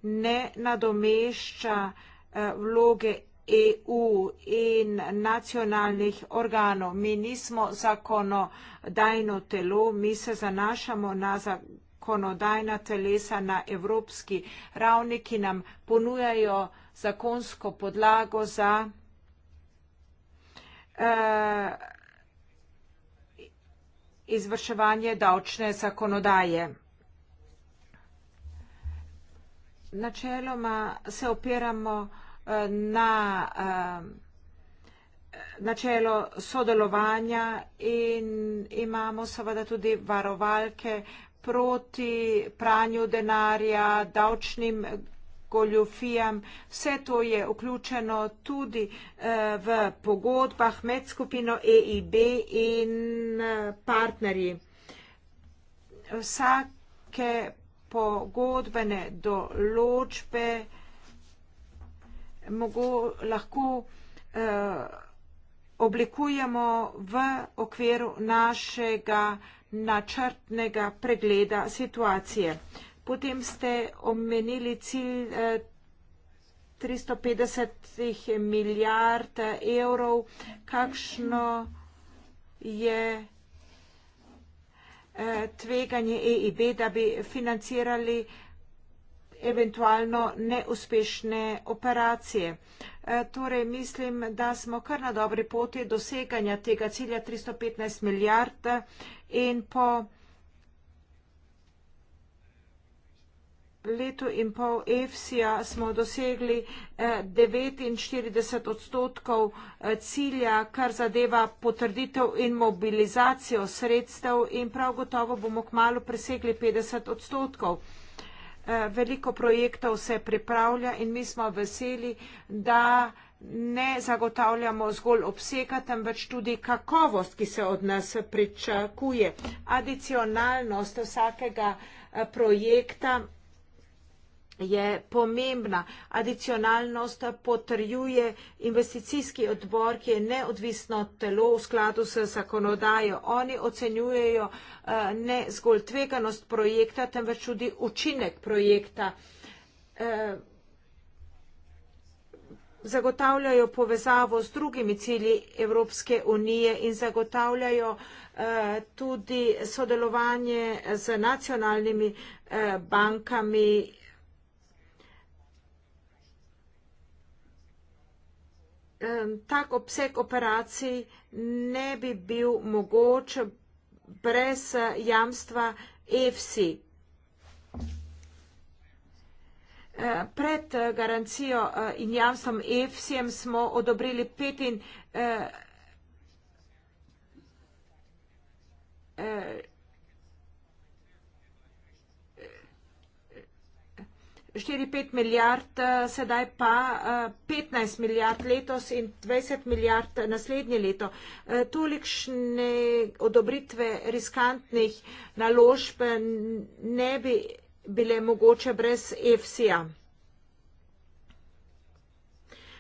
ne nadomešča eh, vloge EU in nacionalnih organov. Mi nismo zakonodajno telo, mi se zanašamo na zakonodajna telesa na evropski ravni, ki nam ponujajo zakonsko podlago za eh, izvrševanje davčne zakonodaje načeloma se opiramo eh, na eh, načelo sodelovanja in imamo seveda tudi varovalke proti pranju denarja, davčnim goljofijam. Vse to je vključeno tudi eh, v pogodbah med skupino EIB in partnerji. Vsake pogodbene določbe mogo, lahko eh, oblikujemo v okviru našega načrtnega pregleda situacije. Potem ste omenili cilj eh, 350 milijard evrov, kakšno je Eh, tveganje EIB, da bi financirali eventualno neuspešne operacije. Eh, torej, mislim, da smo kar na dobri poti doseganja tega cilja 315 milijard eh, in po letu in pol EFSI-ja smo dosegli 49 eh, odstotkov eh, cilja, kar zadeva potrditev in mobilizacijo sredstev in prav gotovo bomo k malu presegli 50 odstotkov. Eh, veliko projektov se pripravlja in mi smo veseli, da ne zagotavljamo zgolj obsega, temveč tudi kakovost, ki se od nas pričakuje. Adicionalnost vsakega projekta je pomembna. Adicionalnost potrjuje investicijski odbor, ki je neodvisno telo v skladu s zakonodajo. Oni ocenjujejo eh, ne zgolj tveganost projekta, temveč tudi učinek projekta. Eh, zagotavljajo povezavo z drugimi cilji Evropske unije in zagotavljajo eh, tudi sodelovanje z nacionalnimi bankami tak obseg operacij ne bi bil mogoč brez eh, jamstva EFSI. Eh, pred eh, garancijo in jamstvom EFSI smo odobrili 4-5 milijard, eh, sedaj pa 15 eh, milijard letos in 20 milijard naslednje leto. Eh, tolikšne odobritve riskantnih naložb ne bi bile mogoče brez EFSI-ja.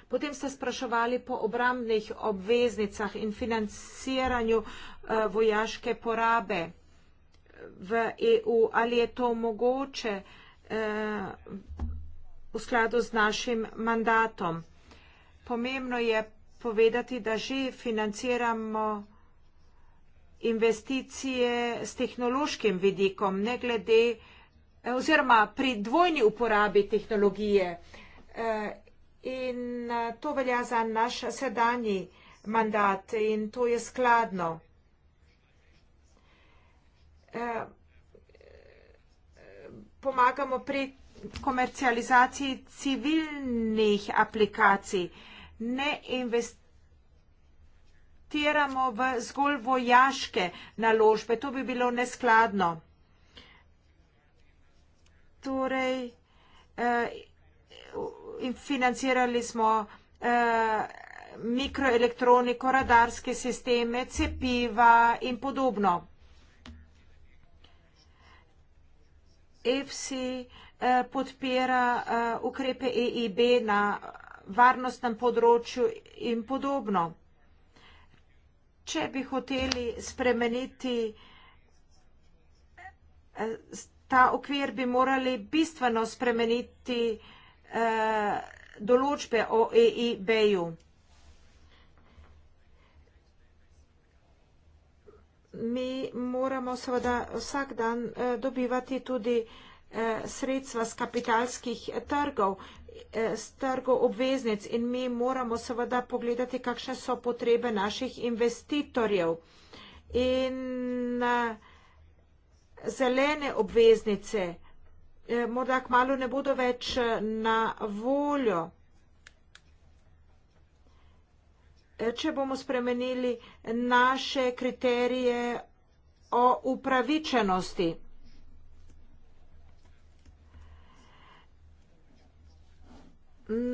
Potem ste spraševali po obramnih obveznicah in financiranju vojaške porabe v EU. Ali je to mogoče? Eh, v skladu z našim mandatom. Pomembno je povedati, da že financiramo investicije s tehnološkim vidikom, ne glede eh, oziroma pri dvojni uporabi tehnologije. Eh, in to velja za naš sedanji mandat in to je skladno pomagamo pri komercializaciji civilnih aplikacij. Ne investiramo v zgolj vojaške naložbe. To bi bilo neskladno. Torej, eh, financirali smo eh, mikroelektroniko, radarske sisteme, cepiva in podobno. EFSI eh, podpira eh, ukrepe EIB na varnostnem področju in podobno. Če bi hoteli spremeniti eh, ta okvir, bi morali bistveno spremeniti določbe o EIB-ju. mi moramo seveda vsak dan eh, dobivati tudi eh, sredstva z kapitalskih eh, trgov, z trgov obveznic in mi moramo seveda pogledati, kakšne so potrebe naših investitorjev. In zelene obveznice morda kmalo ne bodo več na voljo. če bomo spremenili naše kriterije o upravičenosti.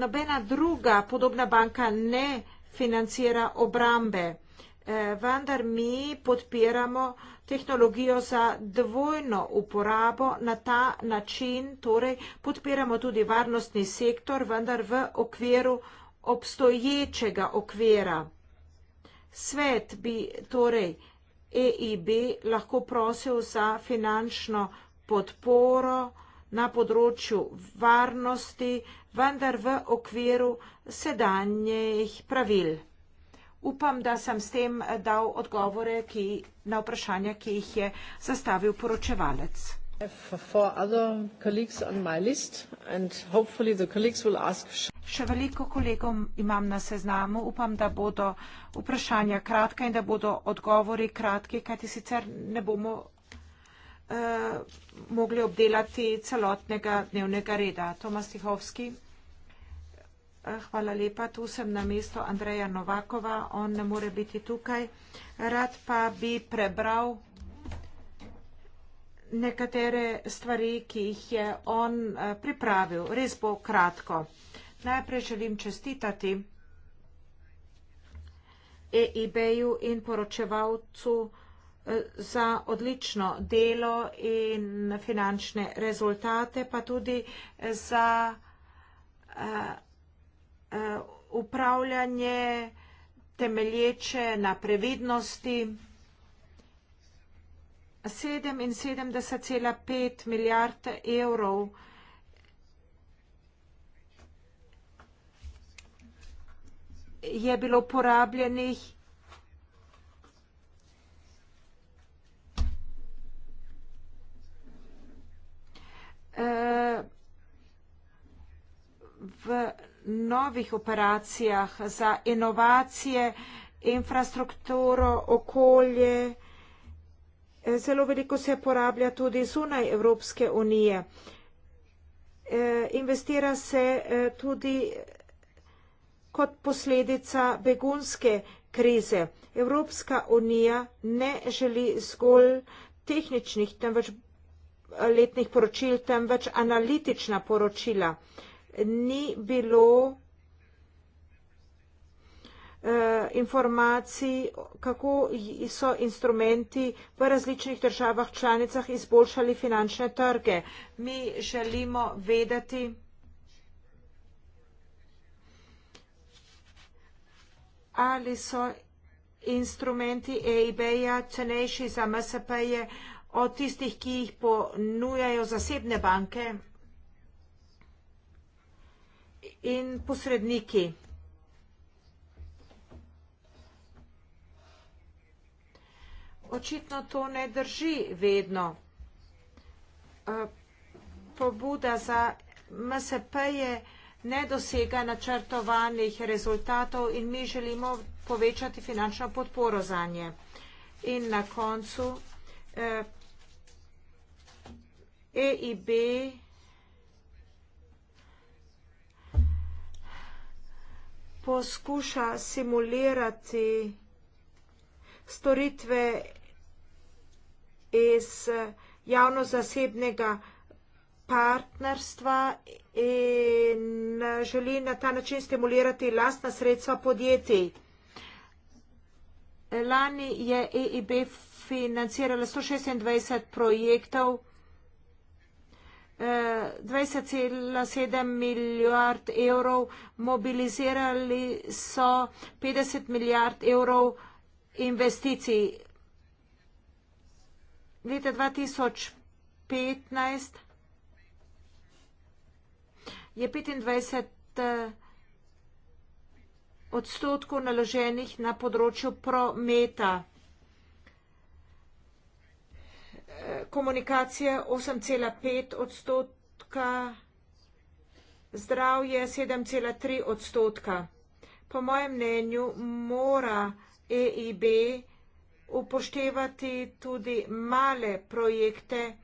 Nobena druga podobna banka ne financira obrambe, eh, vendar mi podpiramo tehnologijo za dvojno uporabo na ta način, torej podpiramo tudi varnostni sektor, vendar v okviru obstoječega okvira. Svet bi torej EIB lahko prosil za finančno podporo na področju varnosti, vendar v okviru sedanjih pravil. Upam, da sem s tem dal odgovore ki, na vprašanja, ki jih je zastavil poročevalec. Še veliko kolegov imam na seznamu, upam, da bodo vprašanja kratka in da bodo odgovori kratki, kajti sicer ne bomo uh, mogli obdelati celotnega dnevnega reda. Tomas Tihovski, eh, hvala lepa, tu sem na mesto Andreja Novakova, on ne more biti tukaj. Rad pa bi prebral nekatere stvari, ki jih je on eh, pripravil. Res bo kratko. Najprej želim čestitati EIB-ju in poročevalcu eh, za odlično delo in finančne rezultate, pa tudi za eh, upravljanje temelječe na previdnosti. 77,5 milijard evrov je bilo porabljenih v novih operacijah za inovacije, infrastrukturo, okolje, zelo veliko se porablja tudi zunaj Evropske unije. E, investira se e, tudi kot posledica begunske krize. Evropska unija ne želi zgolj tehničnih, temveč letnih poročil, temveč analitična poročila. Ni bilo Eh, informacij, kako so instrumenti v različnih državah članicah izboljšali finančne trge. Mi želimo vedeti, ali so instrumenti EIB-ja cenejši za MSP-je od tistih, ki jih ponujajo zasebne banke in posredniki. očitno to ne drži vedno. Eh, pobuda za MSP je ne dosega načrtovanih rezultatov in mi želimo povečati finančno podporo za nje. In na koncu EIB eh, e poskuša simulirati vsega, storitve iz javno-zasebnega partnerstva in želi na ta način stimulirati lastna sredstva podjetij. Lani je EIB financirala 126 projektov, 20,7 eh, milijard evrov, mobilizirali so 50 milijard evrov investicij. Leta 2015 je 25 eh, odstotkov naloženih na področju prometa. Eh, komunikacije 8,5 odstotka, zdravje 7,3 odstotka. Po mojem mnenju mora EIB upoštevati tudi male projekte.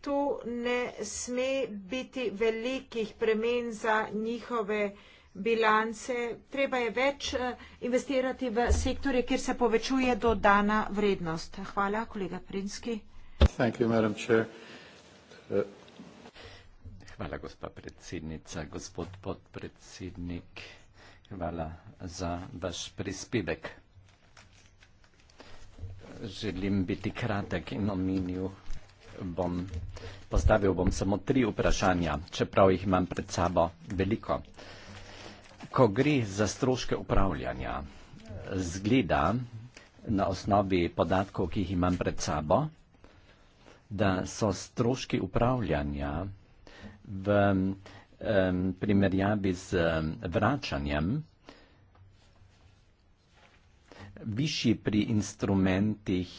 Tu ne sme biti velikih premen za njihove bilance. Treba je več eh, investirati v sektore, kjer se povečuje dodana vrednost. Hvala, kolega Prinski. Hvala, gospa predsednica, gospod podpredsednik. Hvala za vaš prispevek. Želim biti kratek in omenil bom, postavil bom samo tri vprašanja, čeprav jih imam pred sabo veliko. Ko gre za stroške upravljanja, zgleda na osnovi podatkov, ki jih imam pred sabo, da so stroški upravljanja v um, primerjavi z um, vračanjem, višji pri instrumentih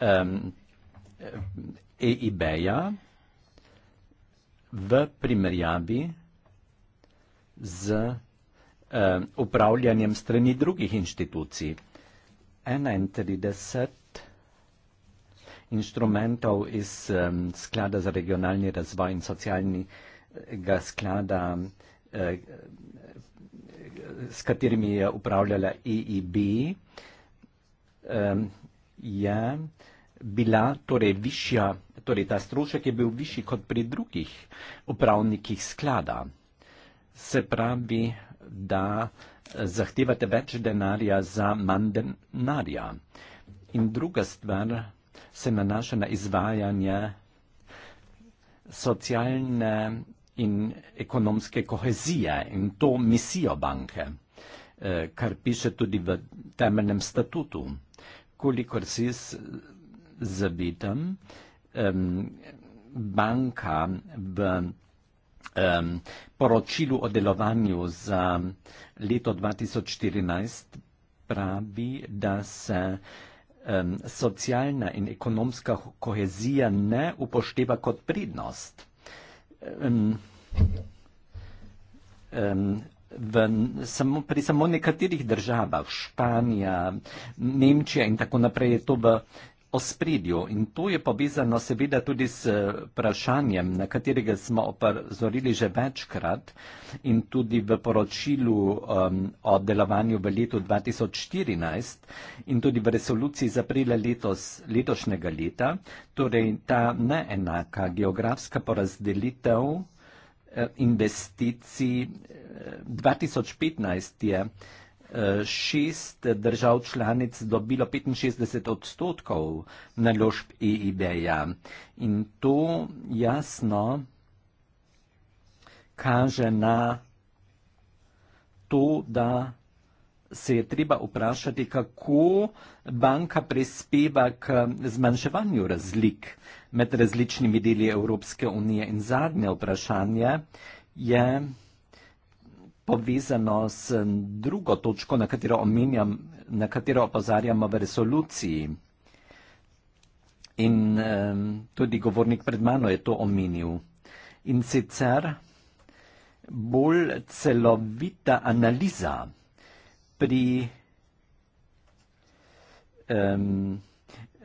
um, EIB-ja v primerjavi z um, upravljanjem strani drugih inštitucij. 31 inštrumentov iz um, sklada za regionalni razvoj in socialnega sklada, eh, s katerimi je upravljala EIB, e eh, je bila torej višja, torej ta strošek je bil višji kot pri drugih upravnikih sklada. Se pravi, da zahtevate več denarja za manj denarja. In druga stvar, se nanaša na izvajanje socialne in ekonomske kohezije in to misijo banke, eh, kar piše tudi v temeljnem statutu. Kolikor si zavidam, banka v poročilu o delovanju za leto 2014 pravi, da se um, socialna in ekonomska kohezija ne upošteva kot prednost. Um, um, v, samo, pri samo nekaterih državah, Španija, Nemčija in tako naprej, je to v uh, ospredju in to je povezano seveda tudi s eh, vprašanjem, na katerega smo opozorili že večkrat in tudi v poročilu um, o delovanju v letu 2014 in tudi v resoluciji iz aprila letos, letošnjega leta, torej ta neenaka geografska porazdelitev eh, investicij 2015 eh, je šest držav članic dobilo 65 odstotkov naložb EIB-ja. In to jasno kaže na to, da se je treba vprašati, kako banka prispeva k zmanjševanju razlik med različnimi deli Evropske unije. In zadnje vprašanje je, povezano s drugo točko, na katero omenjam, na katero opozarjamo v resoluciji. In tudi govornik pred mano je to omenil. In sicer bolj celovita analiza pri um,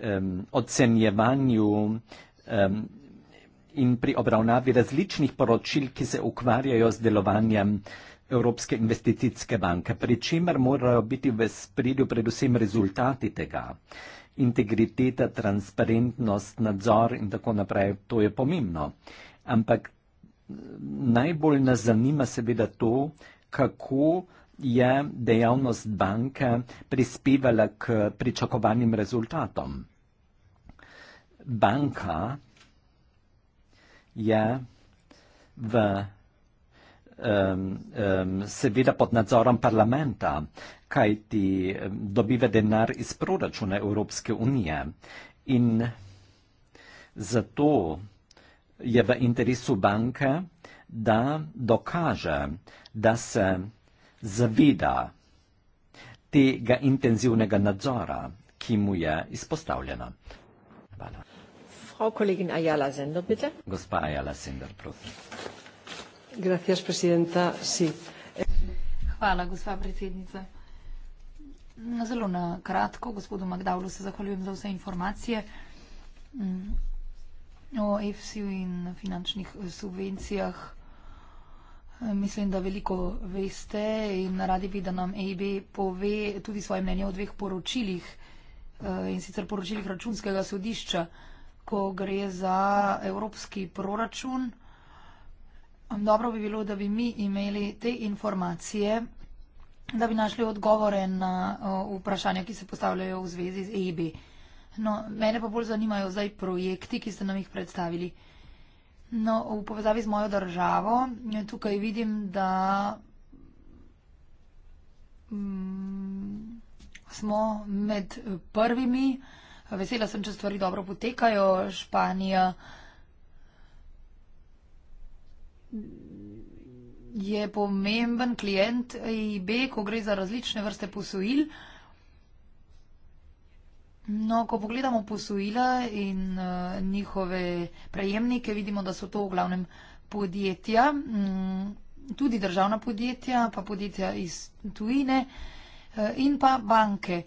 um, ocenjevanju um, in pri obravnavi različnih poročil, ki se ukvarjajo z delovanjem uh, Evropske investicijske banke, pri čemer morajo biti v spredju predvsem rezultati tega. Integriteta, transparentnost, nadzor in tako naprej, to je pomembno. Ampak mm, najbolj nas zanima seveda to, kako je dejavnost banke prispevala k pričakovanim rezultatom. Banka je v um, um, seveda pod nadzorom parlamenta, kajti dobiva denar iz proračuna Evropske unije. In zato je v interesu banke, da dokaže, da se zaveda tega intenzivnega nadzora, ki mu je izpostavljena. Hvala. Frau Kollegin Ayala Sender, bitte. Gospa Ayala Sender, prosim. Hvala, gospa predsednica. Zelo na kratko, gospodu McDowellu se zahvaljujem za vse informacije mm, o EFSI-ju in finančnih eh, subvencijah. Eh, mislim, da veliko veste in radi bi, da nam EIB pove tudi svoje mnenje o dveh poročilih eh, in sicer poročilih računskega sodišča, ko gre za evropski proračun, Dobro bi bilo, da bi mi imeli te informacije, da bi našli odgovore na vprašanja, ki se postavljajo v zvezi z EIB. No, mene pa bolj zanimajo zdaj projekti, ki ste nam jih predstavili. No, v povezavi z mojo državo eh, tukaj vidim, da mm, smo med prvimi. Vesela sem, če stvari dobro potekajo. Španija je pomemben klient IB, ko gre za različne vrste posojil. No, ko pogledamo posojila in uh, njihove prejemnike, vidimo, da so to v glavnem podjetja, mm, tudi državna podjetja, pa podjetja iz tujine eh, in pa banke.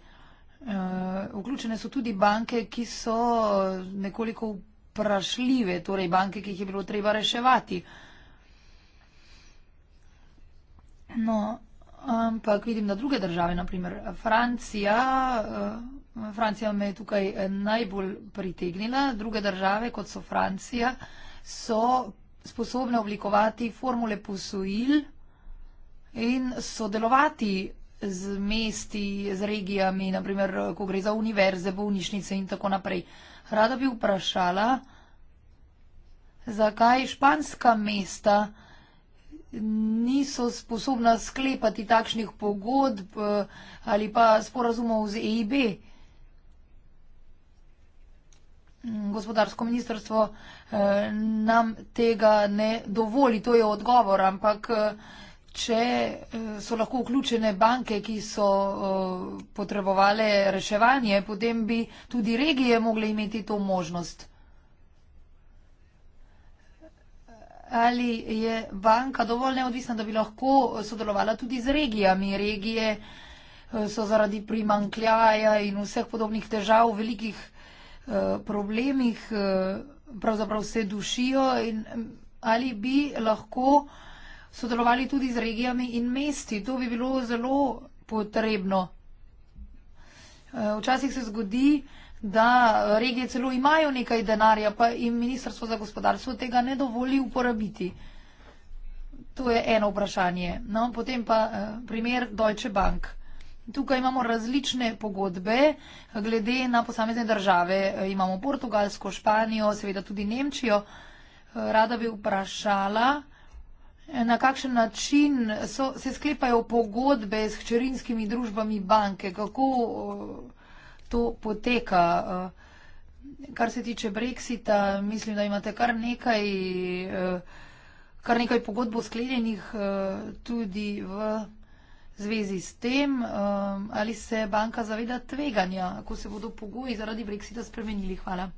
Eh, vključene so tudi banke, ki so nekoliko vprašljive, torej banke, ki jih je bilo treba reševati. No, ampak vidim, da druge države, naprimer Francija, eh, Francija me je tukaj eh, najbolj pritegnila, druge države, kot so Francija, so sposobne oblikovati formule posojil in sodelovati z mesti, z regijami, naprimer, eh, ko gre za univerze, bolnišnice in tako naprej. Rada bi vprašala, zakaj španska mesta, niso sposobna sklepati takšnih pogodb eh, ali pa sporazumov z EIB. Mm, gospodarsko ministrstvo eh, nam tega ne dovoli, to je odgovor, ampak eh, če so lahko vključene banke, ki so potrebovale reševanje, potem bi tudi regije mogle imeti to možnost. ali je banka dovolj neodvisna, da bi lahko eh, sodelovala tudi z regijami. Regije eh, so zaradi primankljaja in vseh podobnih težav v velikih eh, problemih, pravzaprav se dušijo in mm, ali bi lahko sodelovali tudi z regijami in mesti. To bi bilo zelo potrebno. Včasih se zgodi, da regije celo imajo nekaj denarja, pa jim Ministrstvo za gospodarstvo tega ne dovoli uporabiti. To je eno vprašanje. No, potem pa eh, primer Deutsche Bank. Tukaj imamo različne pogodbe, glede na posamezne države. Eh, imamo Portugalsko, Španijo, seveda tudi Nemčijo. Eh, rada bi vprašala, na kakšen način so, se sklepajo pogodbe s hčerinskimi družbami banke, kako to poteka. Eh, kar se tiče Brexita, mislim, da imate kar nekaj, eh, kar nekaj pogodb sklenjenih eh, tudi v zvezi s tem, ali se banka zaveda tveganja, ko se bodo pogoji zaradi Brexita spremenili. Hvala.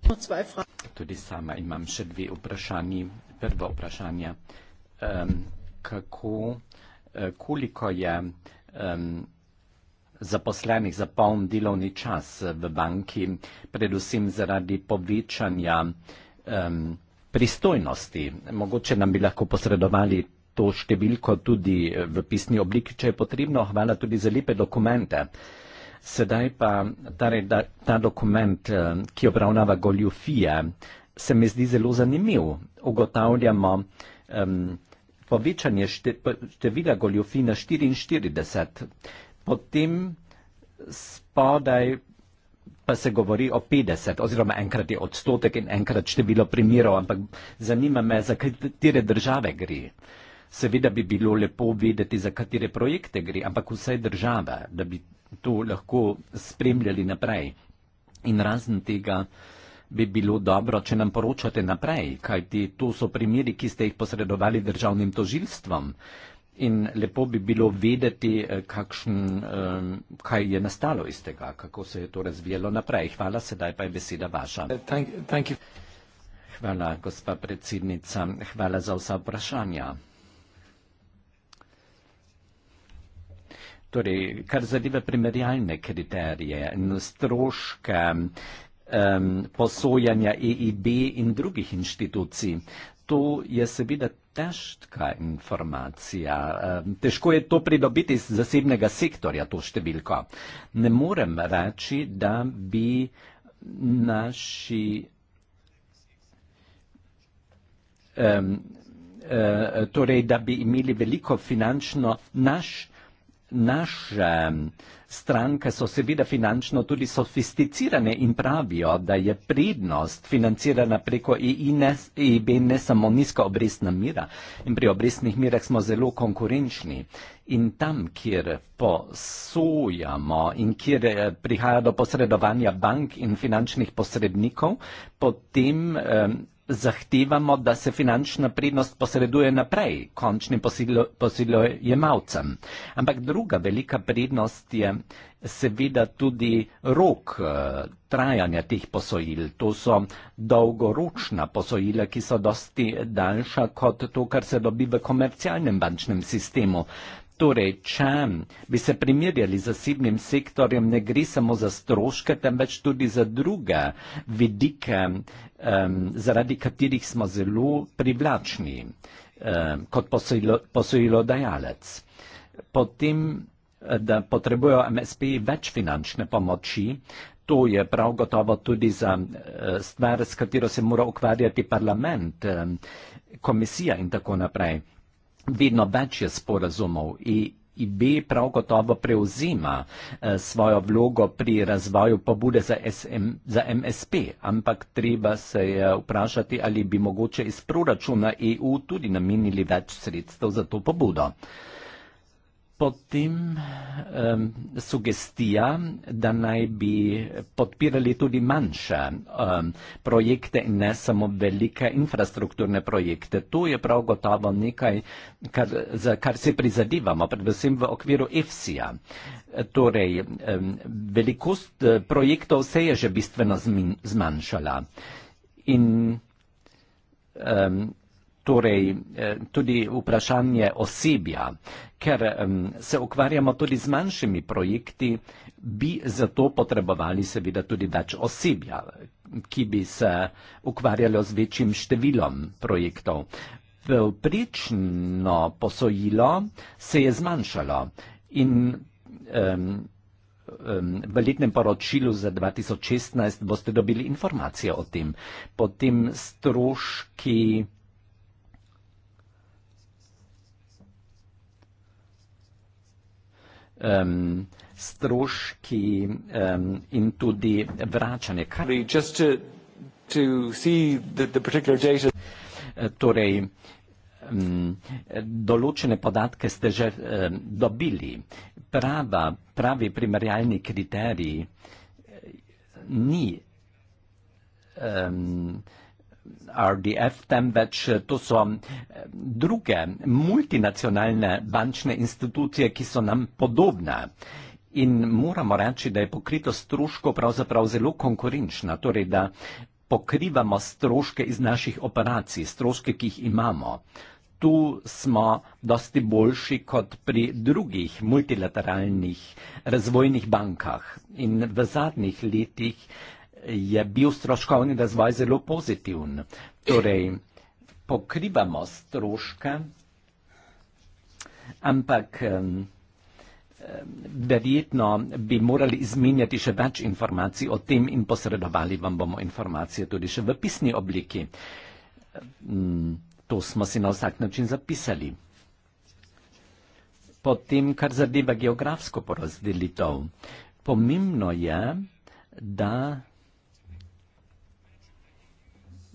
Tudi sama imam še dve vprašanje. Prvo vprašanje. Um, kako, koliko je um, zaposlenih za poln delovni čas v banki, predvsem zaradi povečanja um, pristojnosti. Mogoče nam bi lahko posredovali to številko tudi eh, v pisni obliki, če je potrebno. Hvala tudi za lepe dokumente. Sedaj pa torej, da, ta dokument, eh, ki obravnava goljufije, se mi zdi zelo zanimiv. Ugotavljamo um, povečanje števila goljufij na 44 potem spodaj pa se govori o 50 oziroma enkrat je odstotek in enkrat število primerov, ampak zanima me, za katere države gre. Seveda bi bilo lepo vedeti, za katere projekte gre, ampak vsaj država, da bi to lahko spremljali naprej. In razen tega bi bilo dobro, če nam poročate naprej, kajti to so primeri, ki ste jih posredovali državnim tožilstvom. In lepo bi bilo vedeti, eh, kakšen, eh, kaj je nastalo iz tega, kako se je to razvijalo naprej. Hvala, sedaj pa je beseda vaša. Eh, thank, thank hvala, gospa predsednica. Hvala za vsa vprašanja. Torej, kar zadeva primerjalne kriterije in stroške um, posojanja EIB in drugih inštitucij, to je seveda težka informacija. Težko je to pridobiti iz zasebnega sektorja, to številko. Ne morem reči, da bi naši e, torej, da bi imeli veliko finančno naš naša stranka so seveda finančno tudi sofisticirane in pravijo, da je prednost financirana preko EIB ne, e ne samo nizka obrestna mira in pri obrestnih mirah smo zelo konkurenčni. In tam, kjer posojamo in kjer eh, prihaja do posredovanja bank in finančnih posrednikov, potem eh, zahtevamo, da se finančna prednost posreduje naprej končnim posiljojemalcem. Ampak druga velika prednost je seveda tudi rok eh, trajanja teh posojil. To so dolgoročna posojila, ki so dosti daljša kot to, kar se dobi v komercialnem bančnem sistemu. Torej, če bi se primerjali z zasebnim sektorjem, ne gre samo za stroške, temveč tudi za druge vidike, um, zaradi katerih smo zelo privlačni um, kot posojilo, posojilodajalec. Potem, da potrebujejo MSP več finančne pomoči, to je prav gotovo tudi za eh, stvar, s katero se mora ukvarjati parlament, komisija in tako naprej vedno več je sporazumov. IB prav gotovo prevzima eh, svojo vlogo pri razvoju pobude za, SM, za MSP, ampak treba se je vprašati, ali bi mogoče iz proračuna EU tudi namenili več sredstev za to pobudo pod tem um, sugestija, da naj bi podpirali tudi manjše um, projekte in ne samo velike infrastrukturne projekte. To je prav gotovo nekaj, kar, za kar se prizadivamo, predvsem v okviru EFSI-ja. Torej, um, velikost eh, projektov se je že bistveno zmanjšala. In, um, torej eh, tudi vprašanje osebja, ker se ukvarjamo tudi z manjšimi projekti, bi zato potrebovali seveda tudi več osebja, ki bi se ukvarjalo z večjim številom projektov. Vprečno posojilo se je zmanjšalo in v letnem poročilu za 2016 boste dobili informacije o tem. Potem stroški![ um, stroški um, in tudi vračanje. E, torej, um, določene podatke ste že um, dobili. Prava, pravi primerjalni kriterij e, ni um, RDF, temveč eh, to so eh, druge multinacionalne bančne institucije, ki so nam podobne. In moramo reči, da je pokrito stroško pravzaprav zelo konkurenčna, torej da pokrivamo stroške iz naših operacij, stroške, ki jih imamo. Tu smo dosti boljši kot pri drugih multilateralnih razvojnih bankah. In v zadnjih letih je bil stroškovni razvoj zelo pozitiven. Torej, pokrivamo stroške, ampak verjetno bi morali izmenjati še več informacij o tem in posredovali vam bomo informacije tudi še v pisni obliki. To smo si na vsak način zapisali. Potem, kar zadeva geografsko porazdelitev, pomembno je, da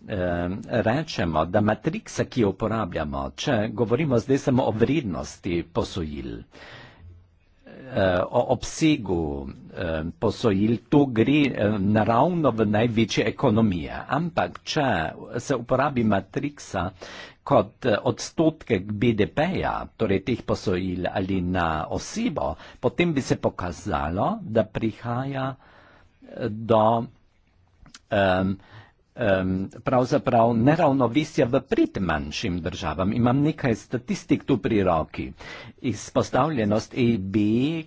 rečemo, da matrica, ki jo uporabljamo, če govorimo zdaj samo o vrednosti posojil, eh, o obsegu posojil, to gre naravno v največje ekonomije. Ampak, če se uporabi matrica kot eh, odstotke BDP-ja, torej teh posojil ali na osebo, potem bi se pokazalo, da prihaja eh, do um, pravzaprav neravnovesja v prid manjšim državam. Imam nekaj statistik tu pri roki. Izpostavljenost EIB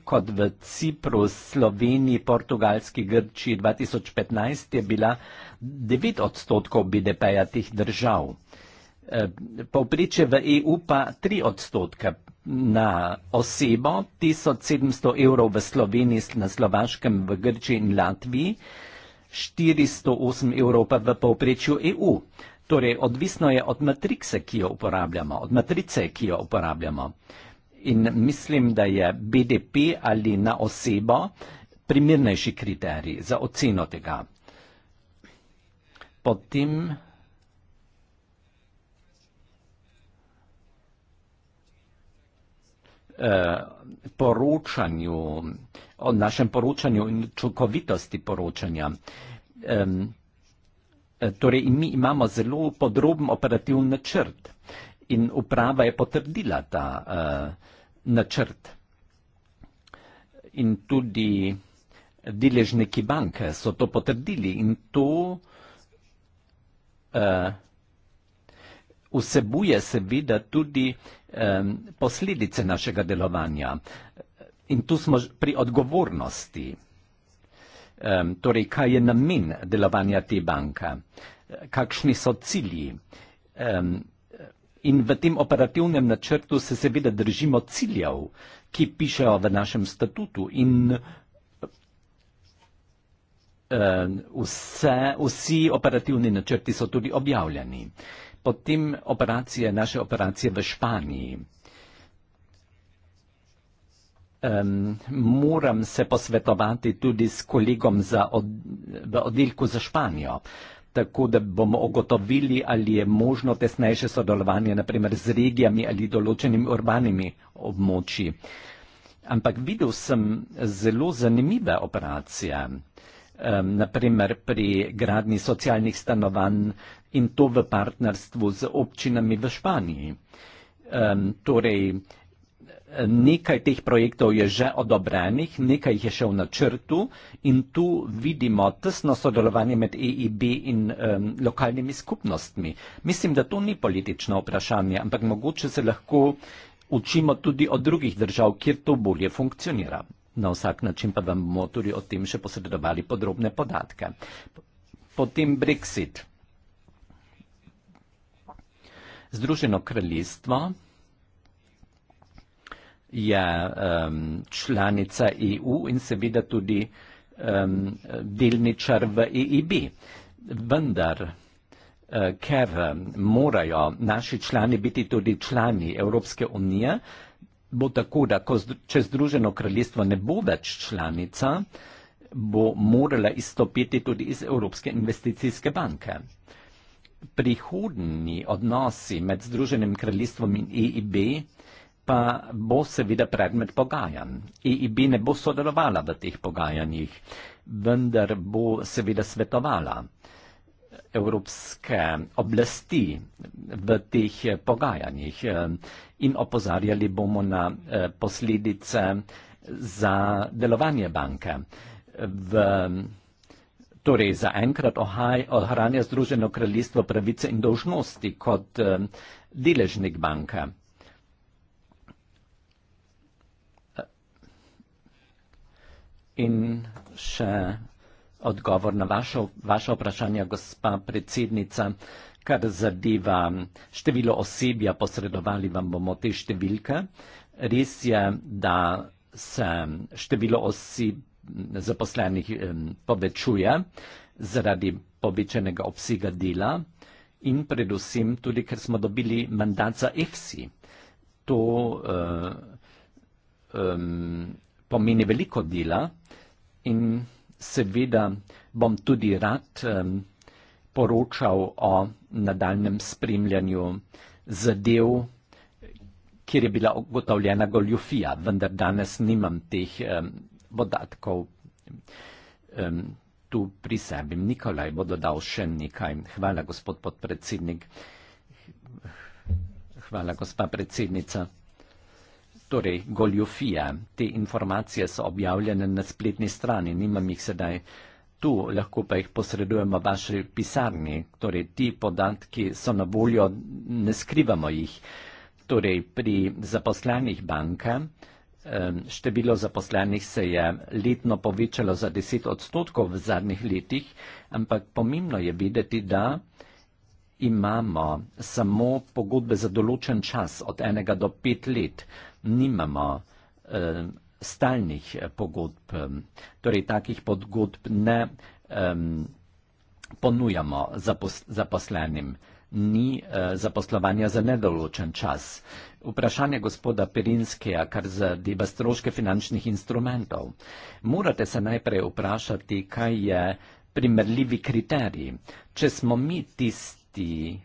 kot v Cipru, Sloveniji, Portugalski, Grči 2015 je bila 9 odstotkov BDP-ja teh držav. Povpreče v EU pa 3 odstotke na osebo, 1700 evrov v Sloveniji, na Slovaškem, v Grči in Latviji. 408 evrov pa v povprečju EU. Torej, odvisno je od matrice, ki jo uporabljamo, od matrice, ki jo uporabljamo. In mislim, da je BDP ali na osebo primernejši kriterij za oceno tega. Potem poročanju, o našem poročanju in učinkovitosti poročanja. Um, torej, mi imamo zelo podroben operativni načrt in uprava je potrdila ta uh, načrt. In tudi deležniki banke so to potrdili in to uh, vsebuje seveda tudi um, posledice našega delovanja. In tu smo pri odgovornosti. Um, torej, kaj je namen delovanja te banke, kakšni so cilji. Um, in v tem operativnem načrtu se seveda držimo ciljev, ki pišejo v našem statutu in um, vse, vsi operativni načrti so tudi objavljeni. Um, potem operacije, naše operacije v Španiji. Um, moram se posvetovati tudi s kolegom za od, v oddelku za Španijo, tako da bomo ogotovili, ali je možno tesnejše sodelovanje, naprimer z regijami ali določenimi urbanimi območji. Ampak videl sem zelo zanimive operacije, um, naprimer pri gradni socialnih stanovanj, in to v partnerstvu z občinami v Španiji. Um, torej, nekaj teh projektov je že odobrenih, nekaj jih je še v načrtu in tu vidimo tesno sodelovanje med EIB in um, lokalnimi skupnostmi. Mislim, da to ni politično vprašanje, ampak mogoče se lahko učimo tudi od drugih držav, kjer to bolje funkcionira. Na vsak način pa vam bomo tudi o tem še posredovali podrobne podatke. Potem Brexit. Združeno kraljestvo je um, članica EU in seveda tudi um, delničar v EIB. E Vendar, uh, ker morajo naši člani biti tudi člani Evropske unije, bo tako, da ko, če Združeno kraljestvo ne bo več članica, bo morala izstopiti tudi iz Evropske investicijske banke prihodni odnosi med Združenim kraljestvom in EIB pa bo seveda predmet pogajanj. EIB ne bo sodelovala v teh pogajanjih, vendar bo seveda svetovala evropske oblasti v teh eh, pogajanjih eh, in opozarjali bomo na eh, posledice za delovanje banke v Torej, zaenkrat ohranja Združeno kraljestvo pravice in dožnosti kot uh, deležnik banke. In še odgovor na vašo, vaša vprašanja, gospa predsednica, kar zadeva število osebja, posredovali vam bomo te številke. Res je, da se število oseb zaposlenih povečuje zaradi povečenega obsega dela in predvsem tudi, ker smo dobili mandat za EFSI. To eh, pomeni veliko dela in seveda bom tudi rad poročal o nadaljem spremljanju zadev, kjer je bila ugotovljena goljofija, vendar danes nimam teh podatkov. Um, tu pri sebi Nikolaj bo dodal še nekaj. Hvala, gospod podpredsednik. Hvala, gospa predsednica. Torej, goljofija. Te informacije so objavljene na spletni strani, nimam jih sedaj. Tu lahko pa jih posredujemo vaši pisarni. Torej, ti podatki so na voljo, ne skrivamo jih. Torej, pri zaposlenih banka Število zaposlenih se je letno povečalo za 10 odstotkov v zadnjih letih, ampak pomembno je videti, da imamo samo pogodbe za določen čas, od enega do pet let, nimamo eh, stalnih pogodb, torej takih pogodb ne eh, ponujamo zaposlenim ni eh, zaposlovanja za nedoločen čas. Vprašanje gospoda Perinskega, kar zadeva stroške finančnih instrumentov. Morate se najprej vprašati, kaj je primerljivi kriterij. Če smo mi tisti,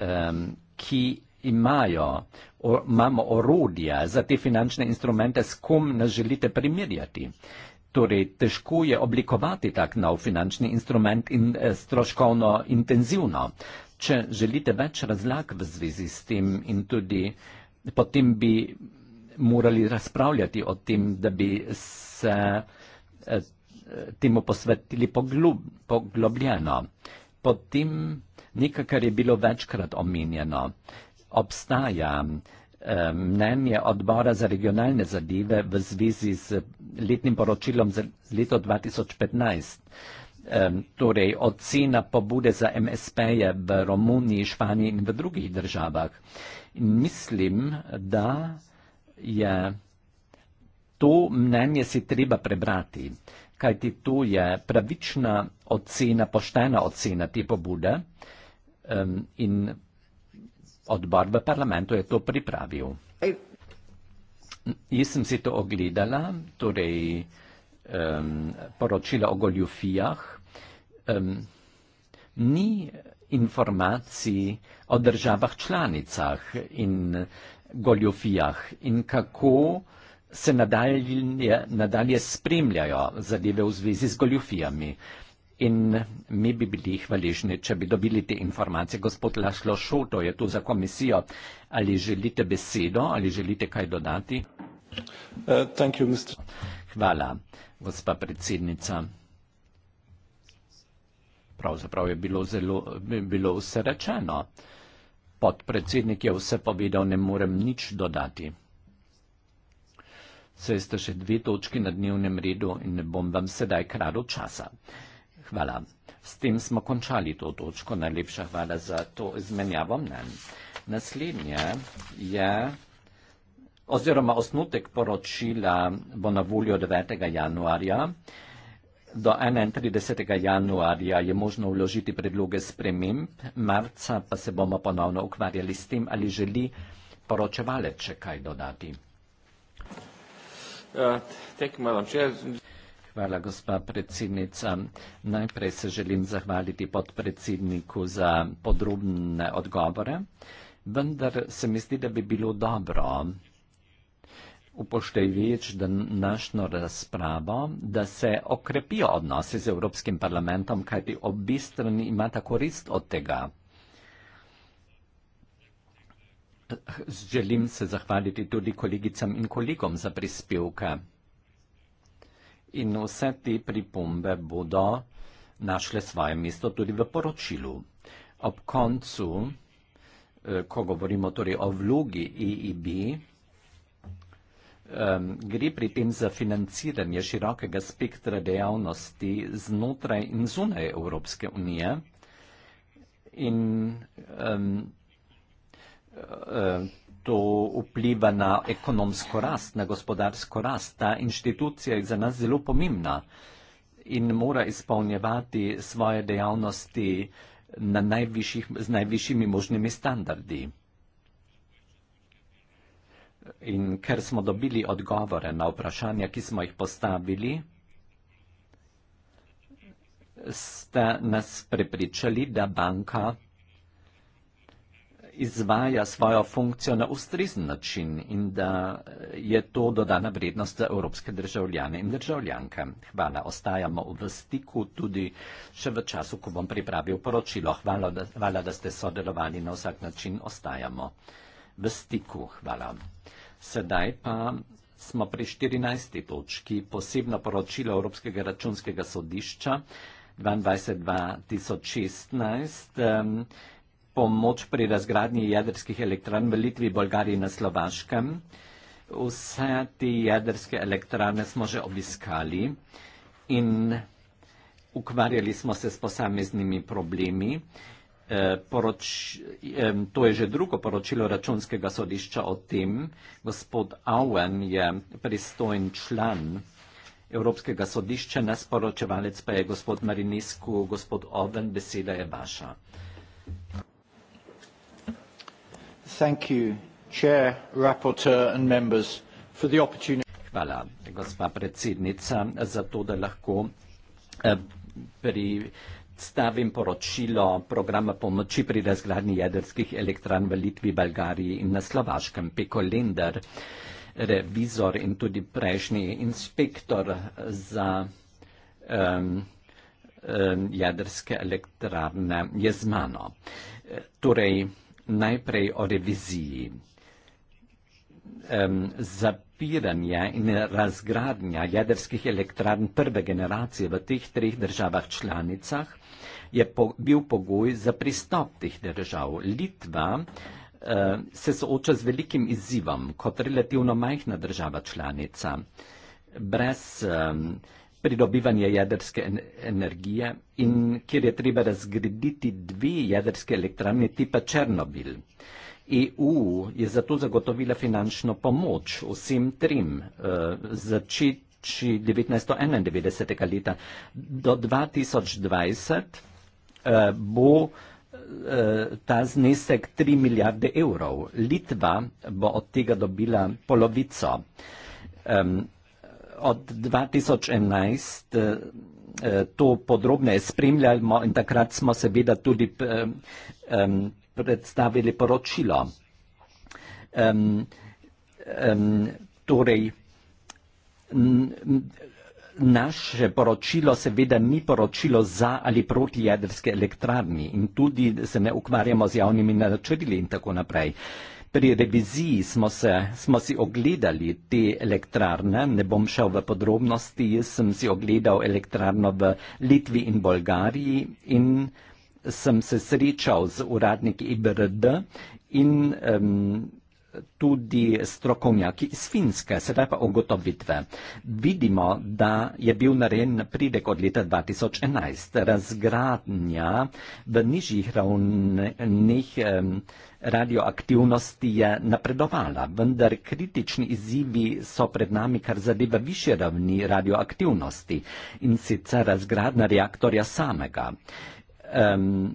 eh, ki imajo, o, imamo orodje za te finančne instrumente, s kom nas želite primerjati. Eh, Torej, težko je oblikovati tak nov finančni instrument in eh, stroškovno intenzivno. Če želite več razlag v zvezi s tem in tudi potem bi morali razpravljati o tem, da bi se eh, temu posvetili poglob, poglobljeno. Potem nekaj, kar je bilo večkrat omenjeno, obstaja Eh, mnenje odbora za regionalne zadeve v zvezi z letnim poročilom za leto 2015. Torej, ocena pobude za MSP-je v Romuniji, Španiji in v drugih državah. In mislim, da je to mnenje si treba prebrati, kajti to je pravična ocena, poštena ocena te pobude in odbor v parlamentu je to pripravil. Jaz sem si to ogledala, torej um, poročila o goljufijah. Um, ni informacij o državah članicah in goljufijah in kako se nadalje, nadalje spremljajo zadeve v zvezi z goljufijami. Um, In mi bi bili hvaležni, če bi dobili te informacije. Gospod Laslo Šoto je tu za komisijo. Ali želite besedo, ali želite kaj dodati? Uh, you, Hvala, gospa predsednica. Pravzaprav je bilo, zelo, bilo vse rečeno. Podpredsednik je vse povedal, ne morem nič dodati. Saj ste še dve točki na dnevnem redu in ne bom vam sedaj kradil časa. Hvala. S tem smo končali to točko. Najlepša hvala za to izmenjavo mnenj. Naslednje je, oziroma osnutek poročila bo na voljo 9. januarja. Do 31. januarja je možno vložiti predloge sprememb, marca pa se bomo ponovno ukvarjali s tem, ali želi poročevalec še kaj dodati. Uh, Hvala, gospa predsednica. Najprej se želim zahvaliti podpredsedniku za podrobne odgovore, vendar se mi zdi, da bi bilo dobro upoštevajoč današnjo razpravo, da se okrepijo odnose z Evropskim parlamentom, kajti obi strani imata korist od tega. Želim se zahvaliti tudi kolegicam in kolegom za prispevke in vse te pripombe bodo našle svoje mesto tudi v poročilu. Ob koncu, eh, ko govorimo torej o vlogi EIB, gre pri tem za financiranje širokega spektra dejavnosti znotraj in zunaj Evropske unije in eh, to vpliva na ekonomsko rast, na gospodarsko rast. Ta inštitucija je za nas zelo pomembna in mora izpolnjevati svoje dejavnosti na najvišjih, z najvišjimi možnimi standardi. In ker smo dobili odgovore na vprašanja, ki smo jih postavili, ste nas prepričali, da banka izvaja svojo funkcijo na ustrezen način in da je to dodana vrednost za evropske državljane in državljanke. Hvala, ostajamo v stiku tudi še v času, ko bom pripravil poročilo. Hvala, da, hvala, da ste sodelovali na vsak način, ostajamo v stiku. Hvala. Sedaj pa smo pri 14. točki, posebno poročilo Evropskega računskega sodišča 22.2016 pomoč pri razgradnji jedrskih elektran v Litvi, Bolgariji in na Slovaškem. Vse te jedrske elektrane smo že obiskali in ukvarjali smo se s posameznimi problemi. Eh, poroč, to je že drugo poročilo računskega sodišča o tem. Gospod Owen je pristojen član Evropskega sodišča, nas poročevalec pa je gospod Marinisku, gospod Owen, beseda je vaša thank you, Chair, Rapporteur and members for the opportunity. Hvala, gospa predsednica, za to, da lahko eh, predstavim poročilo programa pomoči pri razgradnji jedrskih elektran v Litvi, Bolgariji in na Slovaškem. Peko Lender, revizor in tudi prejšnji inspektor za um, um, jedrske elektrarne je z mano. Eh, torej, najprej o reviziji. Um, zapiranje in razgradnja jedrskih elektrarn prve generacije v teh treh državah članicah je po, bil pogoj za pristop teh držav. Litva uh, se sooča z velikim izzivom kot relativno majhna država članica. Brez um, pridobivanje jedrske en energije in kjer je treba razgraditi dve jedrske elektrarne tipa Černobil. EU je zato zagotovila finančno pomoč vsem trim uh, začeti. 1991. leta do 2020 eh, bo eh, ta znesek 3 milijarde evrov. Litva bo od tega dobila polovico. Eh, od 2011 eh, eh, to podrobneje spremljamo in takrat smo seveda tudi eh, predstavili poročilo. Torej, naše poročilo seveda ni poročilo za ali proti jedrske elektrarni in tudi se ne ukvarjamo z javnimi načrili in tako naprej. Pri reviziji smo, se, smo si ogledali te elektrarne, ne bom šel v podrobnosti, jaz sem si ogledal elektrarno v Litvi in Bolgariji in sem se srečal z uradniki IBRD in um, tudi strokovnjaki iz Finske, sedaj pa ugotovitve. Vidimo, da je bil narejen pridek od leta 2011. Razgradnja v nižjih ravnih radioaktivnosti je napredovala, vendar kritični izzivi so pred nami, kar zadeva više ravni radioaktivnosti in sicer razgradna reaktorja samega. Um,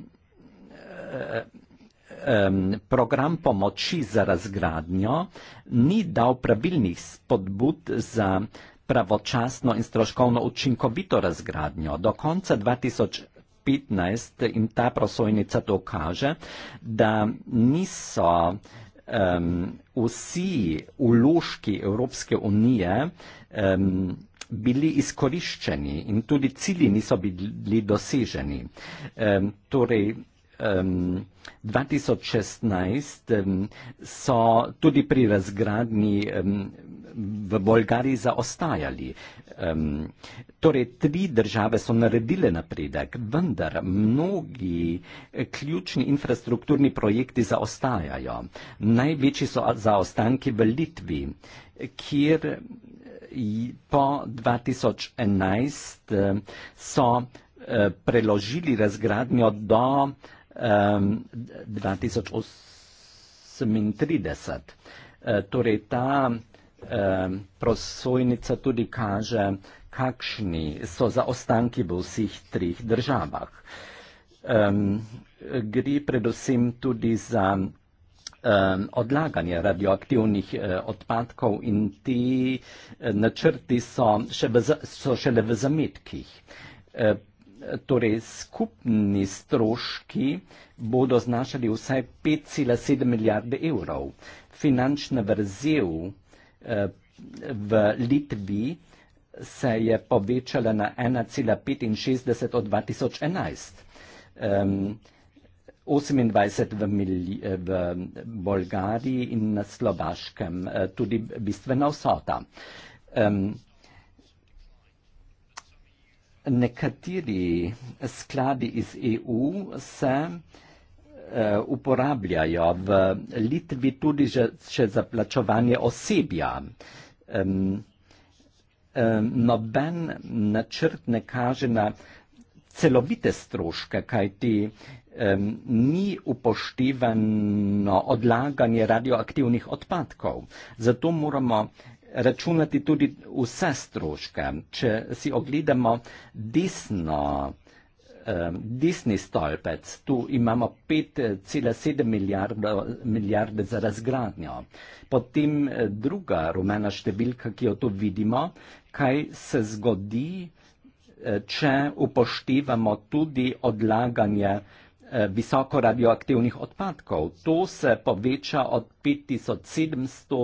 um, program pomoči za razgradnjo ni dal pravilnih spodbud za pravočasno in stroškovno učinkovito razgradnjo. Do konca 2015 in ta prosojnica to kaže, da niso um, vsi uložki Evropske unije um, bili izkoriščeni in tudi cilji niso bili doseženi. Um, torej, um, 2016 um, so tudi pri razgradnji um, v Bolgariji zaostajali. Um, torej, tri države so naredile napredek, vendar mnogi eh, ključni infrastrukturni projekti zaostajajo. Največji so zaostanki v Litvi, kjer eh, po 2011 eh, so preložili razgradnjo do um, 2038. E, torej, ta eh, prosojnica tudi kaže, kakšni so zaostanki v vseh trih državah. Eh, gre predvsem tudi za eh, odlaganje radioaktivnih eh, odpadkov in ti eh, načrti so, še v, so šele v zametkih. Eh, Torej, skupni stroški bodo znašali vsaj 5,7 milijarde evrov. Finančna vrzel eh, v Litvi se je povečala na 1,65 od 2011. 28 v, v Bolgariji in na Slovaškem, eh, tudi bistvena vsota nekateri skladi iz EU se uh, uporabljajo v Litvi tudi že, še za plačovanje osebja. Um, um, noben načrt ne kaže na celovite stroške, kajti um, ni upoštevano odlaganje radioaktivnih odpadkov. Zato moramo uh, računati tudi vse stroške. Če si ogledamo desno, eh, desni stolpec, tu imamo 5,7 milijarde, milijarde za razgradnjo. Potem eh, druga rumena številka, ki jo tu vidimo, kaj se zgodi, eh, če upoštevamo tudi odlaganje visoko radioaktivnih odpadkov. To se poveča od 5700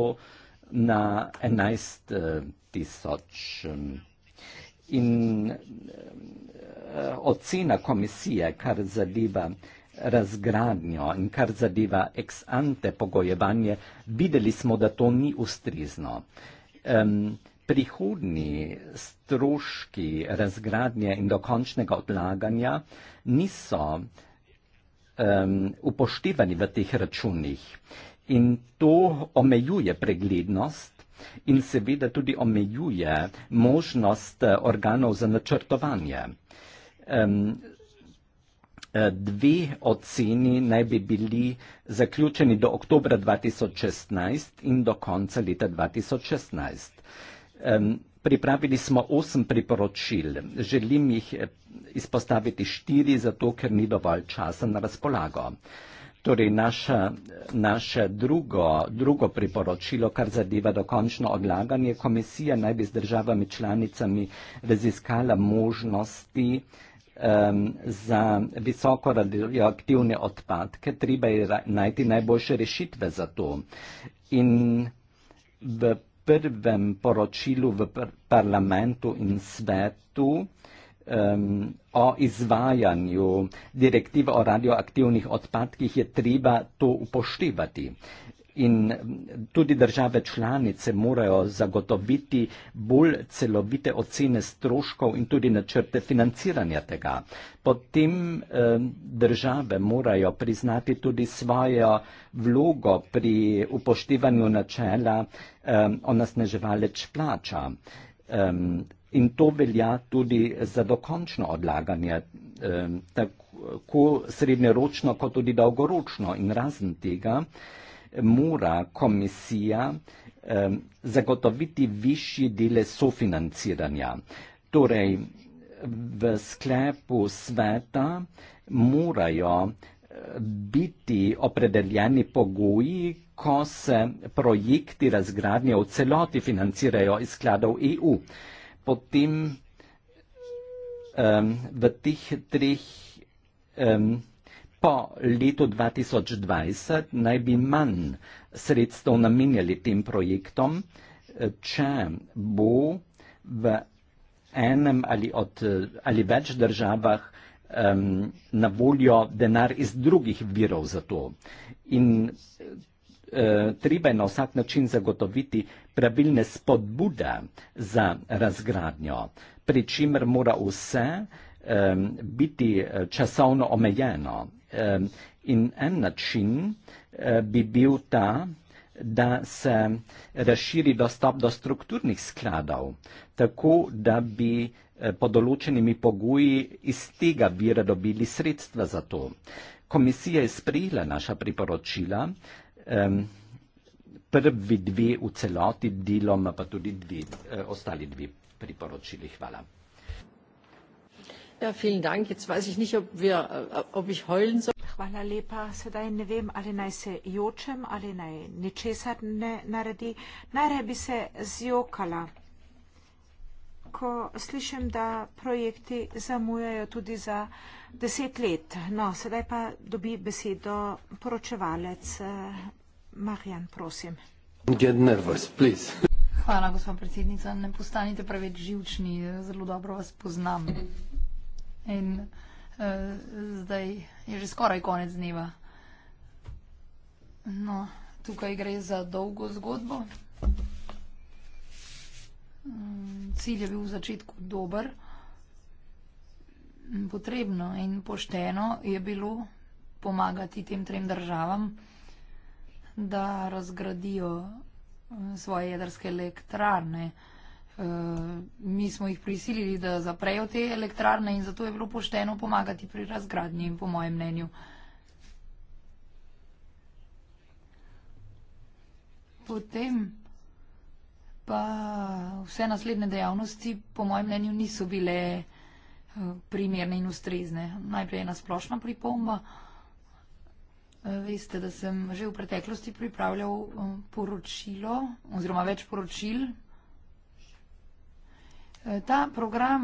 na 11 eh, tisoč. In eh, ocena komisije, kar zadeva razgradnjo in kar zadeva ex ante pogojevanje, videli smo, da to ni ustrezno. Um, prihodni stroški razgradnje in dokončnega odlaganja niso um, upoštevani v teh računih. Uh, in to omejuje preglednost. In seveda tudi omejuje možnost eh, organov za načrtovanje. Eh, dve oceni naj bi bili zaključeni do oktobra 2016 in do konca leta 2016. Pripravili smo osem priporočil. Želim jih eh, izpostaviti štiri, zato ker ni dovolj časa na razpolago. Torej, naša, naše drugo, drugo priporočilo, kar zadeva dokončno odlaganje, komisija naj bi z državami članicami raziskala možnosti um, za visoko radioaktivne odpadke, treba je najti najboljše rešitve za to. In v prvem poročilu v par parlamentu in svetu uh, um, o izvajanju direktive o radioaktivnih odpadkih je treba to upoštevati. In tudi države članice morajo zagotoviti bolj celovite ocene stroškov in tudi načrte financiranja tega. Potem eh, države morajo priznati tudi svojo vlogo pri upoštevanju načela eh, onasneževalec plača. Eh, In to velja tudi za dokončno odlaganje, eh, tako srednjeročno kot tudi dolgoročno. In razen tega eh, mora komisija eh, zagotoviti višji dele sofinanciranja. Torej, v sklepu sveta morajo biti opredeljeni pogoji, ko se projekti razgradnje v celoti financirajo iz skladov EU potem um, v teh treh, um, po letu 2020 naj bi manj sredstev namenjali tem projektom, če bo v enem ali, od, ali več državah um, na voljo denar iz drugih virov za to. In Eh, treba je na vsak način zagotoviti pravilne spodbude za razgradnjo, pri čimer mora vse biti eh, časovno omejeno. In en način eh, bi bil ta, da se razširi dostop do strukturnih skladov, tako da bi pod določenimi pogoji iz tega vira dobili sredstva za to. Komisija je sprejela naša priporočila, um, prvi dve v celoti, deloma pa tudi dve, uh, ostali dve priporočili. Hvala. Ja, Dank. Nicht, ob wir, äh, ob ich so. Hvala lepa. Sedaj ne vem, ali naj se jočem ali naj ničesar ne naredi. Najraje bi se zjokala ko slišim, da projekti zamujajo tudi za deset let. No, sedaj pa dobi besedo poročevalec eh, Marjan, prosim. Nervous, Hvala, gospod predsednica. Ne postanite preveč živčni, eh, zelo dobro vas poznam. In uh, zdaj je že skoraj konec dneva. No, tukaj gre za dolgo zgodbo. Mm, cilj je bil v začetku dober, mm, potrebno in pošteno je bilo pomagati tem trem državam, da razgradijo eh, svoje jedrske elektrarne. Eh, mi smo jih prisilili, da zaprejo te elektrarne in zato je bilo pošteno pomagati pri razgradnji, po mojem mnenju. Potem pa vse naslednje dejavnosti, po mojem mnenju, niso bile eh, primerne in ustrezne. Najprej ena splošna pripomba. Eh, veste, da sem že v preteklosti pripravljal eh, poročilo oziroma več poročil. Ta program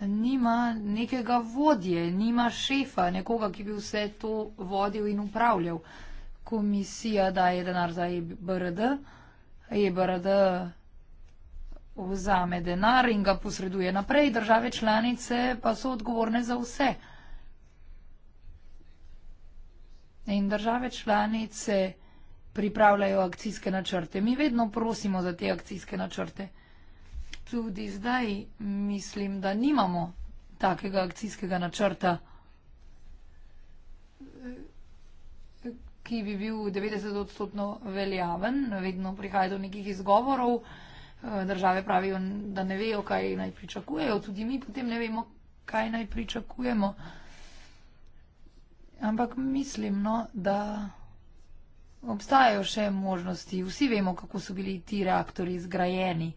nima nekega vodje, nima šefa, nekoga, ki bi vse to vodil in upravljal. Komisija daje denar za EBRD, EBRD vzame denar in ga posreduje naprej, države članice pa so odgovorne za vse. In države članice pripravljajo akcijske načrte. Mi vedno prosimo za te akcijske načrte. Tudi zdaj mislim, da nimamo takega akcijskega načrta, ki bi bil 90-odstotno veljaven. Vedno prihaja do nekih izgovorov. Eh, države pravijo, da ne vejo, kaj naj pričakujejo, tudi mi potem ne vemo, kaj naj pričakujemo. Ampak mislim, no, da obstajajo še možnosti. Vsi vemo, kako so bili ti reaktori zgrajeni.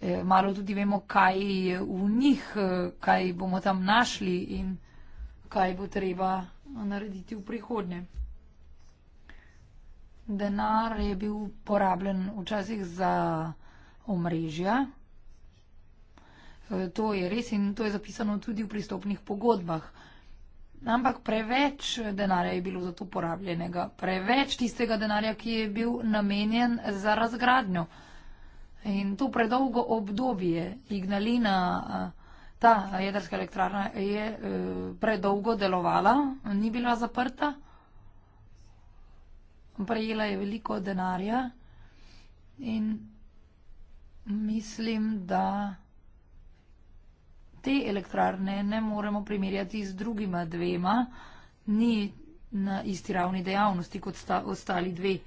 E, malo tudi vemo, kaj je v njih, eh, kaj bomo tam našli in kaj bo treba narediti v prihodnje. Denar je bil porabljen včasih za omrežja. E, to je res in to je zapisano tudi v pristopnih pogodbah. Ampak preveč denarja je bilo za to porabljenega, preveč tistega denarja, ki je bil namenjen za razgradnjo. In to predolgo obdobje, Ignalina, ta jedrska elektrarna je e, predolgo delovala, ni bila zaprta, prejela je veliko denarja in mislim, da te elektrarne ne moremo primerjati z drugima dvema, ni na isti ravni dejavnosti kot sta ostali dve.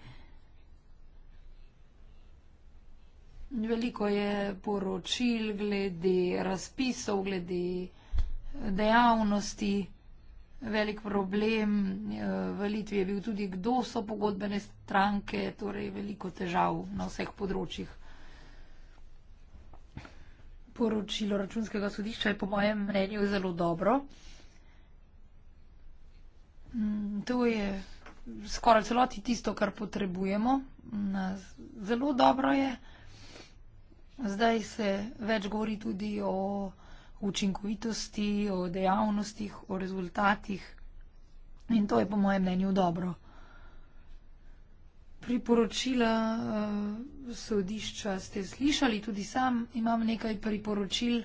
Veliko je poročil glede razpisov, glede eh, dejavnosti. Velik problem eh, v Litvi je bil tudi, kdo so pogodbene stranke, torej veliko težav na vseh področjih poročilo računskega sodišča je po mojem mnenju zelo dobro. Mm, to je skoraj celoti tisto, kar potrebujemo. Zelo dobro je. Zdaj se več govori tudi o učinkovitosti, o dejavnostih, o rezultatih. In to je po mojem mnenju dobro priporočila uh, sodišča ste slišali, tudi sam imam nekaj priporočil.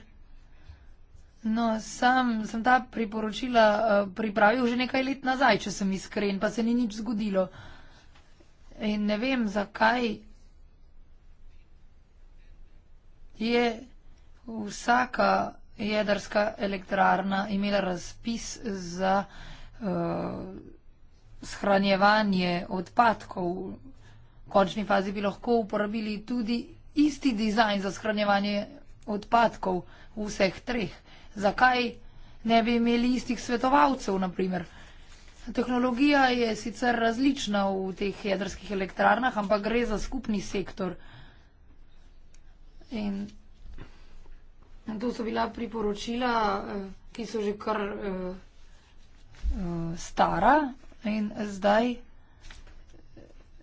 No, sam sem ta priporočila uh, pripravil že nekaj let nazaj, če sem iskren, pa se ni nič zgodilo. In ne vem, zakaj je vsaka jedrska elektrarna imela razpis za. Uh, shranjevanje odpadkov končni fazi bi lahko uporabili tudi isti dizajn za shranjevanje odpadkov v vseh treh. Zakaj ne bi imeli istih svetovalcev, naprimer? Tehnologija je sicer različna v teh jedrskih elektrarnah, ampak gre za skupni sektor. In to so bila priporočila, eh, ki so že kar uh, stara in zdaj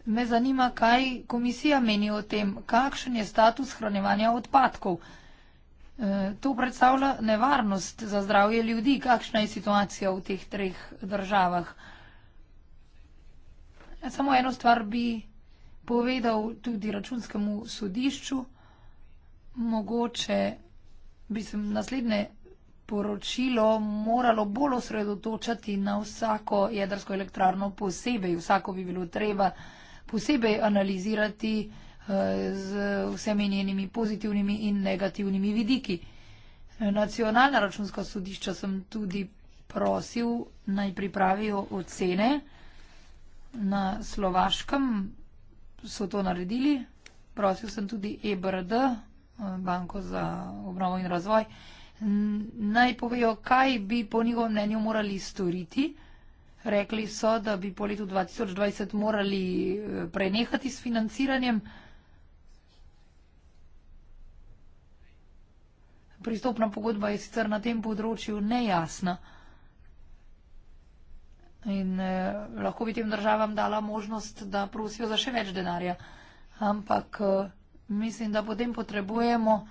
Me zanima, kaj komisija meni o tem, kakšen je status hranjevanja odpadkov. E, to predstavlja nevarnost za zdravje ljudi, kakšna je situacija v teh treh državah. Samo eno stvar bi povedal tudi računskemu sodišču. Mogoče bi se naslednje poročilo moralo bolj osredotočati na vsako jedrsko elektrarno posebej. Vsako bi bilo treba posebej analizirati eh, z vsemi njenimi pozitivnimi in negativnimi vidiki. Nacionalna računska sodišča sem tudi prosil, naj pripravijo ocene. Na Slovaškem so to naredili. Prosil sem tudi EBRD, eh, Banko za obnovo in razvoj, naj povejo, kaj bi po njihovem mnenju morali storiti. Rekli so, da bi po letu 2020 morali eh, prenehati s financiranjem. Pristopna pogodba je sicer na tem področju nejasna. In eh, lahko bi tem državam dala možnost, da prosijo za še več denarja. Ampak eh, mislim, da potem potrebujemo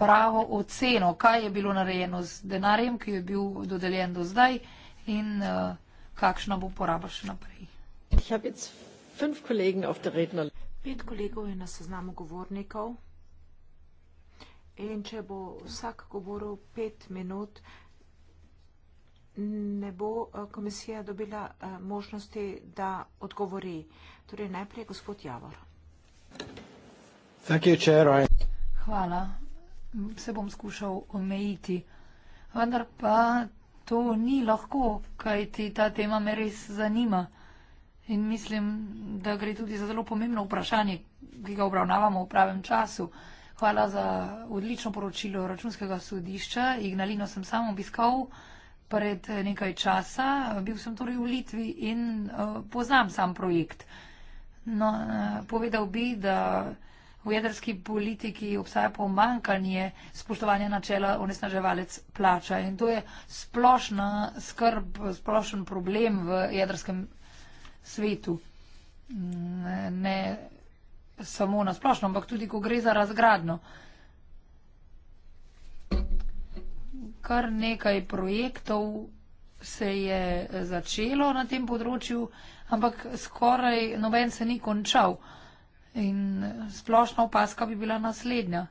pravo oceno, kaj je bilo narejeno z denarjem, ki je bil dodeljen do zdaj. In, eh, kakšna bo poraba še naprej. Pet kolegov je na seznamu govornikov in če bo vsak govoril pet minut, ne bo eh, komisija dobila eh, možnosti, da odgovori. Torej najprej gospod Javor. Hvala. Se bom skušal omejiti. Vendar pa to ni lahko, kaj ti ta tema me res zanima. In mislim, da gre tudi za zelo pomembno vprašanje, ki ga obravnavamo v pravem času. Hvala za odlično poročilo računskega sodišča. Ignalino sem sam obiskal pred nekaj časa. Bil sem torej v Litvi in uh, poznam sam projekt. No, uh, povedal bi, da. V jedrski politiki obstaja pomankanje spoštovanja načela onesnaževalec plača in to je splošna skrb, splošen problem v jedrskem svetu. Ne samo na splošno, ampak tudi, ko gre za razgradno. Kar nekaj projektov se je začelo na tem področju, ampak skoraj noben se ni končal. In splošna opaska bi bila naslednja.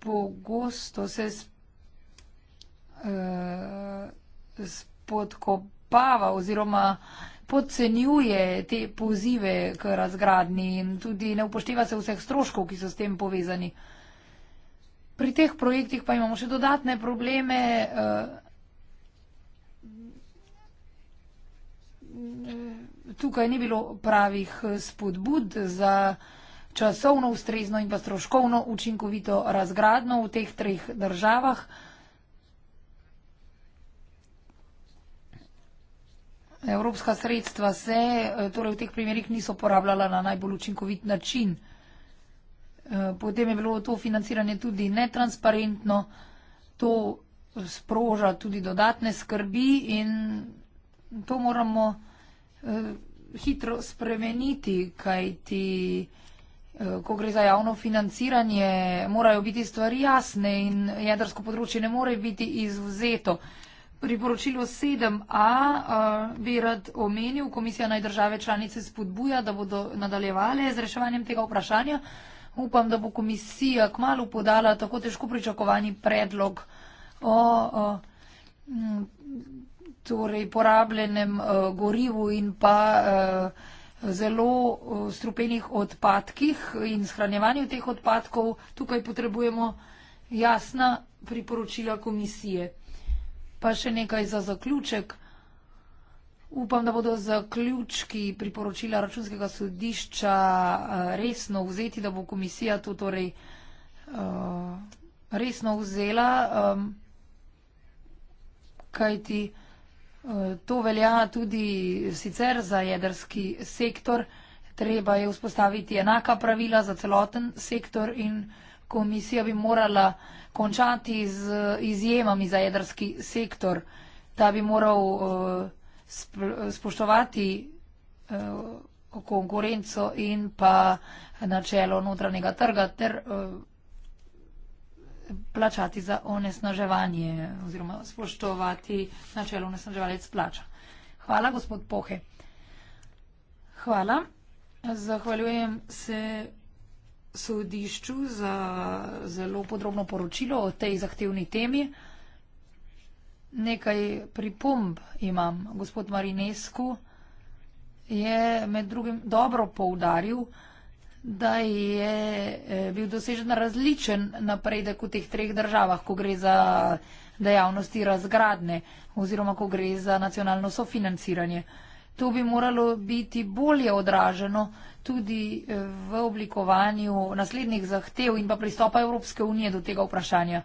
Pogosto se eh, spodkopava oziroma podcenjuje te pozive k razgradni in tudi ne upošteva se vseh stroškov, ki so s tem povezani. Pri teh projektih pa imamo še dodatne probleme. Uh, tukaj ni bilo pravih eh, spodbud za časovno ustrezno in pa stroškovno učinkovito razgradno v teh treh državah. Evropska sredstva se eh, torej v teh primerih niso porabljala na najbolj učinkovit način. Eh, potem je bilo to financiranje tudi netransparentno, to sproža tudi dodatne skrbi in to moramo. Eh, hitro spremeniti, kaj ti, eh, ko gre za javno financiranje, morajo biti stvari jasne in jedrsko področje ne more biti izvzeto. Pri poročilu 7a eh, bi rad omenil, komisija naj države članice spodbuja, da bodo nadaljevale z reševanjem tega vprašanja. Upam, da bo komisija kmalo podala tako težko pričakovani predlog o, o torej porabljenem uh, gorivu in pa uh, zelo uh, strupenih odpadkih in shranjevanju teh odpadkov, tukaj potrebujemo jasna priporočila komisije. Pa še nekaj za zaključek. Upam, da bodo zaključki priporočila računskega sodišča resno vzeti, da bo komisija to torej uh, resno vzela, um, kajti. To velja tudi sicer za jedrski sektor. Treba je vzpostaviti enaka pravila za celoten sektor in komisija bi morala končati z izjemami za jedrski sektor. Ta bi moral eh, spoštovati eh, konkurenco in pa načelo notranjega trga ter eh, plačati za onesnaževanje oziroma spoštovati načelo onesnaževalec plača. Hvala, gospod Pohe. Hvala. Zahvaljujem se sodišču za zelo podrobno poročilo o tej zahtevni temi. Nekaj pripomb imam. Gospod Marinesku je med drugim dobro poudaril, da je eh, bil dosežen različen napredek v teh treh državah, ko gre za dejavnosti razgradne oziroma ko gre za nacionalno sofinanciranje. To bi moralo biti bolje odraženo tudi eh, v oblikovanju naslednjih zahtev in pa pristopa Evropske unije do tega vprašanja.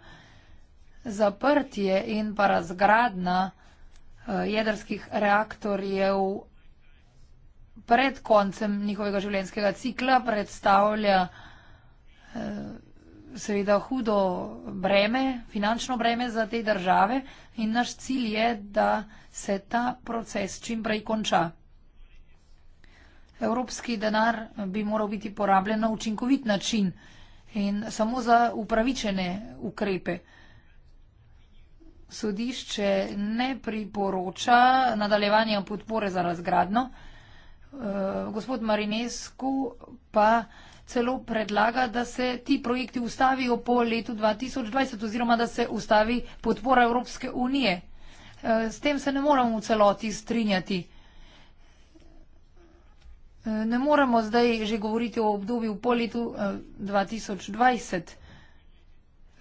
Zaprtje in pa razgradna eh, jedrskih reaktorjev pred koncem njihovega življenjskega cikla predstavlja eh, seveda hudo breme, finančno breme za te države in naš cilj je, da se ta proces čim prej konča. Evropski denar bi moral biti porabljen na učinkovit način in samo za upravičene ukrepe. Sodišče ne priporoča nadaljevanja podpore za razgradno. Eh, gospod Marinescu pa celo predlaga, da se ti projekti ustavijo po letu 2020 oziroma da se ustavi podpora Evropske unije. Eh, s tem se ne moremo v celoti strinjati. Eh, ne moremo zdaj že govoriti o obdobju po letu 2020.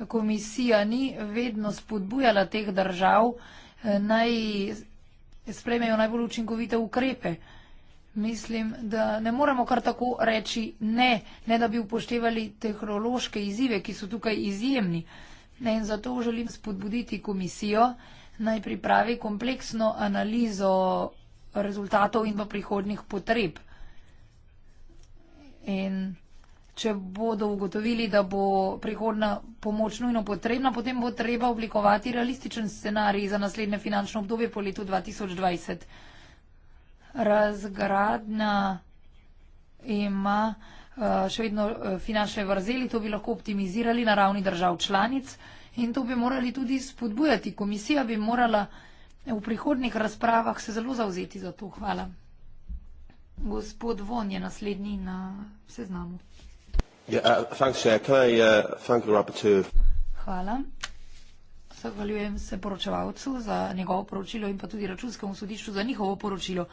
Komisija ni vedno spodbujala teh držav naj sprejmejo najbolj učinkovite ukrepe. Mislim, da ne moremo kar tako reči ne, ne da bi upoštevali tehnološke izzive, ki so tukaj izjemni. Ne, in zato želim spodbuditi komisijo, naj pripravi kompleksno analizo rezultatov in pa prihodnih potreb. In če bodo ugotovili, da bo prihodna pomoč nujno potrebna, potem bo treba oblikovati realističen scenarij za naslednje finančno obdobje po letu 2020 razgradna ima eh, še vedno eh, finančne vrzeli, to bi lahko optimizirali na ravni držav članic in to bi morali tudi spodbujati. Komisija bi morala eh, v prihodnih razpravah se zelo zauzeti za to. Hvala. Gospod Von je naslednji na seznamu. Uh, uh, Hvala. Zahvaljujem se poročevalcu za njegovo poročilo in pa tudi računskemu sodišču za njihovo poročilo.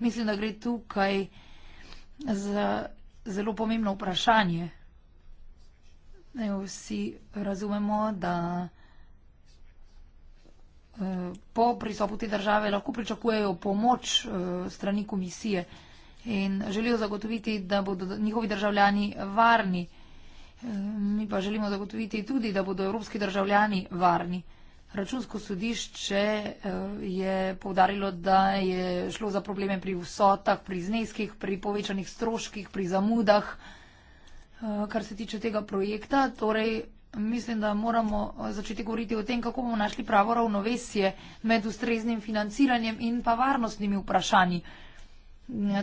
Mislim, da gre tukaj za zelo pomembno vprašanje. Vsi razumemo, da eh, po pristopu te države lahko pričakujejo pomoč eh, strani komisije in želijo zagotoviti, da bodo njihovi državljani varni. Eh, mi pa želimo zagotoviti tudi, da bodo evropski državljani varni. Računsko sodišče eh, je povdarilo, da je šlo za probleme pri vsotah, pri zneskih, pri povečanih stroških, pri zamudah, eh, kar se tiče tega projekta. Torej, mislim, da moramo eh, začeti govoriti o tem, kako bomo našli pravo ravnovesje med ustreznim financiranjem in pa varnostnimi vprašanji.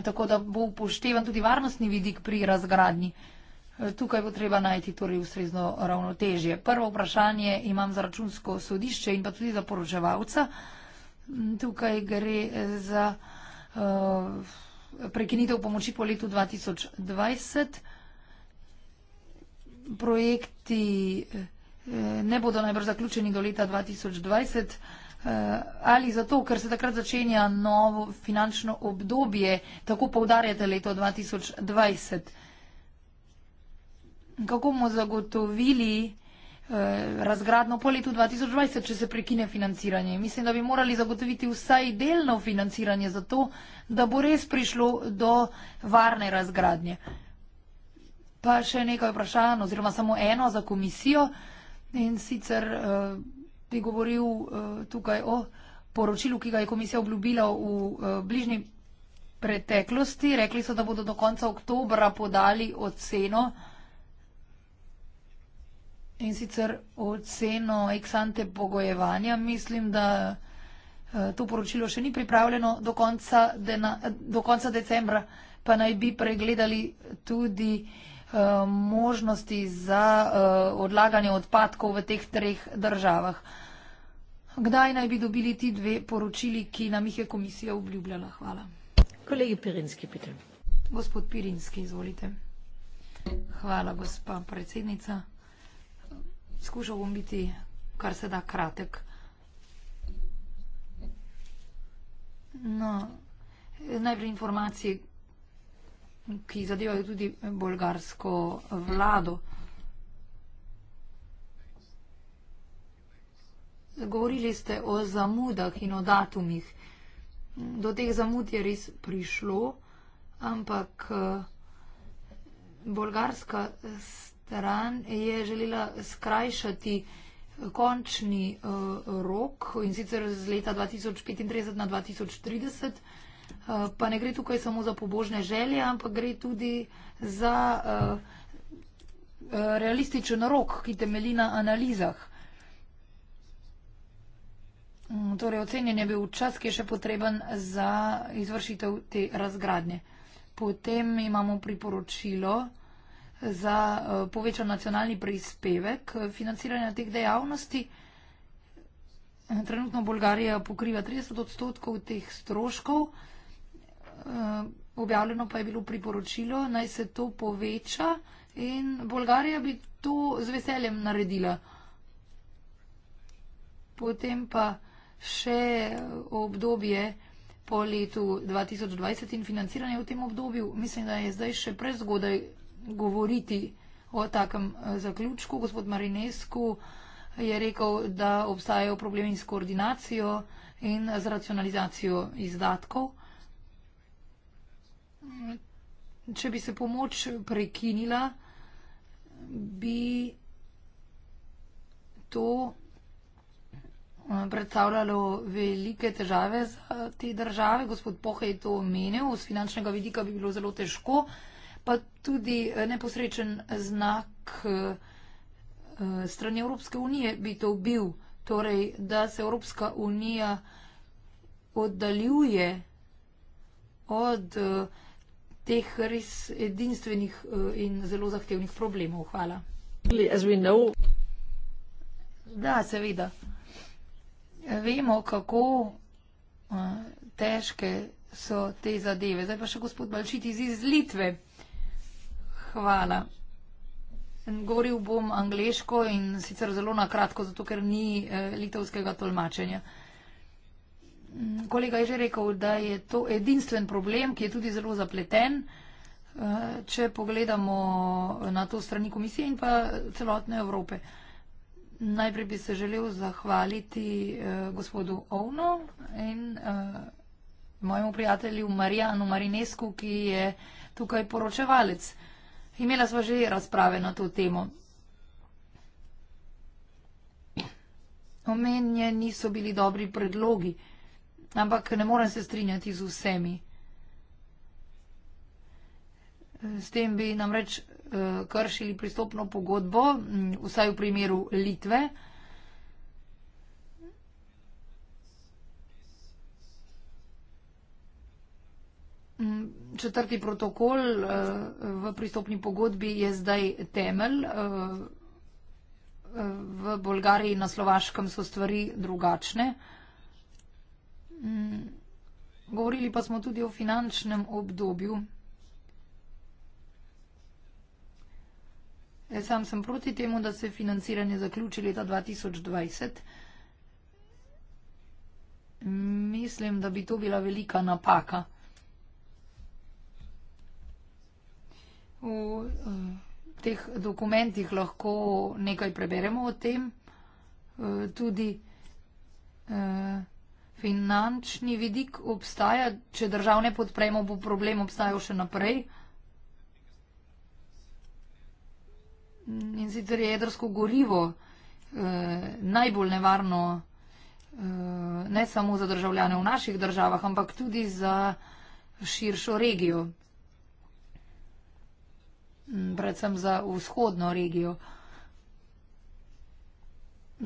Tako da bo upoštevan tudi varnostni vidik pri razgradnji. Tukaj bo treba najti torej ustrezno ravnotežje. Prvo vprašanje imam za računsko sodišče in pa tudi za poročevalca. Tukaj gre za uh, prekinitev pomoči po letu 2020. Projekti uh, ne bodo najbrž zaključeni do leta 2020. Uh, eh, ali zato, ker se takrat začenja novo finančno obdobje, tako povdarjate leto 2020 kako bomo zagotovili eh, razgradno po letu 2020, če se prekine financiranje. Mislim, da bi morali zagotoviti vsaj delno financiranje za to, da bo res prišlo do varne razgradnje. Pa še nekaj vprašanj, oziroma samo eno za komisijo in sicer eh, bi govoril eh, tukaj o poročilu, ki ga je komisija obljubila v bližnji preteklosti. Rekli so, da bodo do konca oktobra podali oceno In sicer oceno eksante pogojevanja, mislim, da eh, to poročilo še ni pripravljeno do konca, dena, do konca decembra, pa naj bi pregledali tudi eh, možnosti za eh, odlaganje odpadkov v teh treh državah. Kdaj naj bi dobili ti dve poročili, ki nam jih je komisija obljubljala? Hvala. Kolegi Pirinski, pite. Gospod Pirinski, izvolite. Hvala, gospa predsednica skušal bom biti kar se da kratek. No, najprej informacije, ki zadevajo tudi bolgarsko vlado. Govorili ste o zamudah in o datumih. Do teh zamud je res prišlo, ampak eh, bolgarska teran je želela skrajšati eh, končni uh, rok in sicer z leta 2035 na 2030. Uh, eh, pa ne gre tukaj samo za pobožne želje, ampak gre tudi za uh, realističen rok, ki temelji na analizah. Mm, torej, ocenjen je bil čas, ki je še potreben za izvršitev te razgradnje. Potem imamo priporočilo za eh, povečan nacionalni prispevek eh, financiranja teh dejavnosti. Trenutno Bolgarija pokriva 30 odstotkov teh stroškov, eh, objavljeno pa je bilo priporočilo, naj se to poveča in Bolgarija bi to z veseljem naredila. Potem pa še obdobje po letu 2020 in financiranje v tem obdobju. Mislim, da je zdaj še prezgodaj govoriti o takem eh, zaključku. Gospod Marinescu je rekel, da obstajajo problemi s koordinacijo in z racionalizacijo izdatkov. Če bi se pomoč prekinila, bi to eh, predstavljalo velike težave za te države. Gospod Poha je to omenil, z finančnega vidika bi bilo zelo težko pa tudi eh, neposrečen znak eh, strani Evropske unije bi to bil, torej, da se Evropska unija oddaljuje od eh, teh res edinstvenih in zelo zahtevnih problemov. Hvala. Da, seveda. Vemo, kako težke so te zadeve. Zdaj pa še gospod Balčiti iz Litve. Hvala. Govoril bom angliško in sicer zelo na kratko, zato ker ni eh, litovskega tolmačenja. Mm, kolega je že rekel, da je to edinstven problem, ki je tudi zelo zapleten, eh, če pogledamo na to strani komisije in pa celotne Evrope. Najprej bi se želel zahvaliti eh, gospodu Ovno in mojemu prijatelju Marijanu Marinesku, ki je tukaj poročevalec. Imela smo že razprave na to temo. Omenjeni so bili dobri predlogi, ampak ne morem se strinjati z vsemi. S tem bi namreč eh, kršili pristopno pogodbo, vsaj v primeru Litve. Mm, četrti protokol eh, v pristopni pogodbi je zdaj temelj. Eh, eh, v Bolgariji in na Slovaškem so stvari drugačne. Mm, govorili pa smo tudi o finančnem obdobju. Jaz sam sem proti temu, da se financiranje zaključi leta 2020. Mislim, da bi to bila velika napaka. v uh, teh dokumentih lahko nekaj preberemo o tem. Uh, tudi uh, finančni vidik obstaja, če držav ne podpremo, bo problem obstajal še naprej. In sicer je jedrsko gorivo eh, najbolj nevarno eh, ne samo za državljane v naših državah, ampak tudi za širšo regijo predvsem za vzhodno regijo.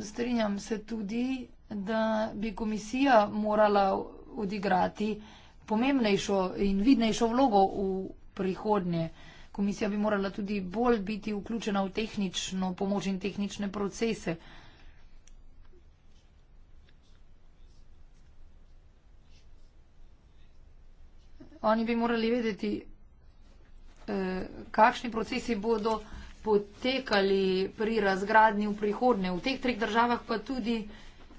Strinjam se tudi, da bi komisija morala odigrati pomembnejšo in vidnejšo vlogo v prihodnje. Komisija bi morala tudi bolj biti vključena v tehnično pomoč in tehnične procese. Oni bi morali vedeti, Eh, kakšni procesi bodo potekali pri razgradnji v prihodnje, v teh treh državah pa tudi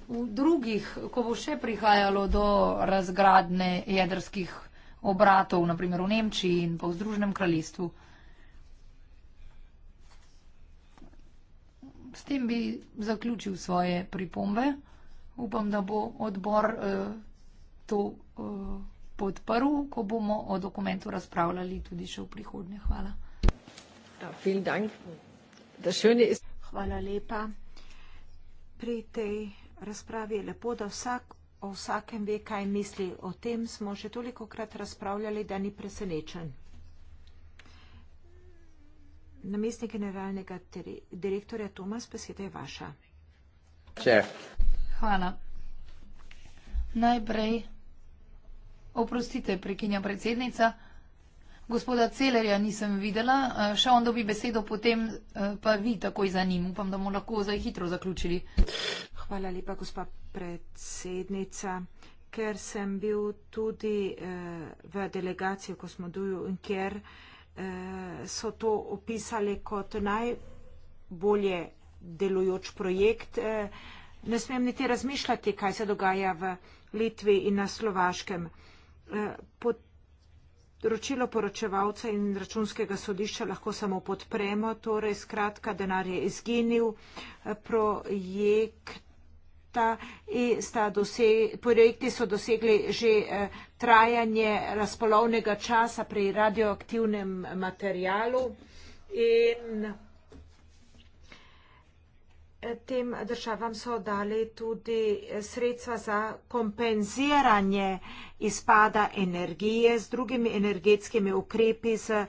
v drugih, ko bo še prihajalo do razgradne jedrskih obratov, naprimer v Nemčiji in pa v Združnem kraljestvu. S tem bi zaključil svoje pripombe. Upam, da bo odbor eh, to eh, podprl, ko bomo o dokumentu razpravljali tudi še v prihodnje. Hvala. Ja, Hvala lepa. Pri tej razpravi je lepo, da vsak o vsakem ve, kaj misli. O tem smo že toliko krat razpravljali, da ni presenečen. Namestnik generalnega direktorja Tomas, beseda je vaša. Hvala. Najprej Oprostite, prekinjam predsednica. Gospoda Celerja nisem videla, še on dobi besedo, potem pa vi takoj za njim. Upam, da bomo lahko zdaj hitro zaključili. Hvala lepa, gospa predsednica. Ker sem bil tudi e, v delegaciji v Kosmoduju in ker e, so to opisali kot najbolje delujoč projekt, e, ne smem niti razmišljati, kaj se dogaja v Litvi in na Slovaškem. Ročilo poročevalca in računskega sodišča lahko samo podpremo, torej skratka denar je izginil, eh, projekta projekti so dosegli že eh, trajanje razpolovnega časa pri radioaktivnem materialu in tem državam so dali tudi sredstva za kompenziranje izpada energije z drugimi energetskimi ukrepi, z eh,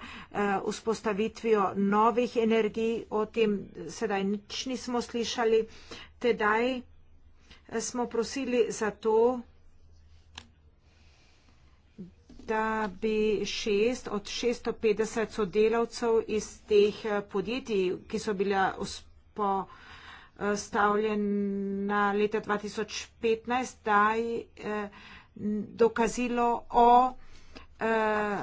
vzpostavitvijo novih energij. O tem sedaj nič nismo slišali. Tedaj eh, smo prosili za to, da bi šest od 650 sodelavcev iz teh eh, podjetij, ki so bila vzpostavljena, stavljen na leta 2015, daj eh, dokazilo o eh,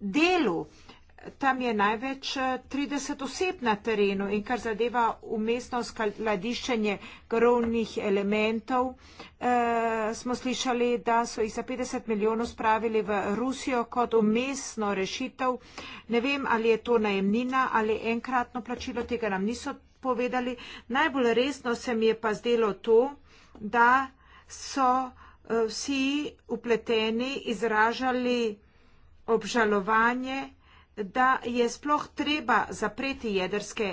delu. Tam je največ 30 eh, oseb na terenu in kar zadeva umestno skladiščenje grovnih elementov, e, smo slišali, da so jih za 50 milijonov spravili v Rusijo kot umestno rešitev. Ne vem, ali je to najemnina ali enkratno plačilo, tega nam niso povedali. Najbolj resno se mi je pa zdelo to, da so eh, vsi upleteni izražali obžalovanje, da je sploh treba zapreti jedrske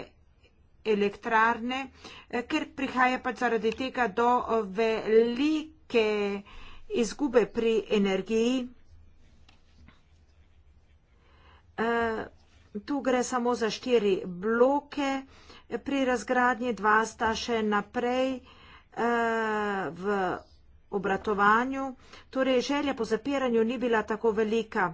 elektrarne, eh, ker prihaja pa zaradi tega do eh, velike izgube pri energiji. Tu gre samo za štiri bloke pri razgradnji, dva sta še naprej eh, v obratovanju. Torej, želja po zapiranju ni bila tako velika.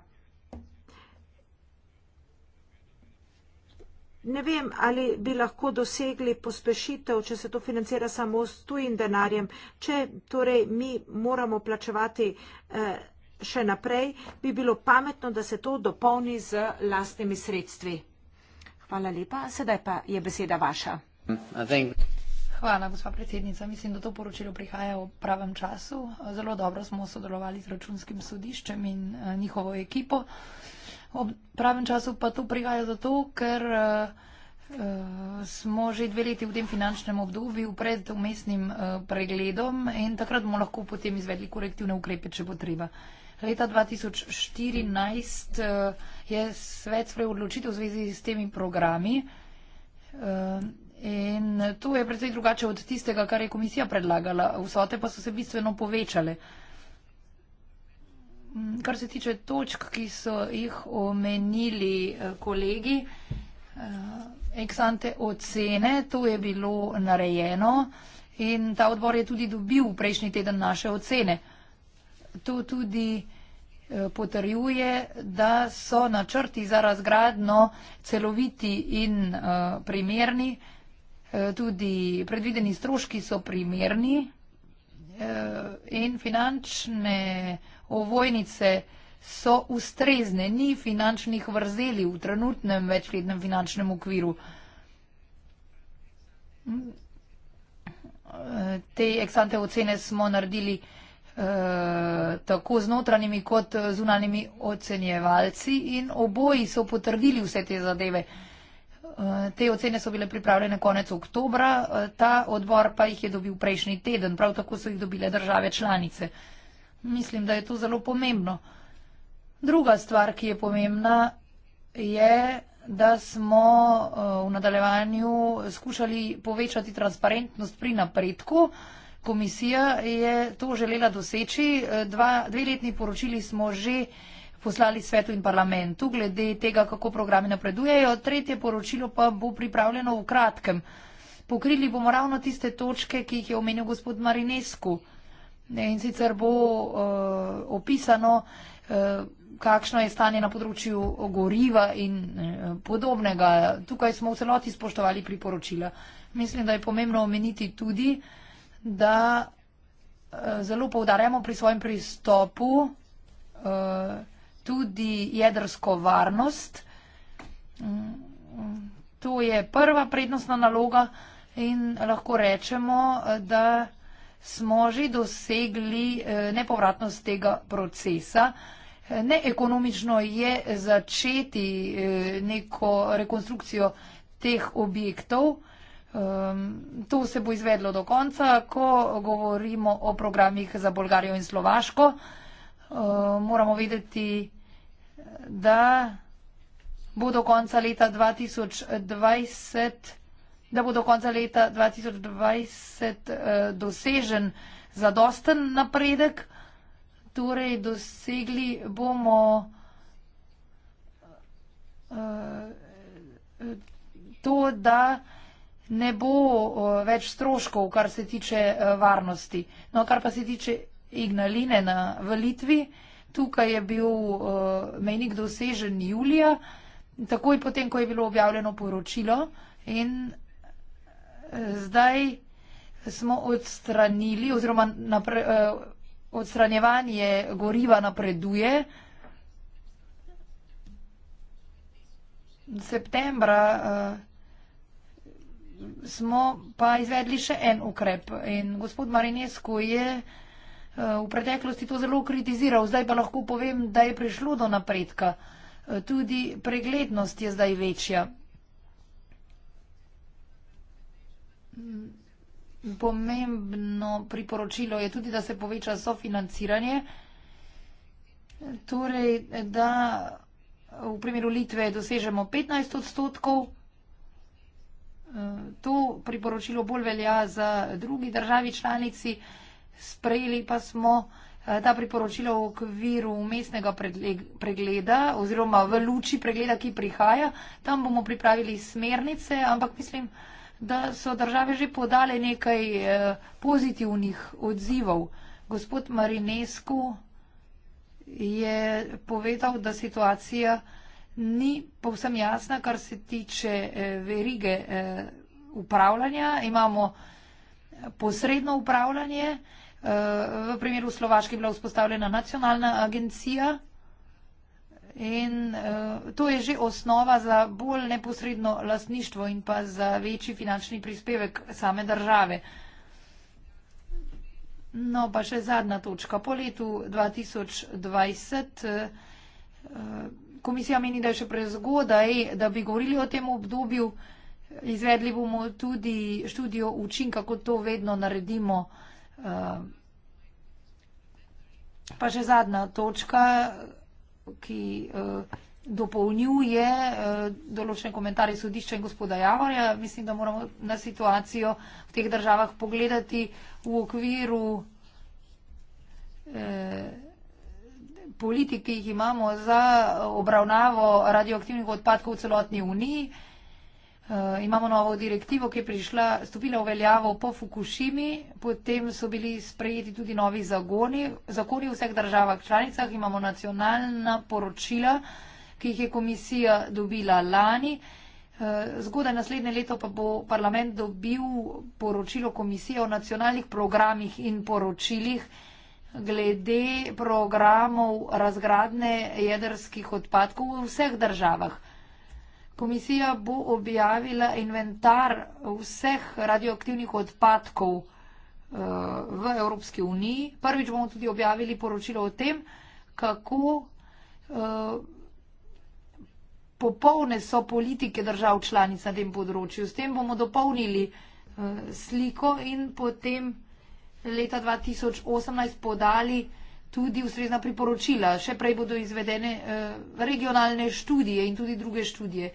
Ne vem, ali bi lahko dosegli pospešitev, če se to financira samo s tujim denarjem. Če torej mi moramo plačevati eh, še naprej, bi bilo pametno, da se to dopolni z lastnimi sredstvi. Hvala lepa. Sedaj pa je beseda vaša. Hvala, gospa predsednica. Mislim, da to poročilo prihaja v pravem času. Zelo dobro smo sodelovali z računskim sodiščem in eh, njihovo ekipo. V pravem času pa to prihaja zato, ker uh, smo že dve leti v tem finančnem obdobju pred umestnim uh, pregledom in takrat bomo lahko potem izvedli korektivne ukrepe, če bo treba. Leta 2014. Uh, je svet sprejel odločitev v zvezi s temi programi. Eh, in to je predvsej drugače od tistega, kar je komisija predlagala. Vsote pa so se bistveno povečale. Mm, kar se tiče točk, ki so jih omenili eh, kolegi, eh, eksante ocene, to je bilo narejeno in ta odbor je tudi dobil prejšnji teden naše ocene. To tudi potrjuje, da so načrti za razgradno celoviti in eh, primerni. Eh, tudi predvideni stroški so primerni eh, in finančne ovojnice so ustrezne, ni finančnih vrzeli v trenutnem večletnem finančnem okviru. Te eksante ocene smo naredili vsega, Eh, tako znotranimi kot zunanimi ocenjevalci in oboji so potrdili vse te zadeve. Eh, te ocene so bile pripravljene konec oktobra, eh, ta odbor pa jih je dobil prejšnji teden, prav tako so jih dobile države članice. Mislim, da je to zelo pomembno. Druga stvar, ki je pomembna, je, da smo v nadaljevanju skušali povečati transparentnost pri napredku komisija je to želela doseči. Dva, dve letni poročili smo že poslali svetu in parlamentu glede tega, kako programe napredujejo. Tretje poročilo pa bo pripravljeno v kratkem. Pokrili bomo ravno tiste točke, ki jih je omenil gospod Marinesku. In sicer bo uh, opisano, uh, kakšno je stanje na področju goriva in uh, podobnega. Tukaj smo v celoti spoštovali priporočila. Mislim, da je pomembno omeniti tudi, uh, da eh, zelo povdarjamo pri svojem pristopu eh, tudi jedrsko varnost. To je prva prednostna naloga in lahko rečemo, da smo že dosegli eh, nepovratnost tega procesa. Neekonomično je začeti neko rekonstrukcijo teh objektov, Um, to se bo izvedlo do konca, ko govorimo o programih za Bolgarijo in Slovaško. Um, moramo vedeti, da bo do konca leta 2020, da bo do konca leta 2020 uh, eh, dosežen zadosten napredek. Torej, dosegli bomo. Uh, to, da ne bo uh, več stroškov, kar se tiče uh, varnosti. No, kar pa se tiče Ignaline na Velitvi, tukaj je bil uh, menik dosežen julija, takoj potem, ko je bilo objavljeno poročilo in e, zdaj smo odstranili oziroma napre, uh, odstranjevanje goriva napreduje. Septembra uh, smo pa izvedli še en ukrep. In gospod Marinesko je eh, v preteklosti to zelo kritiziral, zdaj pa lahko povem, da je prišlo do napredka. Eh, tudi preglednost je zdaj večja. Pomembno priporočilo je tudi, da se poveča sofinanciranje, torej da v primeru Litve dosežemo 15 odstotkov to priporočilo bolj velja za drugi državi članici, sprejeli pa smo eh, ta priporočila v okviru umestnega pregleda oziroma v luči pregleda, ki prihaja. Tam bomo pripravili smernice, ampak mislim, da so države že podale nekaj eh, pozitivnih odzivov. Gospod Marinescu je povedal, da situacija ni povsem jasna, kar se tiče eh, verige eh, upravljanja. Imamo eh, posredno upravljanje. V primeru Slovaške je bila vzpostavljena nacionalna agencija in to je že osnova za bolj neposredno lastništvo in pa za večji finančni prispevek same države. No, pa še zadnja točka. Po letu 2020 komisija meni, da je še prezgodaj, da bi govorili o tem obdobju. Izvedli bomo tudi študijo učinka, kot to vedno naredimo. Eh, pa še zadnja točka, ki eh, dopolnjuje eh, določen komentarje sodišča in gospoda Javorja. Mislim, da moramo na situacijo v teh državah pogledati v okviru politik, ki jih imamo za obravnavo radioaktivnih odpadkov v celotni uniji. Eh, imamo novo direktivo, ki je prišla, stopila v veljavo po Fukushimi, potem so bili sprejeti tudi novi zagoni, zakoni v vseh državah članicah, imamo nacionalna poročila, ki jih je komisija dobila lani. Eh, zgodaj naslednje leto pa bo parlament dobil poročilo komisije o nacionalnih programih in poročilih, glede programov razgradne jedrskih odpadkov v vseh državah. Komisija bo objavila inventar vseh radioaktivnih odpadkov eh, v Evropski uniji. Prvič bomo tudi objavili poročilo o tem, kako eh, popolne so politike držav članic na tem področju. S tem bomo dopolnili eh, sliko in potem leta 2018 podali tudi ustrezna priporočila. Še prej bodo izvedene eh, regionalne študije in tudi druge študije.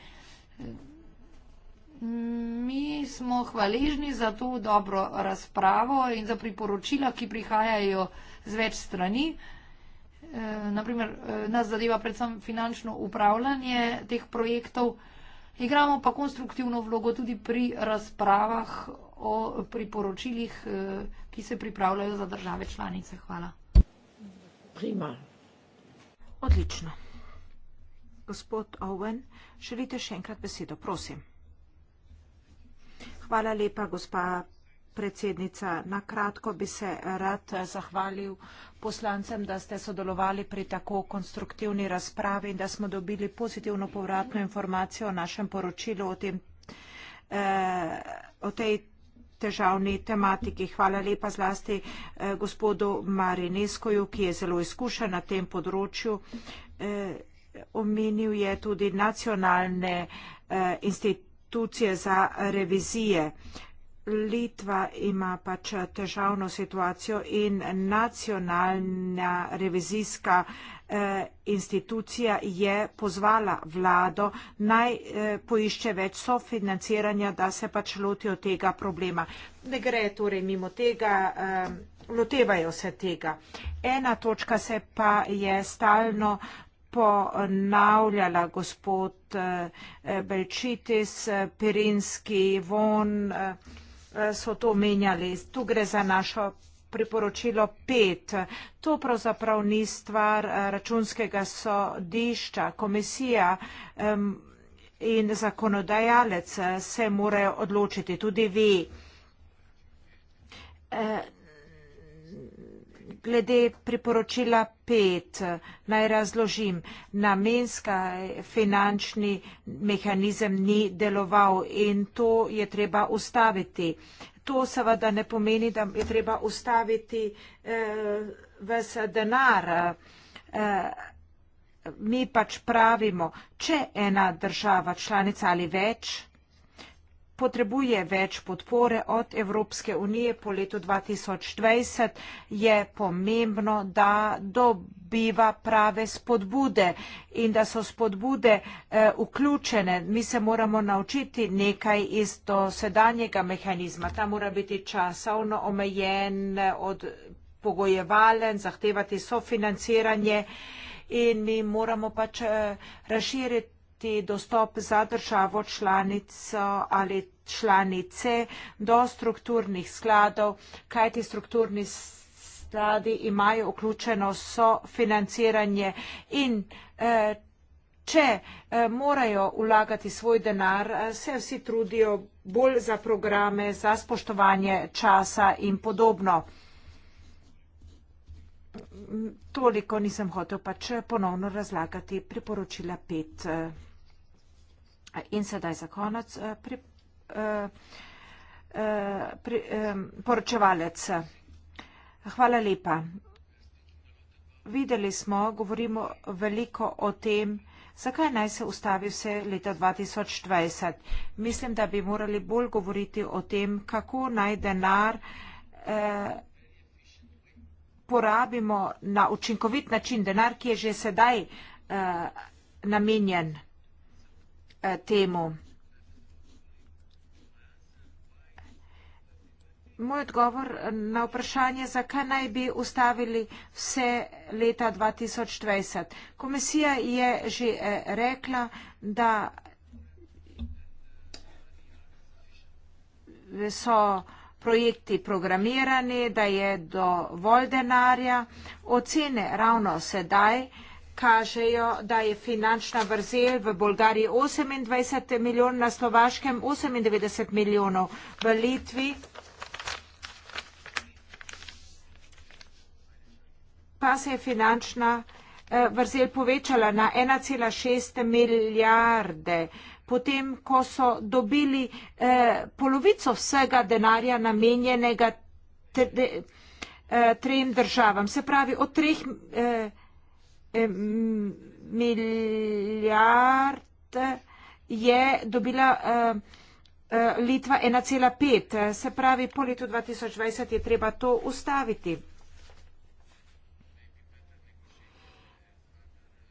Mi smo hvaležni za to dobro razpravo in za priporočila, ki prihajajo z več strani. Eh, Naprimer, eh, nas zadeva predvsem finančno upravljanje teh projektov. Igramo pa konstruktivno vlogo tudi pri razpravah o priporočilih, eh, ki se pripravljajo za države članice. Hvala. Prima. Odlično. Gospod Owen, želite še enkrat besedo, prosim. Hvala lepa, gospa predsednica. Na kratko bi se rad zahvalil poslancem, da ste sodelovali pri tako konstruktivni razpravi in da smo dobili pozitivno povratno informacijo o našem poročilu o, tem, eh, o tej težavni tematiki. Hvala lepa zlasti eh, gospodu Marineskoju, ki je zelo izkušen na tem področju. Eh, omenil je tudi nacionalne eh, institucije za revizije. Litva ima pač težavno situacijo in nacionalna revizijska institucija Eh, institucija je pozvala vlado, naj eh, poišče več sofinanciranja, da se pač lotijo tega problema. Ne gre torej mimo tega, eh, lotevajo se tega. Ena točka se pa je stalno ponavljala gospod Belčitis, Pirinski, Von, so to menjali. Tu gre za našo priporočilo pet. To pravzaprav ni stvar eh, računskega sodišča. Komisija um, in zakonodajalec eh, se morajo odločiti, tudi vi. Eh, glede priporočila pet, naj razložim, namenska finančni mehanizem ni deloval in to je treba ustaviti to seveda ne pomeni, da je treba ustaviti eh, vse denar. Eh, mi pač pravimo, če ena država članica ali več potrebuje več podpore od Evropske unije po letu 2020, je pomembno, da dobiva prave spodbude in da so spodbude eh, vključene. Mi se moramo naučiti nekaj iz dosedanjega mehanizma. Ta mora biti časovno omejen, od, pogojevalen, zahtevati sofinanciranje in mi moramo pač eh, razširiti imeti dostop za državo članico ali članice do strukturnih skladov, kajti strukturni skladi imajo vključeno sofinanciranje in eh, Če eh, morajo vlagati svoj denar, eh, se vsi trudijo bolj za programe, za spoštovanje časa in podobno. Toliko nisem hotel pač ponovno razlagati priporočila 5. In sedaj za konec eh, pri, eh, eh, pri, poročevalec. Hvala lepa. Videli smo, govorimo veliko o tem, zakaj naj se ustavi vse leta 2020. Mislim, da bi morali bolj govoriti o tem, kako naj denar porabimo na učinkovit način denar, ki je že sedaj uh, namenjen Eh, temu. Moj odgovor na vprašanje, zakaj naj bi ustavili vse leta 2020. Komisija je že eh, rekla, da so projekti programirani, da je dovolj denarja. Ocene ravno sedaj kažejo, da je finančna vrzel v Bolgariji 28 milijonov, na Slovaškem 98 milijonov, v Litvi pa se je finančna eh, vrzel povečala na 1,6 milijarde. Potem, ko so dobili eh, polovico vsega denarja namenjenega te, de, eh, trem državam, se pravi od treh. Eh, milijard je dobila eh, eh, Litva 1,5. Se pravi, po letu 2020 je treba to ustaviti.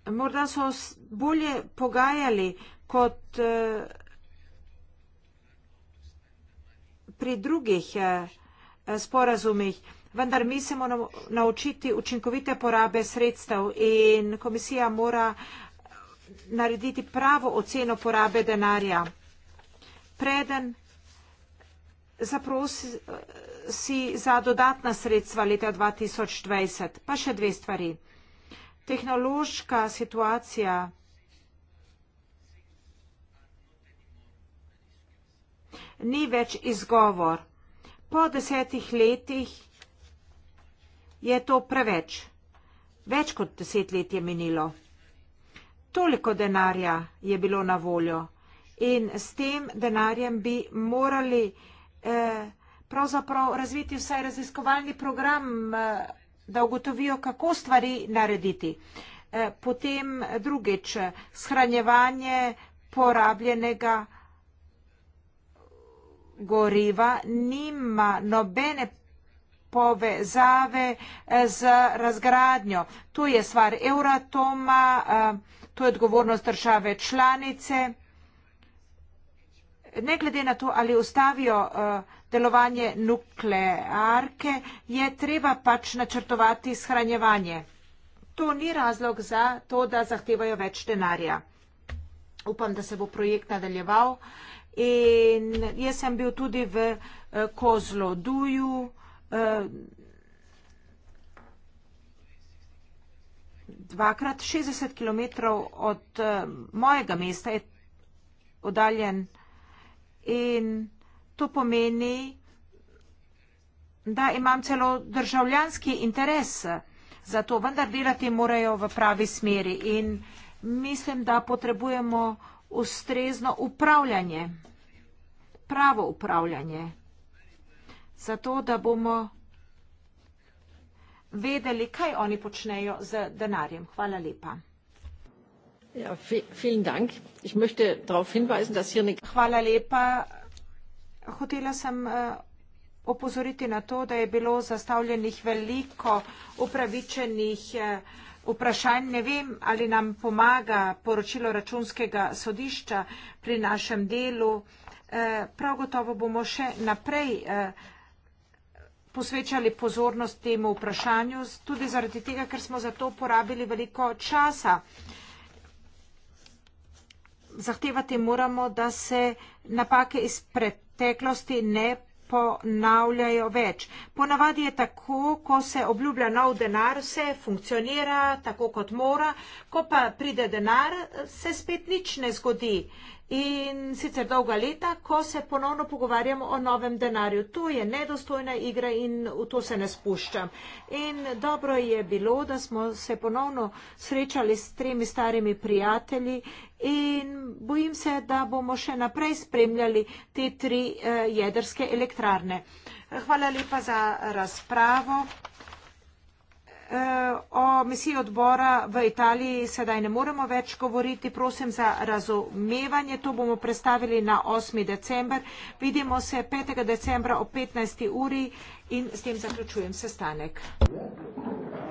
Morda so bolje pogajali kot eh, pri drugih sporazumih vendar mi se moramo naučiti učinkovite porabe sredstev in komisija mora narediti pravo oceno porabe denarja. Preden zaprosi za dodatna sredstva leta 2020, pa še dve stvari. Tehnološka situacija ni več izgovor. Po desetih letih je to preveč. Več kot deset let je minilo. Toliko denarja je bilo na voljo in s tem denarjem bi morali eh, pravzaprav razviti vsaj raziskovalni program, eh, da ugotovijo, kako stvari narediti. Eh, potem drugič, shranjevanje porabljenega goriva nima nobene povezave eh, z razgradnjo. Tu je stvar Euratoma, eh, tu je odgovornost države članice. Ne glede na to, ali ustavijo eh, delovanje nuklearke, je treba pač načrtovati shranjevanje. To ni razlog za to, da zahtevajo več denarja. Upam, da se bo projekt nadaljeval. In jaz sem bil tudi v Kozloduju. Eh, dvakrat 60 km od uh, mojega mesta je oddaljen in to pomeni, da imam celo državljanski interes za to, vendar delati morajo v pravi smeri in mislim, da potrebujemo ustrezno upravljanje, pravo upravljanje zato da bomo vedeli, kaj oni počnejo z denarjem. Hvala lepa. Ja, dank. Ich möchte darauf hinweisen, dass hier nek- Hvala lepa. Hotela sem uh, opozoriti na to, da je bilo zastavljenih veliko upravičenih uh, vprašanj. Ne vem, ali nam pomaga poročilo računskega sodišča pri našem delu. Uh, prav gotovo bomo še naprej. Uh, posvečali pozornost temu vprašanju, tudi zaradi tega, ker smo za to porabili veliko časa. Zahtevati moramo, da se napake iz preteklosti ne ponavljajo več. Ponavadi je tako, ko se obljublja nov denar, se funkcionira tako, kot mora, ko pa pride denar, se spet nič ne zgodi in sicer dolga leta, ko se ponovno pogovarjamo o novem denarju. To je nedostojna igra in v to se ne spuščam. In dobro je bilo, da smo se ponovno srečali s tremi starimi prijatelji in bojim se, da bomo še naprej spremljali te tri eh, jedrske elektrarne. Hvala lepa za razpravo o misiji odbora v Italiji sedaj ne moremo več govoriti. Prosim za razumevanje. To bomo predstavili na 8. december. Vidimo se 5. decembra o 15. uri in s tem zaključujem sestanek. Yeah.